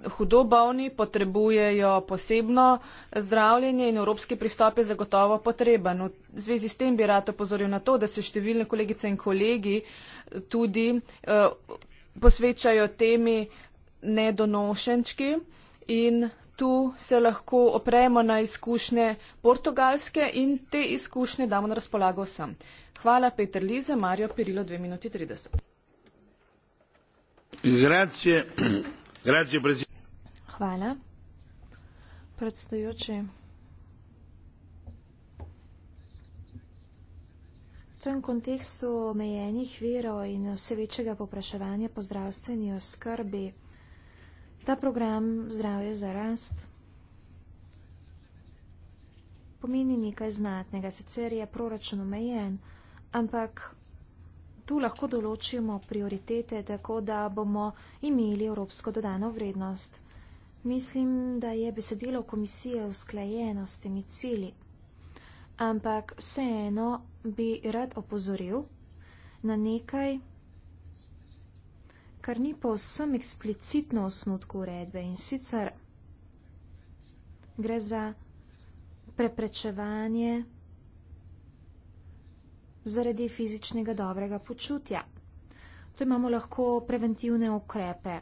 hudo bolni potrebujejo posebno zdravljenje in evropski pristop je zagotovo potreben. V zvezi s tem bi rad opozoril na to, da se številne kolegice in kolegi tudi eh, posvečajo temi nedonošenčki in tu se lahko opremo na izkušnje portugalske in te izkušnje damo na razpolago vsem. Hvala Peter Lize, Mario Pirilo, 2 minuti 30. Grazie, grazie Presidente. Hvala. Predstojoči. V tem kontekstu omejenih verov in vse večjega popraševanja po zdravstveni oskrbi, ta program Zdravje za rast pomeni nekaj znatnega. Sicer je proračun omejen, ampak tu lahko določimo prioritete, tako da bomo imeli evropsko dodano vrednost. Mislim, da je besedilo komisije usklajeno s temi cilji. Ampak vseeno bi rad opozoril na nekaj, kar ni povsem eksplicitno osnutku uredbe in sicer gre za preprečevanje zaradi fizičnega dobrega počutja. Tu imamo lahko preventivne ukrepe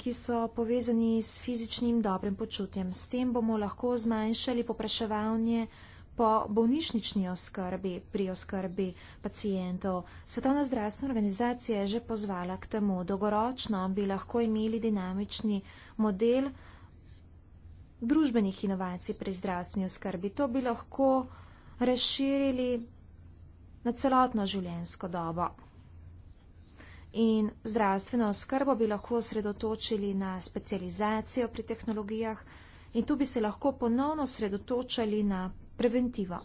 ki so povezani s fizičnim dobrim počutjem. S tem bomo lahko zmanjšali popraševanje po bolnišnični oskrbi pri oskrbi pacijentov. Svetovna zdravstvena organizacija je že pozvala k temu, dolgoročno bi lahko imeli dinamični model družbenih inovacij pri zdravstveni oskrbi. To bi lahko razširili na celotno življenjsko dobo in zdravstveno oskrbo bi lahko osredotočili na specializacijo pri tehnologijah in tu bi se lahko ponovno osredotočali na preventivo.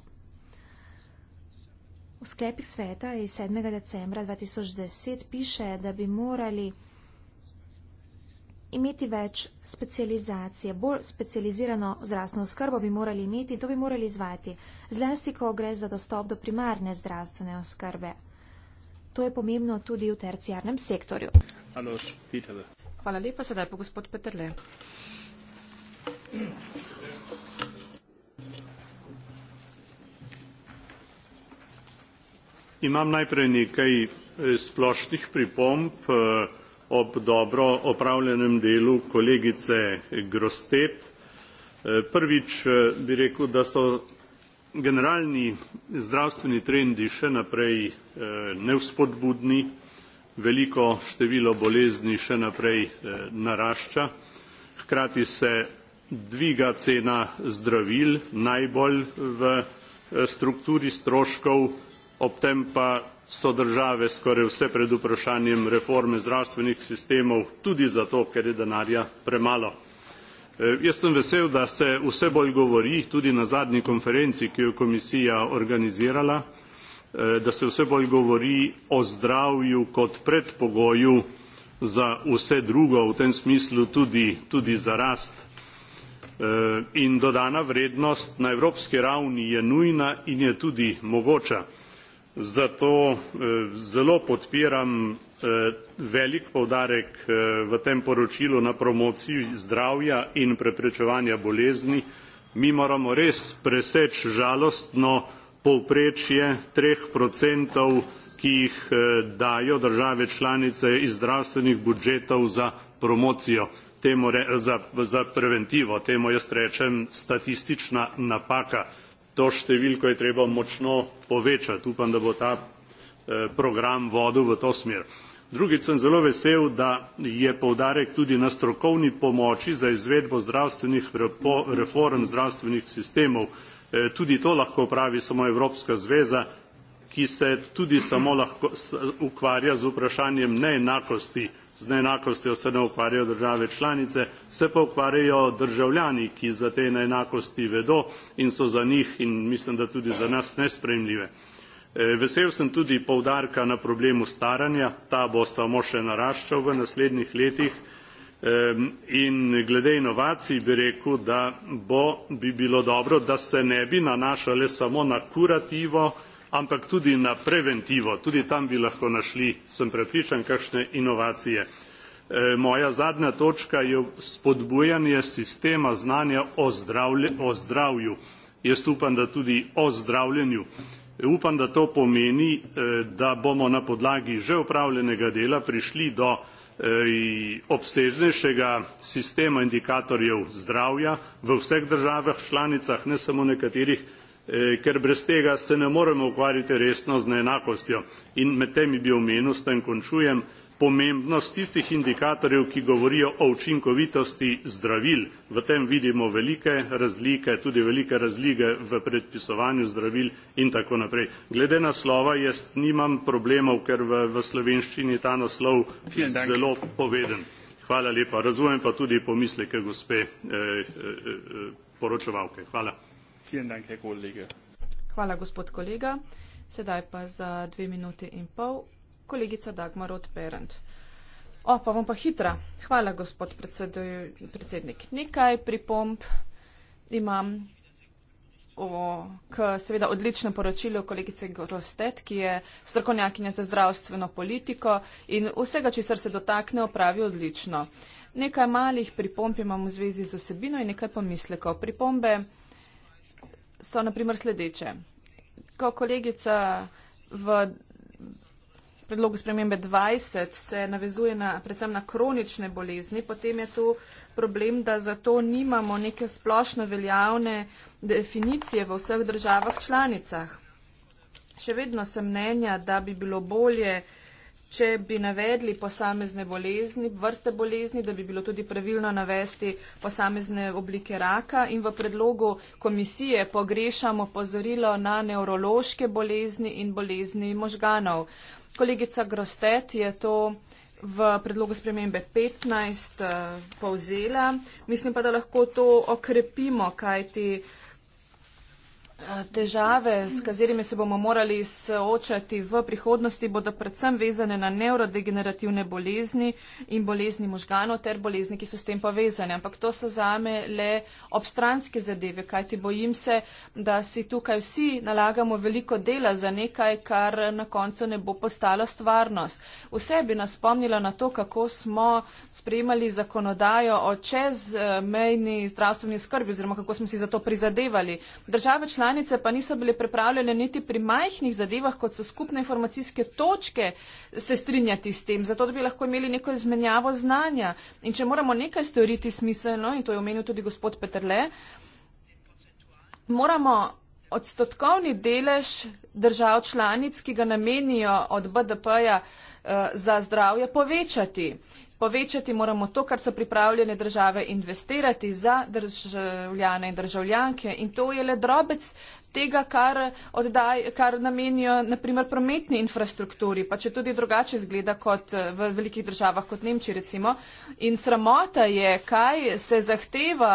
V sklepih sveta iz 7. decembra 2010 piše, da bi morali imeti več specializacije, bolj specializirano zdravstveno oskrbo bi morali imeti in to bi morali izvajati, zlasti ko gre za dostop do primarne zdravstvene oskrbe. To je pomembno tudi v terciarnem sektorju. Anoš, Hvala lepa, sedaj pa gospod Petrle. Imam najprej nekaj eh, splošnih pripomb eh, ob dobro opravljenem delu kolegice Grostet. Eh, prvič bi rekel, da so generalni zdravstveni trendi še naprej eh, nevzpodbudni, veliko število bolezni še naprej eh, narašča, hkrati se dviga cena zdravil najbolj v eh, strukturi stroškov, ob tem pa so države skoraj vse pred vprašanjem reforme zdravstvenih sistemov tudi zato, ker je denarja premalo. E, jaz sem vesel da se vse bolj govori tudi na zadnji konferenci ki jo je komisija organizirala e, da se vse bolj govori o zdravju kot predpogoju za vse drugo v tem smislu tudi tudi za rast e, in dodana vrednost na evropski ravni je nujna in je tudi mogoča zato zelo podpiram Eh, velik poudarek eh, v tem poročilu na promociji zdravja in preprečevanja bolezni. Mi moramo res preseči žalostno povprečje treh odstotkov, ki jih eh, dajo države članice iz zdravstvenih budžetov za promocijo, temu re, za, za preventivo, temu jaz rečem statistična napaka. To številko je treba močno povečati. Upam, da bo ta program vodil v to smer. Drugič sem zelo vesel, da je poudarek tudi na strokovni pomoči za izvedbo zdravstvenih reform zdravstvenih sistemov. E, tudi to lahko pravi samo Evropska zveza, ki se tudi samo lahko ukvarja z vprašanjem neenakosti. Z neenakostjo se ne ukvarjajo države članice, se pa ukvarjajo državljani, ki za te neenakosti vedo in so za njih in mislim, da tudi za nas nesprejemljive. Eh, vesel sem tudi poudarka na problemu staranja, ta bo samo še naraščal v naslednjih letih in glede inovacij bi rekel, da bo, bi bilo dobro, da se ne bi nanašale samo na kurativo, ampak tudi na preventivo, tudi tam bi lahko našli, sem prepričan, kakšne inovacije. Eh, moja zadnja točka je spodbujanje sistema znanja o zdravju. Jaz upam, da tudi o zdravljenju. E, upam da to pomeni e, da bomo na podlagi že opravljenega dela prišli do e, obsežnejšega sistema indikatorjev zdravja v vseh državah članicah ne samo nekaterih ker brez tega se ne moremo ukvarjati resno z neenakostjo in med temi bi omenil s tem končujem pomembnost tistih indikatorjev, ki govorijo o učinkovitosti zdravil. V tem vidimo velike razlike, tudi velike razlike v predpisovanju zdravil in tako naprej. Glede naslova, jaz nimam problemov, ker v, v slovenščini ta naslov zelo poveden. Hvala lepa. Razumem pa tudi pomisleke gospe eh, eh, eh poročevalke. Hvala. Dank, Hvala, gospod kolega. Sedaj pa za dve minute in pol kolegica Dagmar Odperent. O, pa bom pa hitra. Hvala, gospod predsednik. Nekaj pripomb imam o, k seveda odličnem poročilu kolegice Grostet, ki je strokovnjakinja za zdravstveno politiko in vsega, če se dotakne, opravi odlično. Nekaj malih pripomb imam v zvezi z osebino in nekaj pomislekov. Pripombe so naprimer sledeče. Ko kolegica v predlogu spremembe 20 se navezuje na, predvsem na kronične bolezni, potem je tu problem, da zato nimamo neke splošno veljavne definicije v vseh državah članicah. Še vedno sem mnenja, da bi bilo bolje, če bi navedli posamezne bolezni, vrste bolezni, da bi bilo tudi pravilno navesti posamezne oblike raka in v predlogu komisije pogrešamo pozorilo na nevrološke bolezni in bolezni možganov. Kolegica Grostet je to v predlogu spremembe 15 eh, povzela. Mislim pa, da lahko to okrepimo, kajti Težave, s katerimi se bomo morali soočati v prihodnosti, bodo predvsem vezane na neurodegenerativne bolezni in bolezni možganov ter bolezni, ki so s tem povezane. Ampak to so zame le obstranske zadeve, kajti bojim se, da si tukaj vsi nalagamo veliko dela za nekaj, kar na koncu ne bo postalo stvarnost. Vse bi nas spomnilo na to, kako smo sprejemali zakonodajo o čezmejni zdravstveni skrbi oziroma kako smo si za to prizadevali. Države članice članice pa niso bile pripravljene niti pri majhnih zadevah, kot so skupne informacijske točke, se strinjati s tem, zato da bi lahko imeli neko izmenjavo znanja. In če moramo nekaj storiti smiselno, in to je omenil tudi gospod Petrle, moramo odstotkovni delež držav članic, ki ga namenijo od BDP-ja eh, za zdravje, povečati. Povečati moramo to, kar so pripravljene države investirati za državljane in državljanke. In to je le drobec tega, kar, oddaj, kar namenijo naprimer prometni infrastrukturi, pa če tudi drugače zgleda kot eh, v velikih državah kot Nemčiji recimo. In sramota je, kaj se zahteva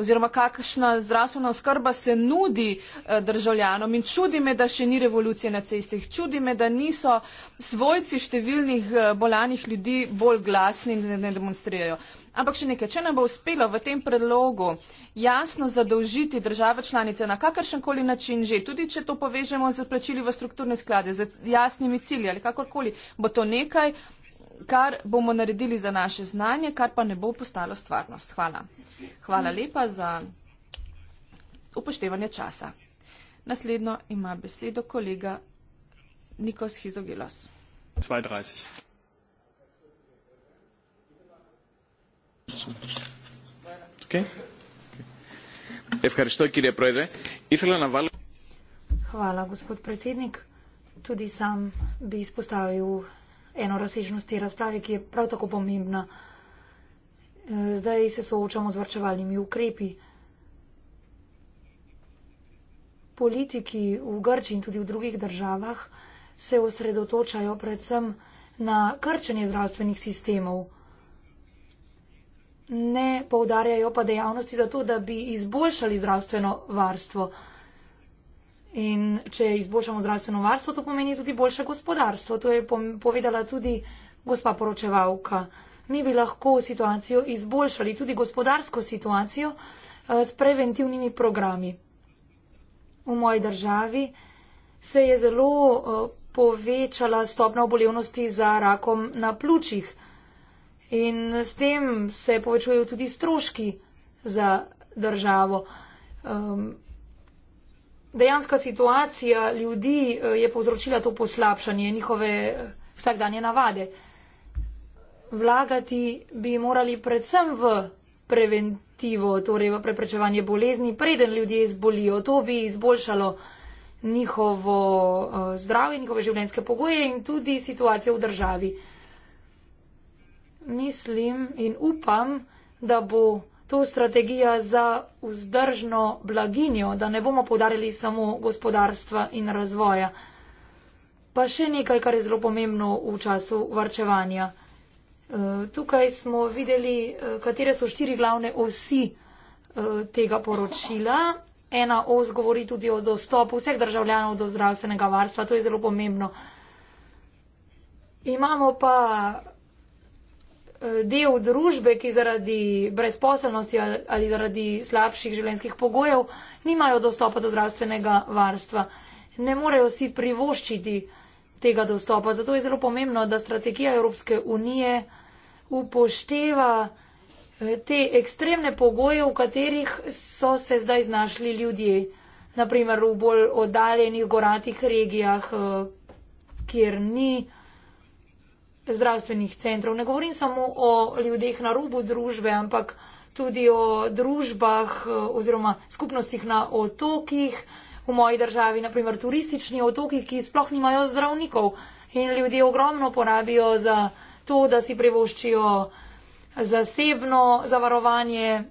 oziroma kakšna zdravstvena oskrba se nudi eh, državljanom. In čudi me, da še ni revolucije na cestih, čudi me, da niso svojci številnih eh, bolanih ljudi bolj glasni in ne demonstrirajo. Ampak še nekaj, če nam bo uspelo v tem predlogu jasno zadolžiti države članice na kakršen koli način že, tudi če to povežemo z plačili v strukturne sklade, z jasnimi cilji ali kakorkoli, bo to nekaj, kar bomo naredili za naše znanje, kar pa ne bo postalo stvarnost. Hvala. Hvala lepa za upoštevanje časa. Naslednjo ima besedo kolega Nikos Hizogilos. 32. Hvala, gospod predsednik. Tudi sam bi izpostavil eno razsežnost te razprave, ki je prav tako pomembna. E, zdaj se soočamo z vrčevalnimi ukrepi. Politiki v Grči in tudi v drugih državah se osredotočajo predvsem na krčenje zdravstvenih sistemov ne poudarjajo pa dejavnosti za to, da bi izboljšali zdravstveno varstvo. In če izboljšamo zdravstveno varstvo, to pomeni tudi boljše gospodarstvo. To je povedala tudi gospa poročevalka. Mi bi lahko situacijo izboljšali, tudi gospodarsko situacijo, eh, s preventivnimi programi. V moji državi se je zelo eh, povečala stopna obolevnosti za rakom na pljučih. In s tem se povečujejo tudi stroški za državo. Um, dejanska situacija ljudi eh, je povzročila to poslabšanje njihove eh, vsakdanje navade. Vlagati bi morali predvsem v preventivo, torej v preprečevanje bolezni, preden ljudje izbolijo. To bi izboljšalo njihovo eh, zdravje, njihove življenjske pogoje in tudi situacijo v državi mislim in upam, da bo to strategija za vzdržno blaginjo, da ne bomo podarili samo gospodarstva in razvoja. Pa še nekaj, kar je zelo pomembno v času varčevanja. Eh, tukaj smo videli, eh, katere so štiri glavne osi eh, tega poročila. Ena os govori tudi o dostopu vseh državljanov do zdravstvenega varstva. To je zelo pomembno. Imamo pa Eh, del družbe, ki zaradi brezposelnosti ali zaradi slabših življenjskih pogojev nimajo dostopa do zdravstvenega varstva. Ne morejo si privoščiti tega dostopa. Zato je zelo pomembno, da strategija Evropske unije upošteva eh, te ekstremne pogoje, v katerih so se zdaj znašli ljudje. Naprimer v bolj oddaljenih, goratih regijah, eh, kjer ni zdravstvenih centrov. Ne govorim samo o ljudeh na robu družbe, ampak tudi o družbah eh, oziroma skupnostih na otokih, v moji državi, naprimer turistični otoki, ki sploh nimajo zdravnikov in ljudje ogromno porabijo za to, da si prevoščijo zasebno zavarovanje eh,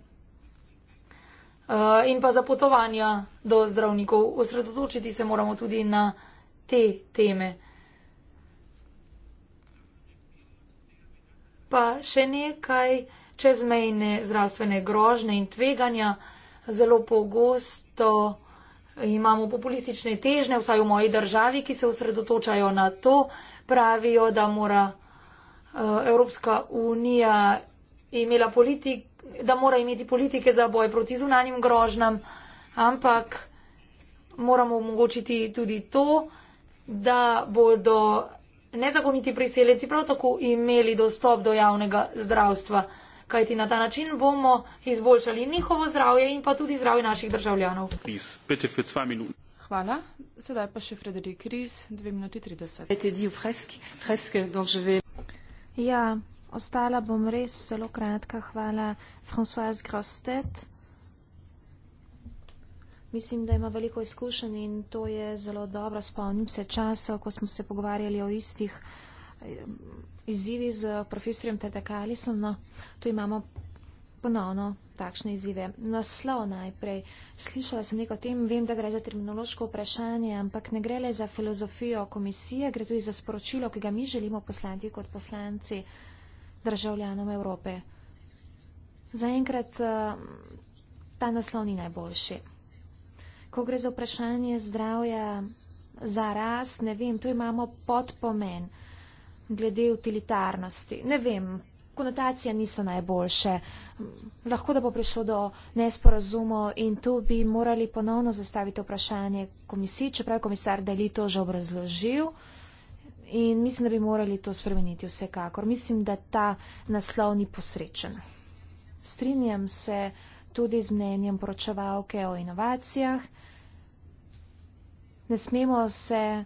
in pa za potovanja do zdravnikov. Osredotočiti se moramo tudi na te teme. pa še nekaj čezmejne zdravstvene grožne in tveganja. Zelo pogosto imamo populistične težnje, vsaj v moji državi, ki se osredotočajo na to, pravijo, da mora eh, Evropska unija imela politik, da mora imeti politike za boj proti zunanjim grožnam, ampak moramo omogočiti tudi to, da bodo nezakoniti priseljeci prav tako imeli dostop do javnega zdravstva, kajti na ta način bomo izboljšali njihovo zdravje in pa tudi zdravje naših državljanov. Hvala. Sedaj pa še Frederik Riz, 2 minuti 30. Ja, ostala bom res zelo kratka. Hvala, Françoise Grostet. Mislim, da ima veliko izkušenj in to je zelo dobro. Spomnim se časa, ko smo se pogovarjali o istih izzivi z profesorjem Teta Kalisom. No, tu imamo ponovno takšne izzive. Naslov najprej. Slišala sem nekaj o tem, vem, da gre za terminološko vprašanje, ampak ne gre le za filozofijo komisije, gre tudi za sporočilo, ki ga mi želimo poslati kot poslanci državljanom Evrope. Zaenkrat ta naslov ni najboljši ko gre za vprašanje zdravja, za rast, ne vem, tu imamo podpomen glede utilitarnosti. Ne vem, konotacije niso najboljše. Lahko da bo prišlo do nesporazumov in tu bi morali ponovno zastaviti vprašanje komisiji, čeprav je komisar Deli to že obrazložil. In mislim, da bi morali to spremeniti vsekakor. Mislim, da ta naslov ni posrečen. Strinjam se tudi z mnenjem poročevalke o inovacijah ne smemo se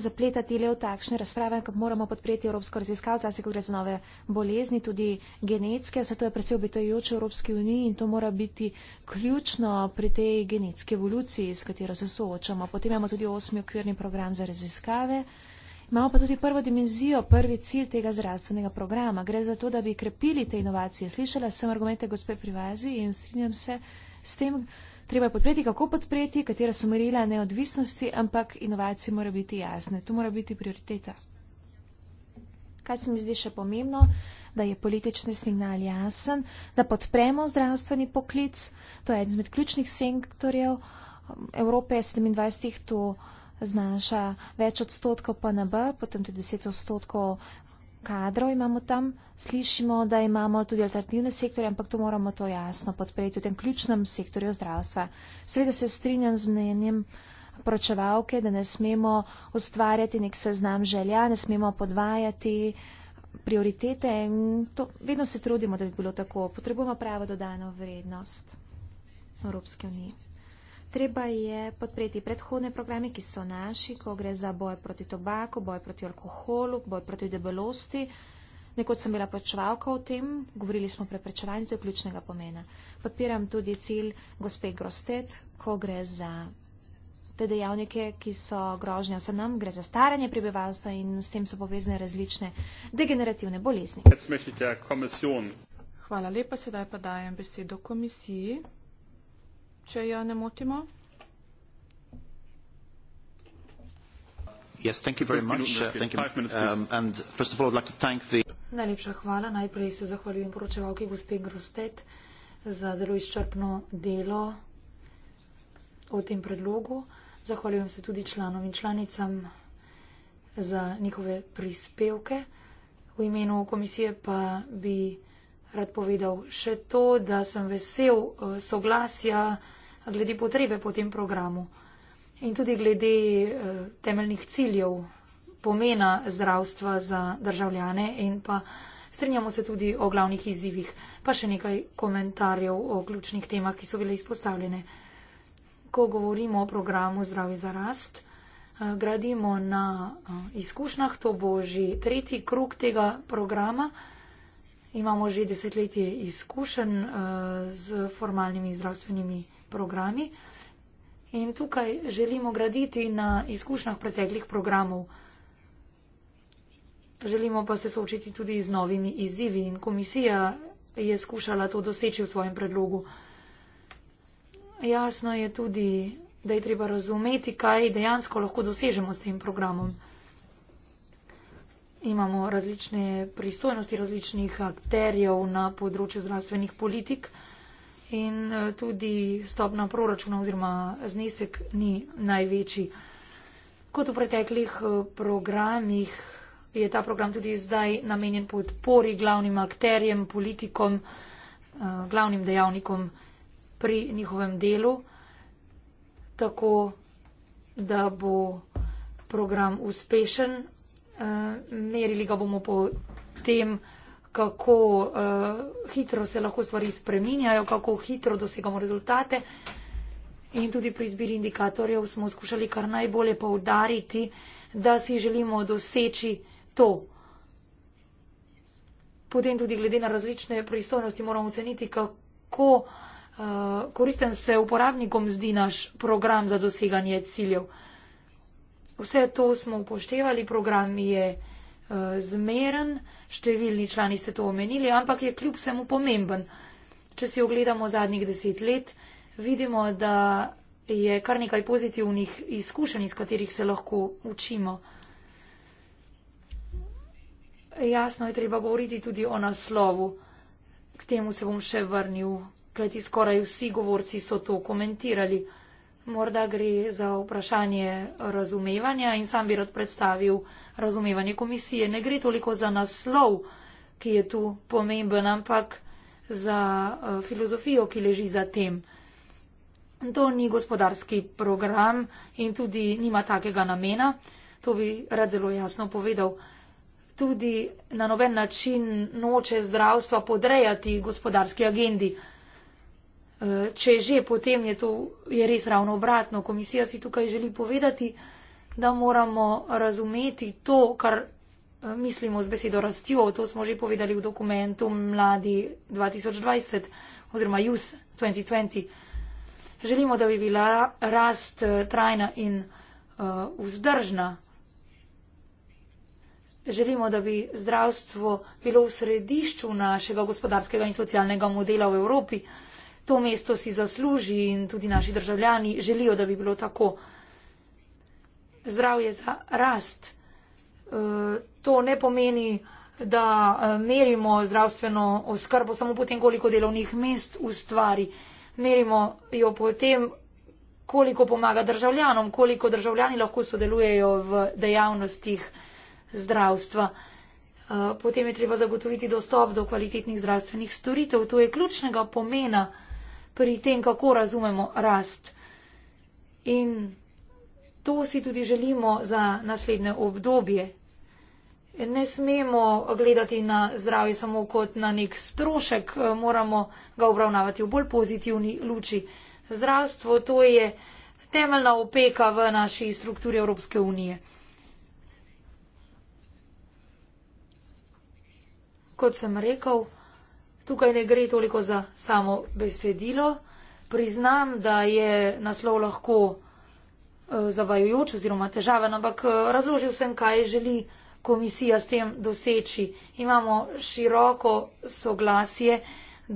zapletati le v takšne razprave, ampak moramo podpreti Evropsko raziskavo, zlasti, ko gre za nove bolezni, tudi genetske. Vse to je predvsej obitajoče v Evropski uniji in to mora biti ključno pri tej genetski evoluciji, s katero se soočamo. Potem imamo tudi osmi okvirni program za raziskave. Imamo pa tudi prvo dimenzijo, prvi cilj tega zdravstvenega programa. Gre za to, da bi krepili te inovacije. Slišala sem argumente gospe Privazi in strinjam se s tem, treba je podpreti, kako podpreti, katera so merila neodvisnosti, ampak inovacije mora biti jasne. To mora biti prioriteta. Kaj se mi zdi še pomembno, da je politični signal jasen, da podpremo zdravstveni poklic, to je eden izmed ključnih sektorjev um, Evrope 27. To znaša več odstotkov PNB, potem tudi 10 odstotkov kadrov imamo tam, slišimo, da imamo tudi alternativne sektorje, ampak to moramo to jasno podpreti v tem ključnem sektorju zdravstva. Seveda se strinjam z mnenjem pročevalke, da ne smemo ustvarjati nek seznam želja, ne smemo podvajati prioritete in to vedno se trudimo, da bi bilo tako. Potrebujemo pravo dodano vrednost Evropske unije. Treba je podpreti predhodne programe, ki so naši, ko gre za boj proti tobaku, boj proti alkoholu, boj proti debelosti. Nekoč sem bila počvalka o tem, govorili smo o preprečevanju, to je ključnega pomena. Podpiram tudi cilj gospe Grostet, ko gre za te dejavnike, ki so grožnja vsem nam, gre za staranje prebivalstva in s tem so povezane različne degenerativne bolezni. Hvala lepa, sedaj pa dajem besedo komisiji če jo ne motimo. Yes, thank you very much. Uh, thank you. Um, and first of all, I'd like to thank the... Najlepša hvala. Najprej se zahvaljujem poročevalki gospe Grostet za zelo izčrpno delo o tem predlogu. Zahvaljujem se tudi članom in članicam za njihove prispevke. V imenu komisije pa bi rad povedal še to, da sem vesel uh, soglasja glede potrebe po tem programu in tudi glede eh, temeljnih ciljev pomena zdravstva za državljane in pa strinjamo se tudi o glavnih izzivih. Pa še nekaj komentarjev o ključnih temah, ki so bile izpostavljene. Ko govorimo o programu Zdravje za rast, eh, gradimo na eh, izkušnjah, to bo že tretji krug tega programa. Imamo že desetletje izkušenj z formalnimi zdravstvenimi programi programi. In tukaj želimo graditi na izkušnjah preteklih programov. Želimo pa se soočiti tudi z novimi izzivi in komisija je skušala to doseči v svojem predlogu. Jasno je tudi, da je treba razumeti, kaj dejansko lahko dosežemo s tem programom. Imamo različne pristojnosti različnih akterjev na področju zdravstvenih politik in eh, tudi stopna proračuna oziroma znesek ni največji. Kot v preteklih eh, programih je ta program tudi zdaj namenjen podpori glavnim akterjem, politikom, eh, glavnim dejavnikom pri njihovem delu, tako da bo program uspešen. Merili ga bomo po tem, kako uh, hitro se lahko stvari spreminjajo, kako hitro dosegamo rezultate. In tudi pri izbiri indikatorjev smo skušali kar najbolje poudariti, da si želimo doseči to. Potem tudi glede na različne pristojnosti moramo oceniti, kako uh, koristen se uporabnikom zdi naš program za doseganje ciljev. Vse to smo upoštevali, program je. Eh, zmeren, številni člani ste to omenili, ampak je kljub vsemu pomemben. Če si ogledamo zadnjih deset let, vidimo, da je kar nekaj pozitivnih izkušenj, iz katerih se lahko učimo. Jasno je treba govoriti tudi o naslovu. K temu se bom še vrnil, kajti skoraj vsi govorci so to komentirali. Morda gre za vprašanje razumevanja in sam bi rad predstavil razumevanje komisije. Ne gre toliko za naslov, ki je tu pomemben, ampak za eh, filozofijo, ki leži za tem. To ni gospodarski program in tudi nima takega namena. To bi rad zelo jasno povedal. Tudi na noben način noče zdravstva podrejati gospodarski agendi. Če že, potem je to je res ravno obratno. Komisija si tukaj želi povedati, da moramo razumeti to, kar eh, mislimo z besedo rastjo. To smo že povedali v dokumentu Mladi 2020 oziroma Youth 2020. Želimo, da bi bila rast eh, trajna in uh, vzdržna. Želimo, da bi zdravstvo bilo v središču našega gospodarskega in socialnega modela v Evropi. Uh, to mesto si zasluži in tudi naši državljani želijo, da bi bilo tako. Zdravje za rast. E, to ne pomeni, da e, merimo zdravstveno oskrbo samo potem, koliko delovnih mest ustvari. Merimo jo potem, koliko pomaga državljanom, koliko državljani lahko sodelujejo v dejavnostih zdravstva. E, potem je treba zagotoviti dostop do kvalitetnih zdravstvenih storitev. To je ključnega pomena pri tem, kako razumemo rast. In to si tudi želimo za naslednje obdobje. Ne smemo gledati na zdravje samo kot na nek strošek, moramo ga obravnavati v bolj pozitivni luči. Zdravstvo to je temeljna opeka v naši strukturi Evropske unije. Kot sem rekel, tukaj ne gre toliko za samo besedilo. Priznam, da je naslov lahko eh, zavajujoč oziroma težaven, ampak eh, razložil sem, kaj želi komisija s tem doseči. Imamo široko soglasje,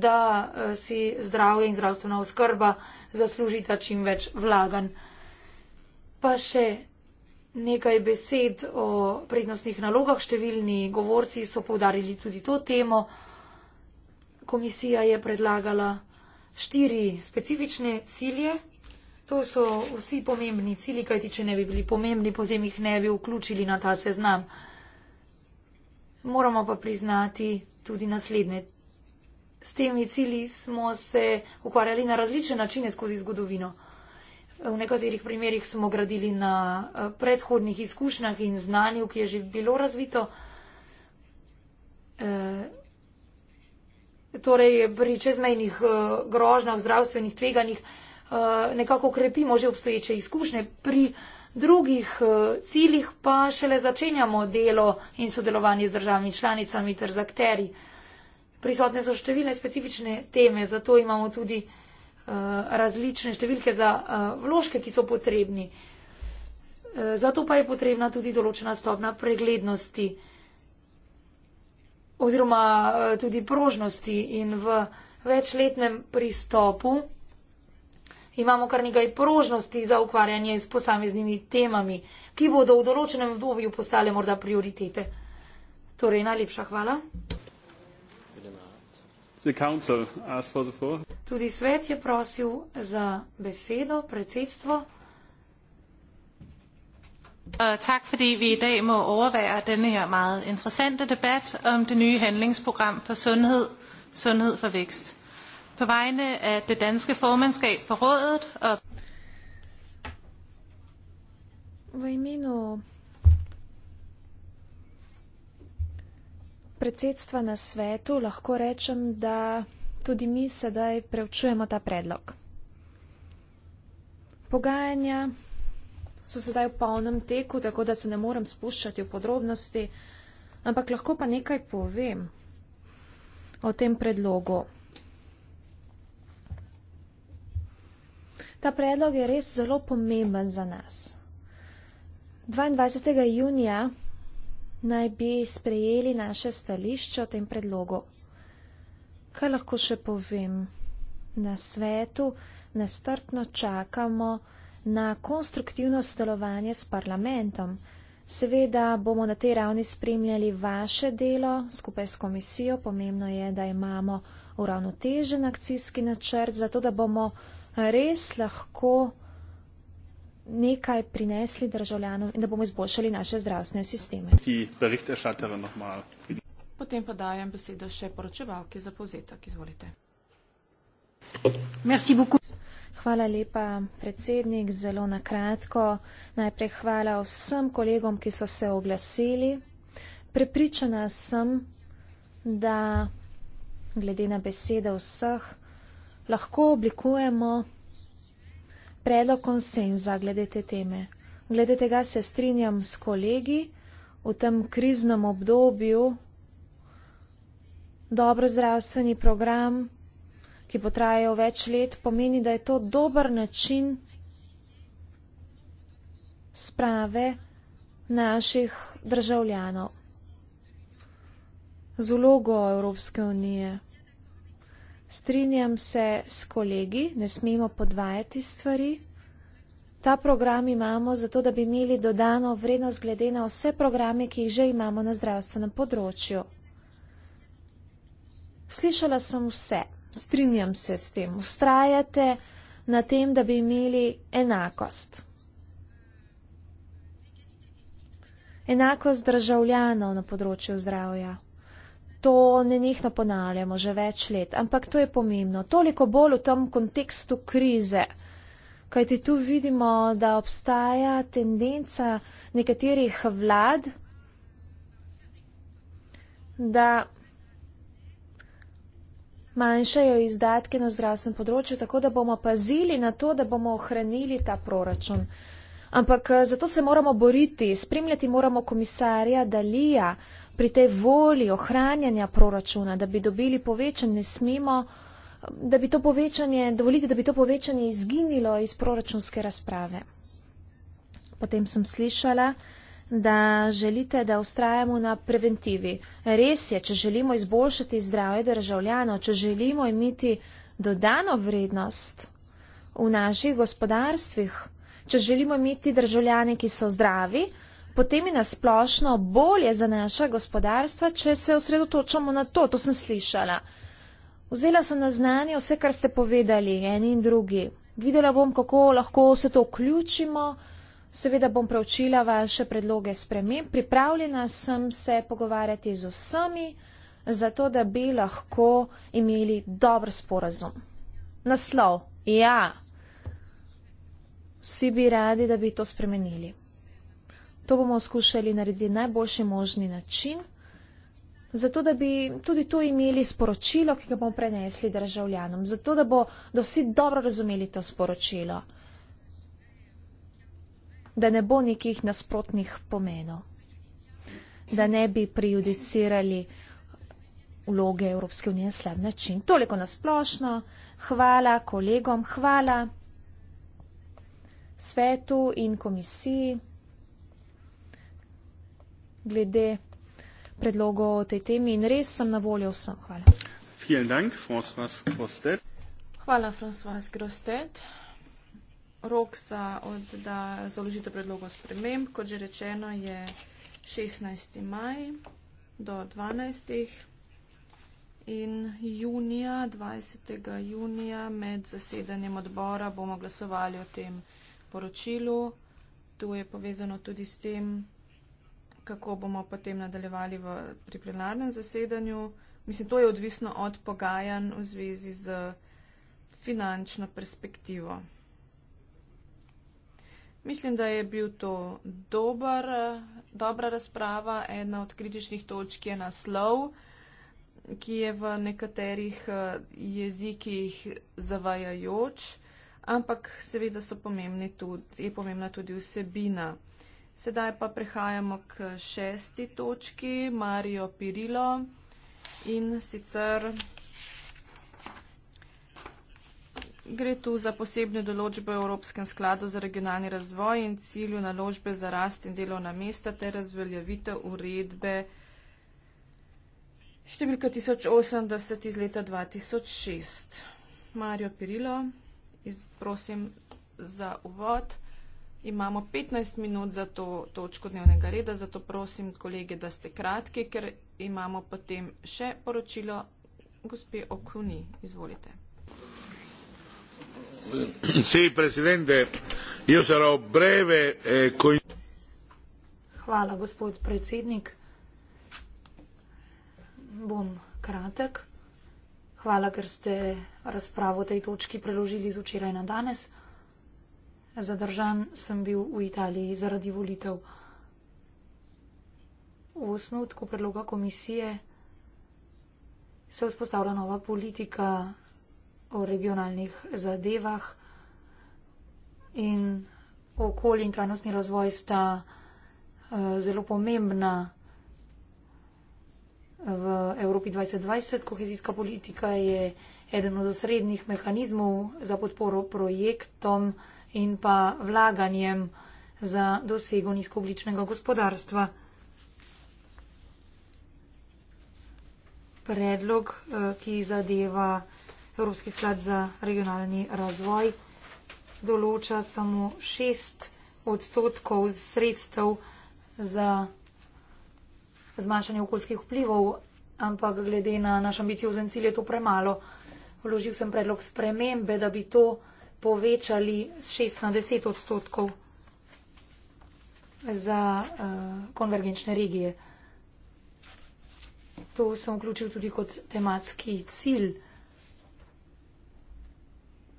da eh, si zdravje in zdravstvena oskrba zaslužita čim več vlagan. Pa še nekaj besed o prednostnih nalogah. Številni govorci so povdarili tudi to temo komisija je predlagala štiri specifične cilje. To so vsi pomembni cilji, kajti če ne bi bili pomembni, potem jih ne bi vključili na ta seznam. Moramo pa priznati tudi naslednje. S temi cilji smo se ukvarjali na različne načine skozi zgodovino. V nekaterih primerjih smo gradili na eh, predhodnih izkušnjah in znanju, ki je že bilo razvito. E, torej pri čezmejnih eh, grožnjah, zdravstvenih tveganjih, eh, nekako krepimo že obstoječe izkušnje. Pri drugih eh, ciljih pa šele začenjamo delo in sodelovanje z državami članicami ter z akteri. Prisotne so številne specifične teme, zato imamo tudi različne številke za vložke, ki so potrebni. Zato pa je potrebna tudi določena stopna preglednosti oziroma eh, tudi prožnosti in v večletnem pristopu imamo kar nekaj prožnosti za ukvarjanje s posameznimi temami, ki bodo v določenem obdobju postale morda prioritete. Torej, najlepša hvala. Tudi svet je prosil za besedo, predsedstvo. Og tak fordi vi i dag må overvære denne her meget interessante debat om det nye handlingsprogram for sundhed, sundhed for vækst. På vegne af det danske formandskab for rådet og... V imenu predsedstva na svetu lahko rečem, da tudi mi sedaj preučujemo ta predlog. Pogajanja so sedaj v polnem teku, tako da se ne morem spuščati v podrobnosti, ampak lahko pa nekaj povem o tem predlogu. Ta predlog je res zelo pomemben za nas. 22. junija naj bi sprejeli naše stališče o tem predlogu. Kaj lahko še povem? Na svetu nestrpno čakamo, na konstruktivno sodelovanje s parlamentom. Seveda bomo na tej ravni spremljali vaše delo skupaj s komisijo. Pomembno je, da imamo uravnotežen akcijski načrt, zato da bomo res lahko nekaj prinesli državljanom in da bomo izboljšali naše zdravstvene sisteme. Potem podajam besedo še poročevalki za povzetek. Izvolite. Merci beaucoup. Hvala lepa, predsednik. Zelo na kratko. Najprej hvala vsem kolegom, ki so se oglasili. Prepričana sem, da glede na besede vseh lahko oblikujemo predlog konsenza glede te teme. Glede tega se strinjam s kolegi v tem kriznem obdobju. Dobro zdravstveni program ki potrajajo več let, pomeni, da je to dober način sprave naših državljanov z vlogo Evropske unije. Strinjam se s kolegi, ne smemo podvajati stvari. Ta program imamo zato, da bi imeli dodano vrednost glede na vse programe, ki jih že imamo na zdravstvenem področju. Slišala sem vse strinjam se s tem, ustrajate na tem, da bi imeli enakost. Enakost državljanov na področju zdravja. To ne njihno ponavljamo že več let, ampak to je pomembno. Toliko bolj v tem kontekstu krize, kajti tu vidimo, da obstaja tendenca nekaterih vlad, da manjšajo izdatke na zdravstvenem področju, tako da bomo pazili na to, da bomo ohranili ta proračun. Ampak eh, zato se moramo boriti, spremljati moramo komisarja Dalija pri tej volji ohranjanja proračuna, da bi dobili povečan, ne smemo, eh, da bi to povečanje, dovolite, da bi to povečanje izginilo iz proračunske razprave. Potem sem slišala, da želite, da ustrajamo na preventivi. Res je, če želimo izboljšati zdravje državljanov, če želimo imeti dodano vrednost v naših gospodarstvih, če želimo imeti državljane, ki so zdravi, potem je nasplošno bolje za naša gospodarstva, če se osredotočamo na to. To sem slišala. Vzela sem na znanje vse, kar ste povedali, eni in drugi. Videla bom, kako lahko vse to vključimo. Seveda bom preučila vaše predloge sprememb, pripravljena sem se pogovarjati z vsemi, zato da bi lahko imeli dober sporazum. Naslov, ja, vsi bi radi, da bi to spremenili. To bomo skušali narediti najboljši možni način, zato da bi tudi to imeli sporočilo, ki ga bomo prenesli državljanom, zato da bodo vsi dobro razumeli to sporočilo da ne bo nekih nasprotnih pomenov, da ne bi prejudicirali vloge Evropske unije na slab način. Toliko nasplošno. Hvala kolegom, hvala svetu in komisiji glede predlogov o tej temi in res sem na voljo vsem. Hvala. Dank, Hvala, Françoise Grostet rok za založitev predlogov sprememb, kot že rečeno, je 16. maj do 12. In junija, 20. junija, med zasedanjem odbora bomo glasovali o tem poročilu. To je povezano tudi s tem, kako bomo potem nadaljevali v, pri plenarnem zasedanju. Mislim, to je odvisno od pogajanj v zvezi z finančno perspektivo. Mislim, da je bil to dober, dobra razprava. Ena od kritičnih točk je naslov, ki je v nekaterih eh, jezikih zavajajoč, ampak seveda so pomembni tudi, je pomembna tudi vsebina. Sedaj pa prehajamo k šesti točki, Mario Pirilo in sicer. Gre tu za posebne določbe v Evropskem skladu za regionalni razvoj in cilju naložbe za rast in delovna mesta ter razveljavitev uredbe številka 1080 iz leta 2006. Mario Pirilo, prosim za uvod. Imamo 15 minut za to točko dnevnega reda, zato prosim kolege, da ste kratki, ker imamo potem še poročilo gospe Okuni. Izvolite. E Hvala, gospod predsednik. Bom kratek. Hvala, ker ste razpravo o tej točki preložili z včeraj na danes. Zadržan sem bil v Italiji zaradi volitev. V osnutku predloga komisije se vzpostavlja nova politika o regionalnih zadevah in okolje in trajnostni razvoj sta eh, zelo pomembna v Evropi 2020. Kohezijska politika je eden od osrednjih mehanizmov za podporo projektom in pa vlaganjem za dosego nizkogličnega gospodarstva. Predlog, eh, ki zadeva Evropski sklad za regionalni razvoj določa samo 6 odstotkov sredstev za zmanjšanje okoljskih vplivov, ampak glede na naš ambiciozen cilj je to premalo. Vložil sem predlog spremembe, da bi to povečali z 6 na 10 odstotkov za uh, konvergenčne regije. To sem vključil tudi kot tematski cilj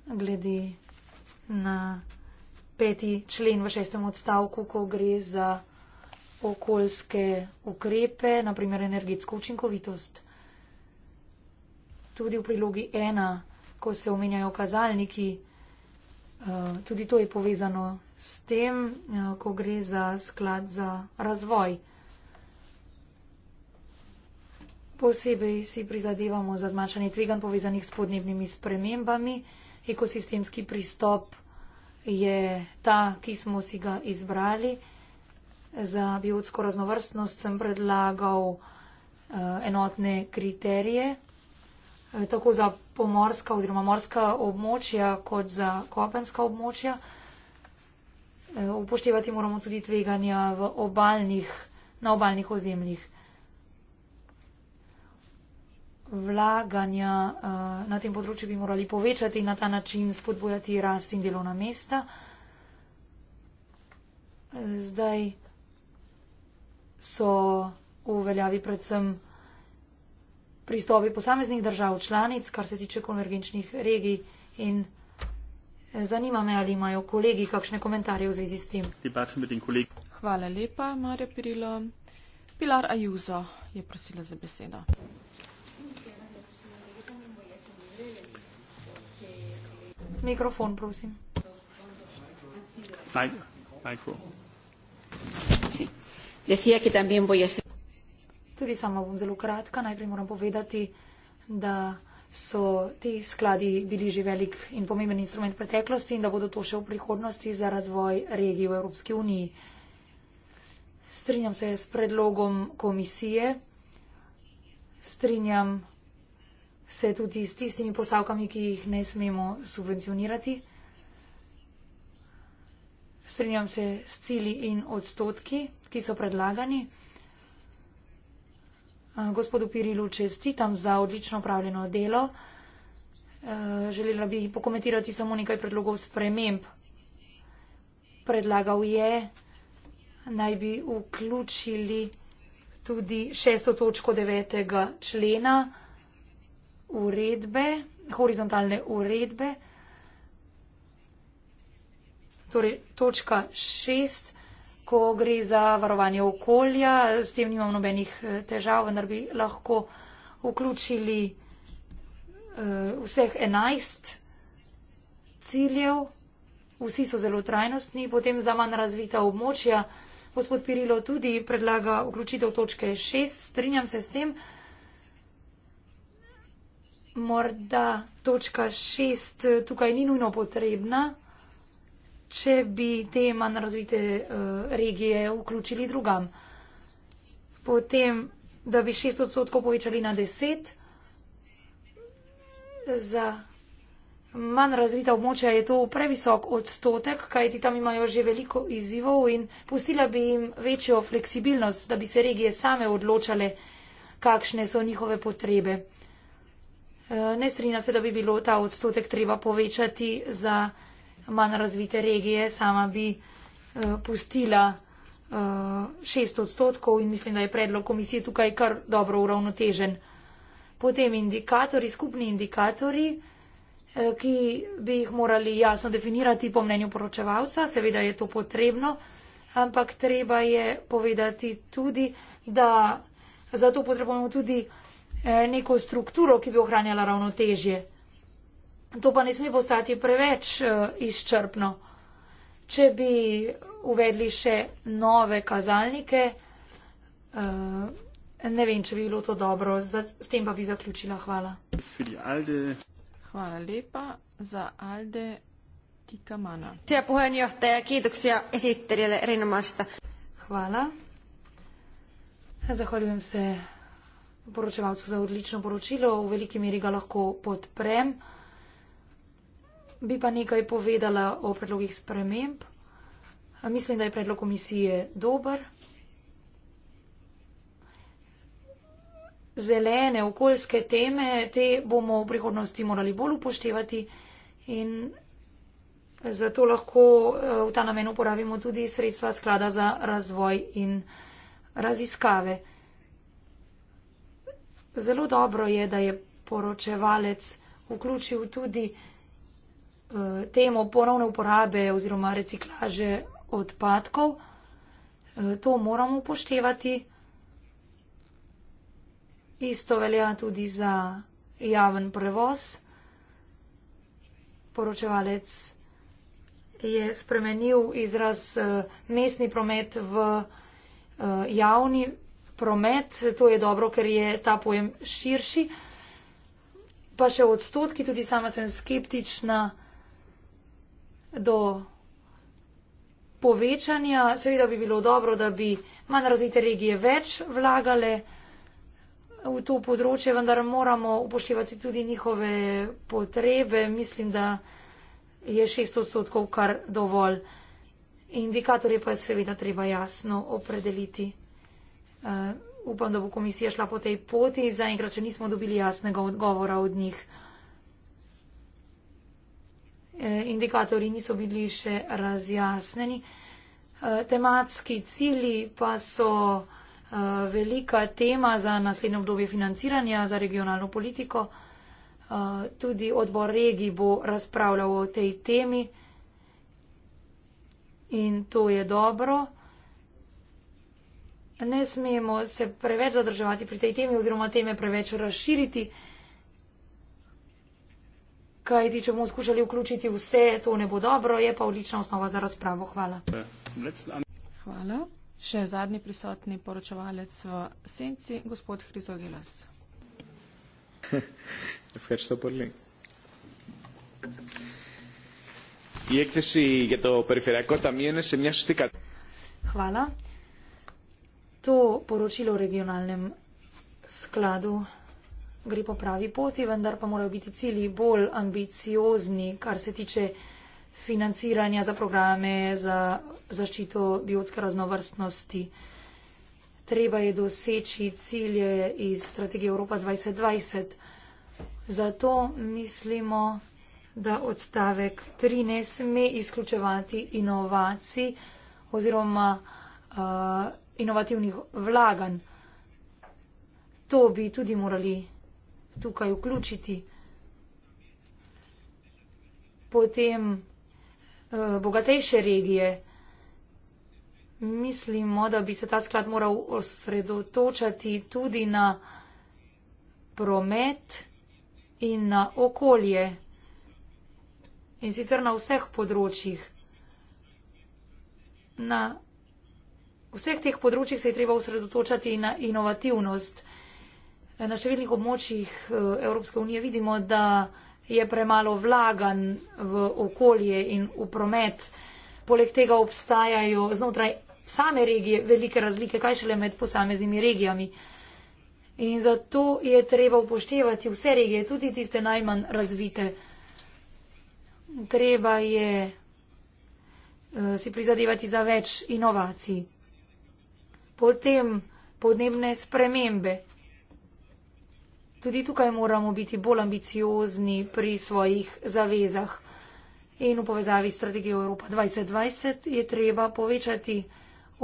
glede na peti člen v šestem odstavku, ko gre za okoljske ukrepe, naprimer energetsko učinkovitost. Tudi v prilogi ena, ko se omenjajo kazalniki, eh, tudi to je povezano s tem, eh, ko gre za sklad za razvoj. Posebej si prizadevamo za zmanjšanje tvegan povezanih s podnebnimi spremembami ekosistemski pristop je ta, ki smo si ga izbrali. Za biotsko raznovrstnost sem predlagal eh, enotne kriterije, eh, tako za pomorska oziroma morska območja, kot za kopenska območja. Eh, upoštevati moramo tudi tveganja v obalnih, na obaljnih ozemljih vlaganja eh, na tem področju bi morali povečati in na ta način spodbujati rast in delovna mesta. Zdaj so v veljavi predvsem pristopi posameznih držav članic, kar se tiče konvergenčnih regij in eh, zanima me, ali imajo kolegi kakšne komentarje v zvezi s tem. Hvala lepa, Marja Pirilo. Pilar Ajuzo je prosila za besedo. Mikrofon, prosim. Tudi sama bom zelo kratka. Najprej moram povedati, da so ti skladi bili že velik in pomemben instrument preteklosti in da bodo to še v prihodnosti za razvoj regij v Evropski uniji. Strinjam se s predlogom komisije, strinjam se tudi s tistimi postavkami, ki jih ne smemo subvencionirati. Strinjam se s cili in odstotki, ki so predlagani. Gospodu Pirilu čestitam za odlično upravljeno delo. Želela bi pokomentirati samo nekaj predlogov sprememb. Predlagal je, naj bi vključili tudi šesto točko devetega člena uredbe, horizontalne uredbe. Torej, točka šest, ko gre za varovanje okolja, s tem nimamo nobenih eh, težav, vendar bi lahko vključili uh, vseh enajst ciljev, vsi so zelo trajnostni, potem za manj razvita območja. Gospod Pirilo tudi predlaga vključitev točke šest, strinjam se s tem morda točka šest eh, tukaj ni nujno potrebna, če bi te manj razvite eh, regije vključili drugam. Potem, da bi šest odstotkov povečali na deset, za manj razvita območja je to previsok odstotek, kajti tam imajo že veliko izzivov in pustila bi jim večjo fleksibilnost, da bi se regije same odločale, kakšne so njihove potrebe. Eh, ne strinja se, da bi bilo ta odstotek treba povečati za manj razvite regije. Sama bi eh, pustila 6 eh, odstotkov in mislim, da je predlog komisije tukaj kar dobro uravnotežen. Potem indikatori, skupni indikatori, ki bi jih morali jasno definirati po mnenju poročevalca. Seveda je to potrebno, ampak treba je povedati tudi, da za to potrebujemo tudi Eh, neko strukturo, ki bi ohranjala ravnotežje. To pa ne sme postati preveč eh, izčrpno. Če bi uvedli še nove kazalnike, eh, ne vem, če bi bilo to dobro. S tem pa bi zaključila. Hvala. Hvala lepa za Alde Tikamana. Hvala. Zahvaljujem se poročevalcu za odlično poročilo, v veliki meri ga lahko podprem. Bi pa nekaj povedala o predlogih sprememb. Mislim, da je predlog komisije dober. Zelene, okoljske teme, te bomo v prihodnosti morali bolj upoštevati in zato lahko eh, v ta namen uporabimo tudi sredstva sklada za razvoj in raziskave. Zelo dobro je, da je poročevalec vključil tudi uh, temo ponovne uporabe oziroma reciklaže odpadkov. Uh, to moramo upoštevati. Isto velja tudi za javen prevoz. Poročevalec je spremenil izraz uh, mestni promet v uh, javni promet, to je dobro, ker je ta pojem širši. Pa še odstotki, tudi sama sem skeptična do povečanja. Seveda bi bilo dobro, da bi manj razvite regije več vlagale v to področje, vendar moramo upoštevati tudi njihove potrebe. Mislim, da je 6 odstotkov kar dovolj. Indikatorje pa je seveda treba jasno opredeliti. Uh, upam, da bo komisija šla po tej poti, zaenkrat še nismo dobili jasnega odgovora od njih. Uh, e, indikatori niso bili še razjasneni. Uh, tematski cili pa so uh, velika tema za naslednje obdobje financiranja za regionalno politiko. Uh, tudi odbor regij bo razpravljal o tej temi in to je dobro ne smemo se preveč zadrževati pri tej temi oziroma teme preveč razširiti, kaj ti, če bomo skušali vključiti vse, to ne bo dobro, je pa odlična osnova za razpravo. Hvala. Hvala. Še zadnji prisotni poročevalec v senci, gospod Hrizogilas. Ευχαριστώ Ευχαριστώ πολύ. Η έκθεση για το περιφερειακό ταμείο είναι σε μια σωστή κατάσταση to poročilo v regionalnem skladu gre po pravi poti, vendar pa morajo biti cilji bolj ambiciozni, kar se tiče financiranja za programe za zaščito biotske raznovrstnosti. Treba je doseči cilje iz strategije Evropa 2020. Zato mislimo, da odstavek 3 ne sme izključevati inovacij oziroma uh, inovativnih vlaganj. To bi tudi morali tukaj vključiti. Potem eh, bogatejše regije. Mislimo, da bi se ta sklad moral osredotočati tudi na promet in na okolje in sicer na vseh področjih. Na vseh teh področjih se je treba osredotočati na inovativnost. Na številnih območjih eh, Evropske unije vidimo, da je premalo vlagan v okolje in v promet. Poleg tega obstajajo znotraj same regije velike razlike, kaj šele med posameznimi regijami. In zato je treba upoštevati vse regije, tudi tiste najmanj razvite. Treba je uh, si prizadevati za več inovacij potem podnebne spremembe. Tudi tukaj moramo biti bolj ambiciozni pri svojih zavezah. In v povezavi s strategijo Evropa 2020 je treba povečati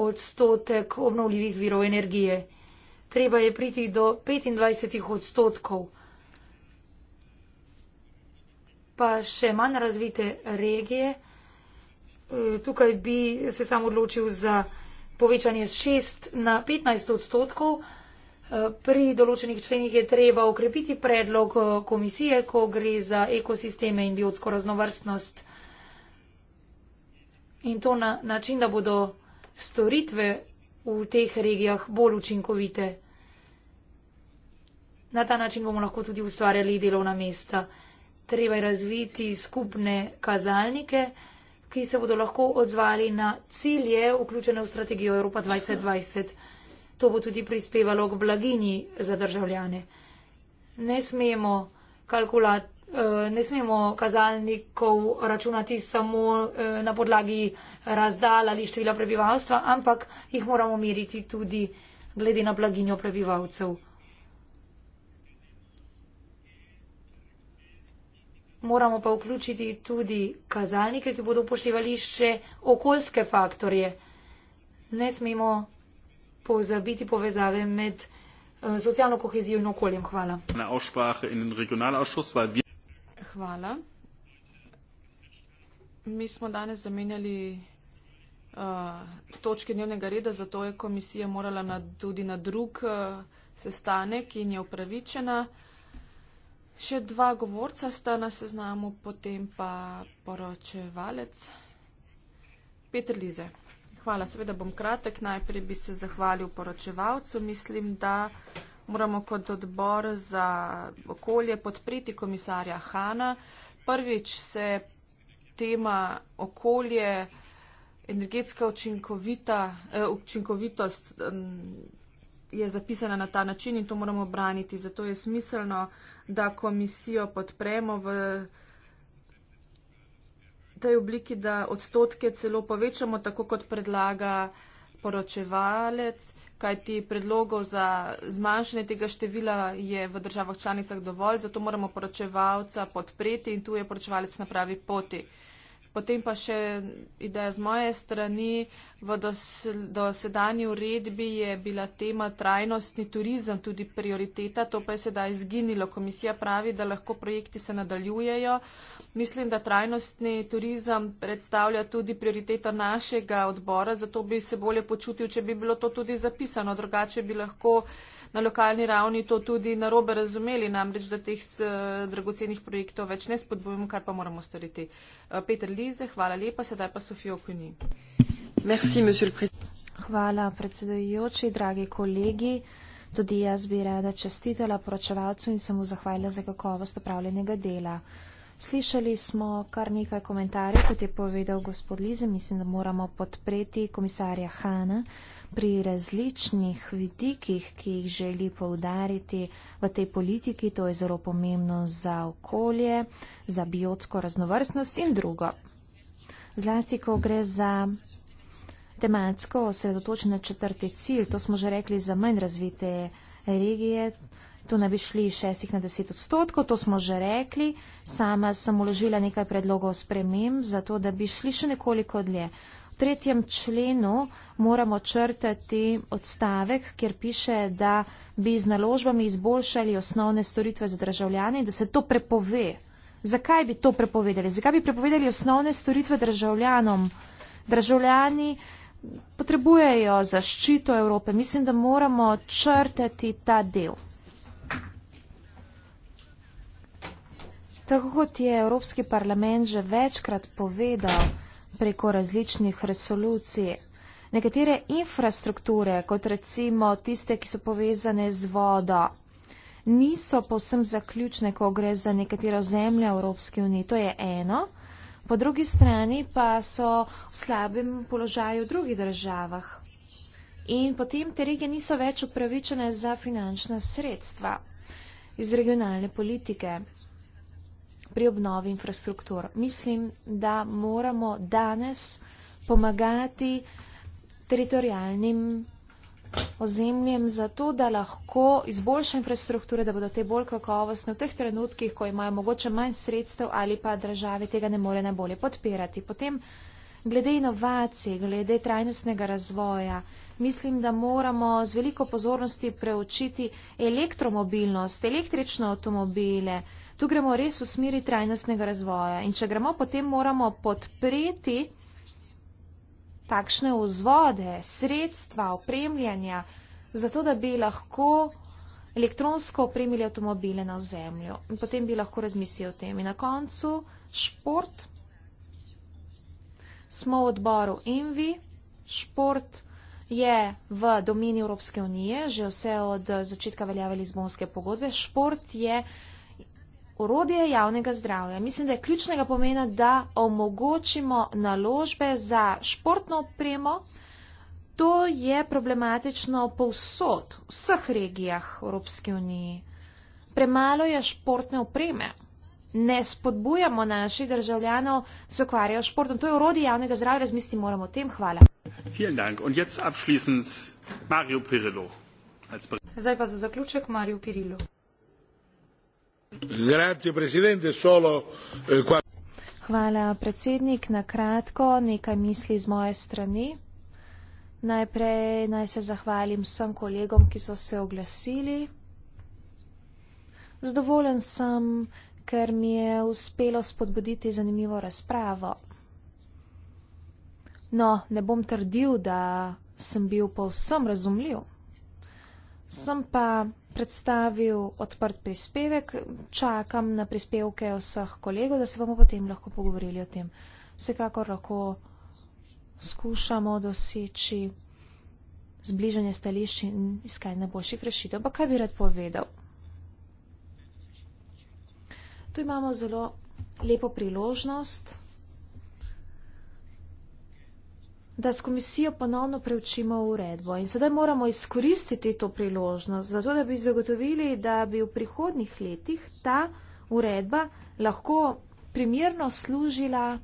odstotek obnovljivih virov energije. Treba je priti do 25 odstotkov. Pa še manj razvite regije. E, tukaj bi se sam odločil za povečanje z 6 na 15 odstotkov. Eh, pri določenih členih je treba ukrepiti predlog eh, komisije, ko gre za ekosisteme in biotsko raznovrstnost. In to na način, da bodo storitve v teh regijah bolj učinkovite. Na ta način bomo lahko tudi ustvarjali delovna mesta. Treba je razviti skupne kazalnike ki se bodo lahko odzvali na cilje, vključene v strategijo Evropa 2020. To bo tudi prispevalo k blaginji za državljane. Ne smemo, kalkulat, eh, ne smemo kazalnikov računati samo eh, na podlagi razdal ali števila prebivalstva, ampak jih moramo meriti tudi glede na blaginjo prebivalcev. moramo pa vključiti tudi kazalnike, ki bodo upoštevali še okoljske faktorje. Ne smemo pozabiti povezave med eh, socialno kohezijo in okoljem. Hvala. Hvala. Mi smo danes zamenjali uh, točke dnevnega reda, zato je komisija morala na, tudi na drug uh, sestanek in je upravičena. Še dva govorca sta na seznamu, potem pa poročevalec Petr Lize. Hvala, seveda bom kratek. Najprej bi se zahvalil poročevalcu. Mislim, da moramo kot odbor za okolje podpreti komisarja Hana. Prvič se tema okolje, energetska učinkovita, eh, učinkovitost. Eh, je zapisana na ta način in to moramo obraniti. Zato je smiselno, da komisijo podpremo v tej obliki, da odstotke celo povečamo, tako kot predlaga poročevalec, kajti predlogov za zmanjšanje tega števila je v državah članicah dovolj, zato moramo poročevalca podpreti in tu je poročevalec na pravi poti. Potem pa še ideja z moje strani. V dosedanji uredbi je bila tema trajnostni turizem tudi prioriteta, to pa je sedaj izginilo. Komisija pravi, da lahko projekti se nadaljujejo. Mislim, da trajnostni turizem predstavlja tudi prioriteto našega odbora, zato bi se bolje počutil, če bi bilo to tudi zapisano. Drugače bi lahko na lokalni ravni to tudi narobe razumeli, namreč, da teh dragocenih projektov več ne spodbujemo, kar pa moramo storiti. Eh, Peter Lize, hvala lepa, sedaj pa Sofijo Kuni. Hvala predsedujoči, dragi kolegi. Tudi jaz bi rada čestitela poročevalcu in se mu zahvalila za kakovost opravljenega dela. Slišali smo kar nekaj komentarjev, kot je povedal gospod Lize, mislim, da moramo podpreti komisarja Hanna pri različnih vidikih, ki jih želi povdariti v tej politiki. To je zelo pomembno za okolje, za biotsko raznovrstnost in drugo. Zlasti, ko gre za tematsko osredotočen četrti cilj, to smo že rekli za manj razvite regije. Tu ne bi šli šestih na deset odstotkov, to smo že rekli. Sama sem uložila nekaj predlogov spremem, zato da bi šli še nekoliko dlje. V tretjem členu moramo črtati odstavek, kjer piše, da bi z naložbami izboljšali osnovne storitve za državljane in da se to prepove. Zakaj bi to prepovedali? Zakaj bi prepovedali osnovne storitve državljanom? Državljani potrebujejo zaščito Evrope. Mislim, da moramo črtati ta del. Tako kot je Evropski parlament že večkrat povedal, preko različnih resolucij. Nekatere infrastrukture, kot recimo tiste, ki so povezane z vodo, niso povsem zaključne, ko gre za nekatero zemljo Evropske unije. To je eno. Po drugi strani pa so v slabem položaju v drugih državah. In potem te regije niso več upravičene za finančna sredstva iz regionalne politike pri obnovi infrastruktur. Mislim, da moramo danes pomagati teritorijalnim ozemljem za to, da lahko izboljša infrastrukture, da bodo te bolj kakovostne v teh trenutkih, ko imajo mogoče manj sredstev ali pa države tega ne more najbolje podpirati. Potem glede inovacij, glede trajnostnega razvoja, mislim, da moramo z veliko pozornosti preučiti elektromobilnost, električne avtomobile, Tu gremo res v smeri trajnostnega razvoja in če gremo, potem moramo podpreti takšne vzvode, sredstva, opremljanja, zato da bi lahko elektronsko opremili avtomobile na zemljo. In potem bi lahko razmislili o tem. In na koncu šport. Smo v odboru Envi. Šport je v domeni Evropske unije, že vse od začetka veljave Lizbonske pogodbe. Šport je uh, orodje javnega zdravja. Mislim, da je ključnega pomena, da omogočimo naložbe za športno opremo. To je problematično povsod, v vseh regijah Evropske unije. Premalo je športne opreme. Ne spodbujamo naših državljanov, da se ukvarjajo s športom. To je orodje javnega zdravja, razmisliti moramo o tem. Hvala. Zdaj pa za zaključek Mario Pirillo. Eh, Hvala, predsednik. Na kratko nekaj misli z moje strani. Najprej naj se zahvalim vsem kolegom, ki so se oglasili. Zadovoljen sem, ker mi je uspelo spodbuditi zanimivo razpravo. No, ne bom trdil, da sem bil povsem razumljiv. Sem pa predstavil odprt prispevek, čakam na prispevke vseh kolegov, da se bomo potem lahko pogovorili o tem. Vsekakor lahko skušamo doseči zbližanje stališč in iskanje najboljših rešitev. Ampak kaj bi rad povedal? Tu imamo zelo lepo priložnost. da s komisijo ponovno preučimo uredbo. In sedaj moramo izkoristiti to priložnost, zato da bi zagotovili, da bi v prihodnih letih ta uredba lahko primerno služila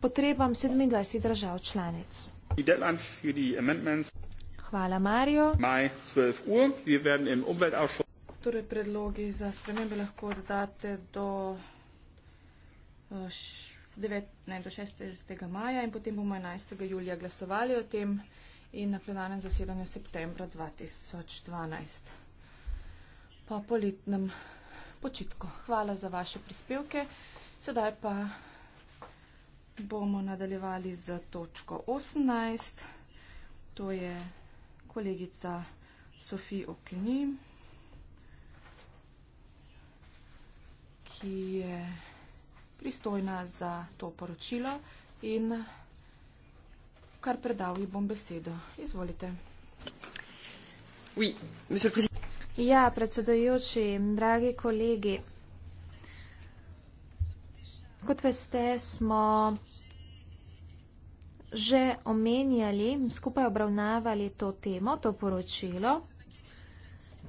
potrebam 27 držav članic. Hvala, Mario. Torej, predlogi za spremembe lahko date do eh, 9, ne, do 6. maja in potem bomo 11. julija glasovali o tem in na plenarnem zasedanju septembra 2012 po poletnem počitku. Hvala za vaše prispevke. Sedaj pa bomo nadaljevali z točko 18. To je kolegica Sofija Okini, ki je pristojna za to poročilo in kar predal ji bom besedo. Izvolite. Ja, predsedojoči, dragi kolegi, kot veste, smo že omenjali, skupaj obravnavali to temo, to poročilo.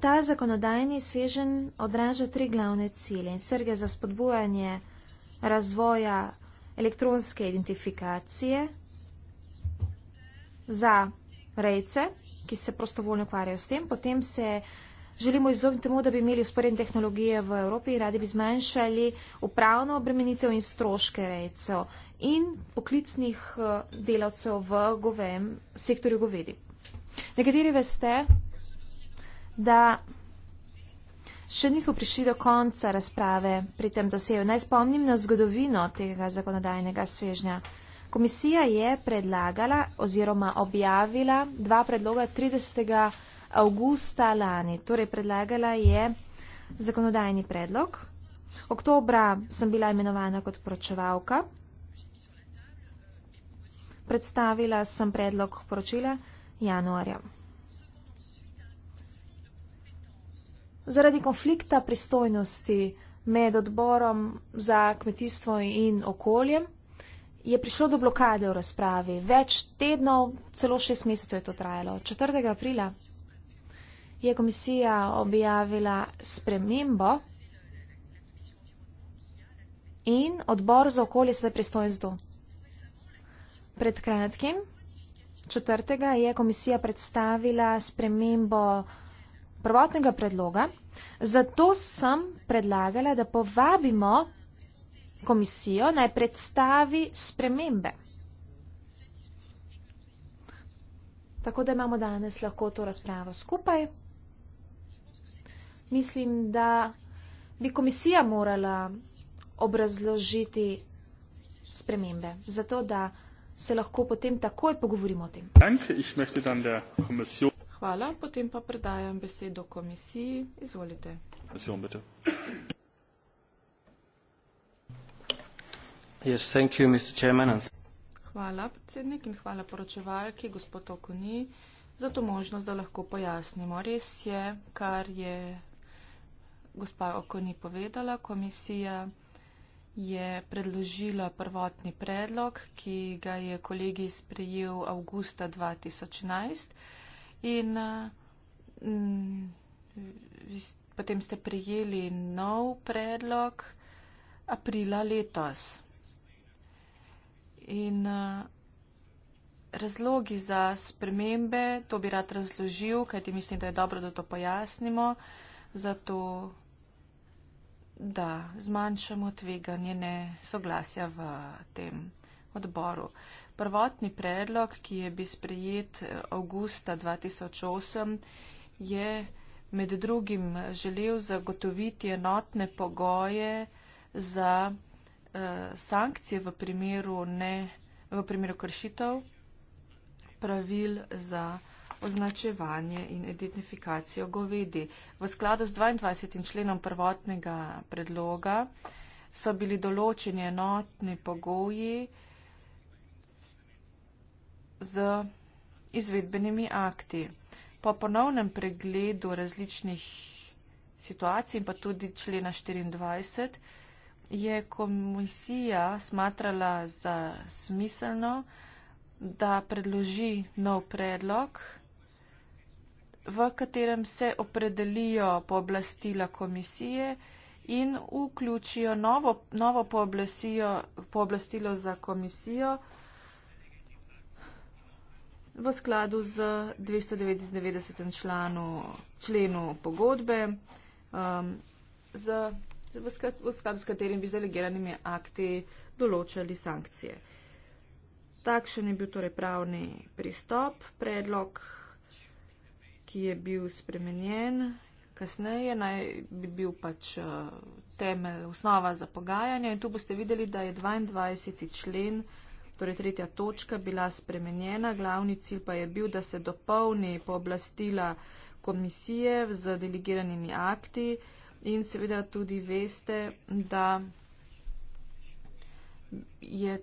Ta zakonodajni svežen odraža tri glavne cilje in srge za spodbujanje razvoja elektronske identifikacije za rejce, ki se prostovoljno ukvarjajo s tem. Potem se želimo izogniti temu, da bi imeli usporedne tehnologije v Evropi in radi bi zmanjšali upravno obremenitev in stroške rejcev in poklicnih eh, delavcev v govem, sektorju govedi. Nekateri veste, da Še nismo prišli do konca razprave pri tem dosegu. Naj spomnim na zgodovino tega zakonodajnega svežnja. Komisija je predlagala oziroma objavila dva predloga 30. augusta lani. Torej predlagala je zakonodajni predlog. Oktobra sem bila imenovana kot poročevalka. Predstavila sem predlog poročila januarja. zaradi konflikta pristojnosti med odborom za kmetijstvo in okoljem je prišlo do blokade v razpravi. Več tednov, celo šest mesecev je to trajalo. 4. aprila je komisija objavila spremembo in odbor za okolje sedaj pristojen zdo. Pred kratkim, 4. je komisija predstavila spremembo odbora prvotnega predloga, zato sem predlagala, da povabimo komisijo naj predstavi spremembe. Tako da imamo danes lahko to razpravo skupaj. Mislim, da bi komisija morala obrazložiti spremembe, zato da se lahko potem takoj pogovorimo o tem. Danke, ich möchte dann der Kommission... Hvala. Potem pa predajam besedo komisiji. Izvolite. Besedom, bete. Yes, thank you, Mr. Chairman. Hvala, predsednik, in hvala poročevalki, gospod Okuni, za to možnost, da lahko pojasnimo. Res je, kar je gospa Okuni povedala, komisija je predložila prvotni predlog, ki ga je kolegi sprejel avgusta 2011 in uh, eh, m, mm, potem ste prijeli nov predlog aprila letos. In uh, razlogi za spremembe, to bi rad razložil, kajti mislim, da je dobro, da to pojasnimo, zato da zmanjšamo tveganje nesoglasja v tem odboru. Uh, Prvotni predlog, ki je bil sprejet eh, avgusta 2008, je med drugim želel zagotoviti enotne pogoje za eh, sankcije v primeru, ne, v primeru kršitev pravil za označevanje in identifikacijo govedi. V skladu z 22. členom prvotnega predloga so bili določeni enotni pogoji, z izvedbenimi akti. Po ponovnem pregledu različnih situacij in pa tudi člena 24 je komisija smatrala za smiselno, da predloži nov predlog, v katerem se opredelijo pooblastila komisije in vključijo novo, novo pooblastilo za komisijo v skladu z 299. Članu, členu pogodbe, um, z, v, skad, v skladu s katerim bi z delegiranimi akti določali sankcije. Takšen je bil torej pravni pristop, predlog, ki je bil spremenjen kasneje, naj bi bil pač uh, temelj, osnova za pogajanje in tu boste videli, da je 22. člen torej tretja točka, bila spremenjena. Glavni cilj pa je bil, da se dopolni pooblastila komisije z delegiranimi akti in seveda tudi veste, da je,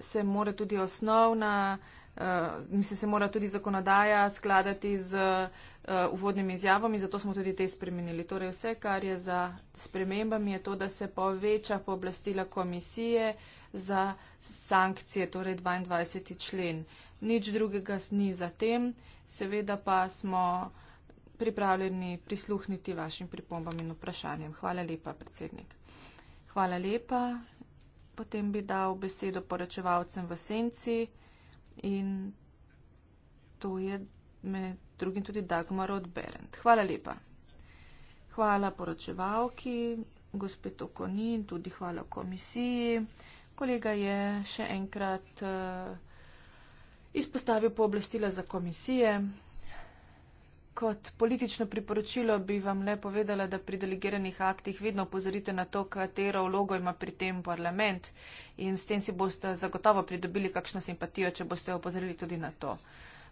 se mora tudi osnovna, uh, mislim, se mora tudi zakonodaja skladati z uh, Eh, uvodnimi izjavami, zato smo tudi te spremenili. Torej, vse, kar je za spremembami, je to, da se poveča pooblastila komisije za sankcije, torej 22. člen. Nič drugega ni za tem, seveda pa smo pripravljeni prisluhniti vašim pripombam in vprašanjem. Hvala lepa, predsednik. Hvala lepa. Potem bi dal besedo poročevalcem v senci in to je med drugim tudi Dagmar od Berend. Hvala lepa. Hvala poročevalki, gospe Tokonin, tudi hvala komisiji. Kolega je še enkrat eh, izpostavil pooblastila za komisije. Kot politično priporočilo bi vam le povedala, da pri delegiranih aktih vedno opozorite na to, katero vlogo ima pri tem parlament in s tem si boste zagotovo pridobili kakšno simpatijo, če boste opozorili tudi na to.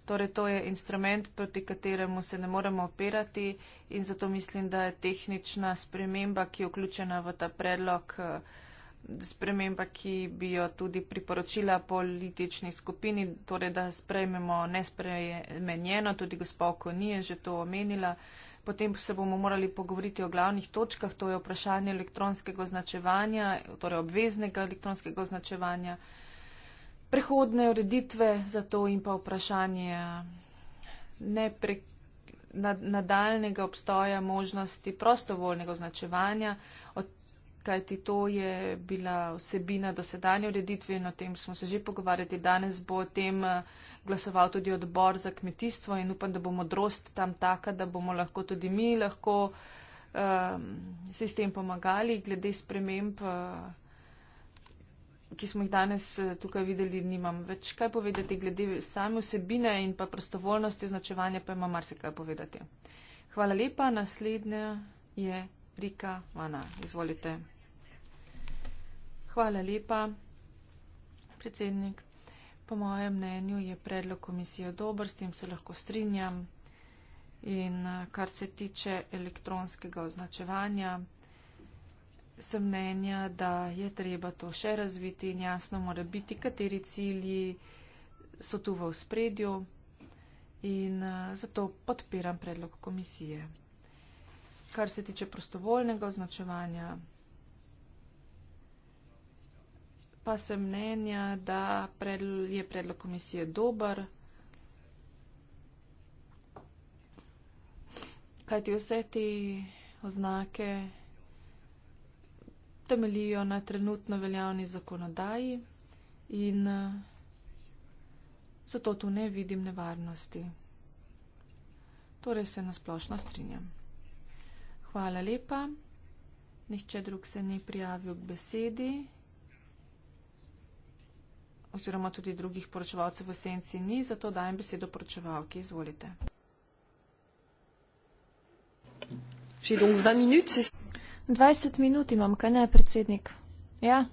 Torej, to je instrument, proti kateremu se ne moremo operati in zato mislim, da je tehnična sprememba, ki je vključena v ta predlog, eh, sprememba, ki bi jo tudi priporočila politični skupini, torej, da sprejmemo nespremenjeno, tudi gospodko ni že to omenila. Potem se bomo morali pogovoriti o glavnih točkah, to je vprašanje elektronskega označevanja, torej obveznega elektronskega označevanja prehodne ureditve za to in pa vprašanje nadaljnega obstoja možnosti prostovoljnega označevanja, kajti to je bila vsebina dosedanje ureditve in o tem smo se že pogovarjali. Danes bo o tem glasoval tudi odbor za kmetijstvo in upam, da bo modrost tam taka, da bomo lahko tudi mi lahko um, si s tem pomagali glede sprememb. Uh, ki smo jih danes eh, tukaj videli, nimam več kaj povedati glede same vsebine in pa prostovoljnosti označevanja, pa imam marsikaj povedati. Hvala lepa, naslednja je Rika Vana. Izvolite. Hvala lepa, predsednik. Po mojem mnenju je predlog komisije dober, s tem se lahko strinjam. In eh, kar se tiče elektronskega označevanja, sem mnenja, da je treba to še razviti in jasno mora biti, kateri cilji so tu v spredju in eh, zato podpiram predlog komisije. Kar se tiče prostovoljnega označevanja, pa sem mnenja, da je predlog komisije dober. Kajti vse te oznake temeljijo na trenutno veljavni zakonodaji in eh, zato tu ne vidim nevarnosti. Torej se nasplošno strinjam. Hvala lepa. Nihče drug se ni prijavil k besedi. Oziroma tudi drugih poročevalcev v senci ni, zato dajem besedo poročevalki. Izvolite. 20 minut, 20 minut imam, kaj ne, predsednik? Ja.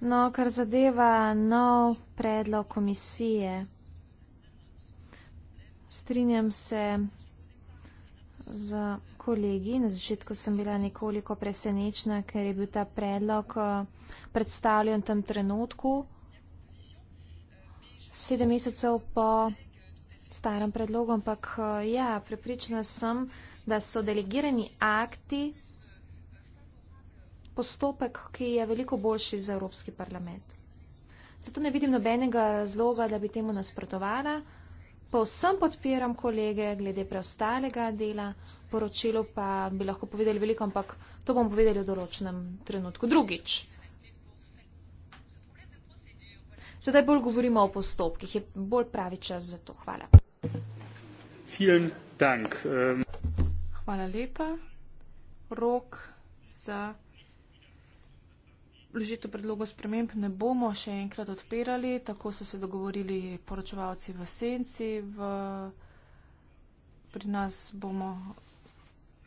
No, kar zadeva nov predlog komisije. Strinjam se z kolegi. Na začetku sem bila nekoliko presenečna, ker je bil ta predlog eh, predstavljen v tem trenutku, sedem mesecev po starem predlogu, ampak eh, ja, prepričana sem, da da so delegirani akti postopek, ki je veliko boljši za Evropski parlament. Zato ne vidim nobenega razloga, da bi temu nasprotovala. Povsem podpiram kolege glede preostalega dela, poročilo pa bi lahko povedali veliko, ampak to bom povedali v določenem trenutku. Drugič. Sedaj bolj govorimo o postopkih. Je bolj pravi čas za to. Hvala. Vielen Dank. Um... Hvala lepa. Rok za vložitev predlogov sprememb ne bomo še enkrat odpirali, tako so se dogovorili poročevalci v senci. V, pri nas bomo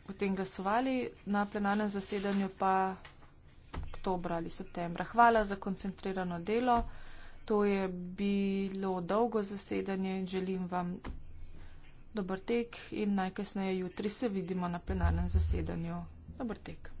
o tem glasovali, na plenarnem zasedanju pa oktober ali septembra. Hvala za koncentrirano delo. To je bilo dolgo zasedanje in želim vam. Dobar tek in najkasneje jutri se vidimo na plenarnem zasedanju. Dobar tek.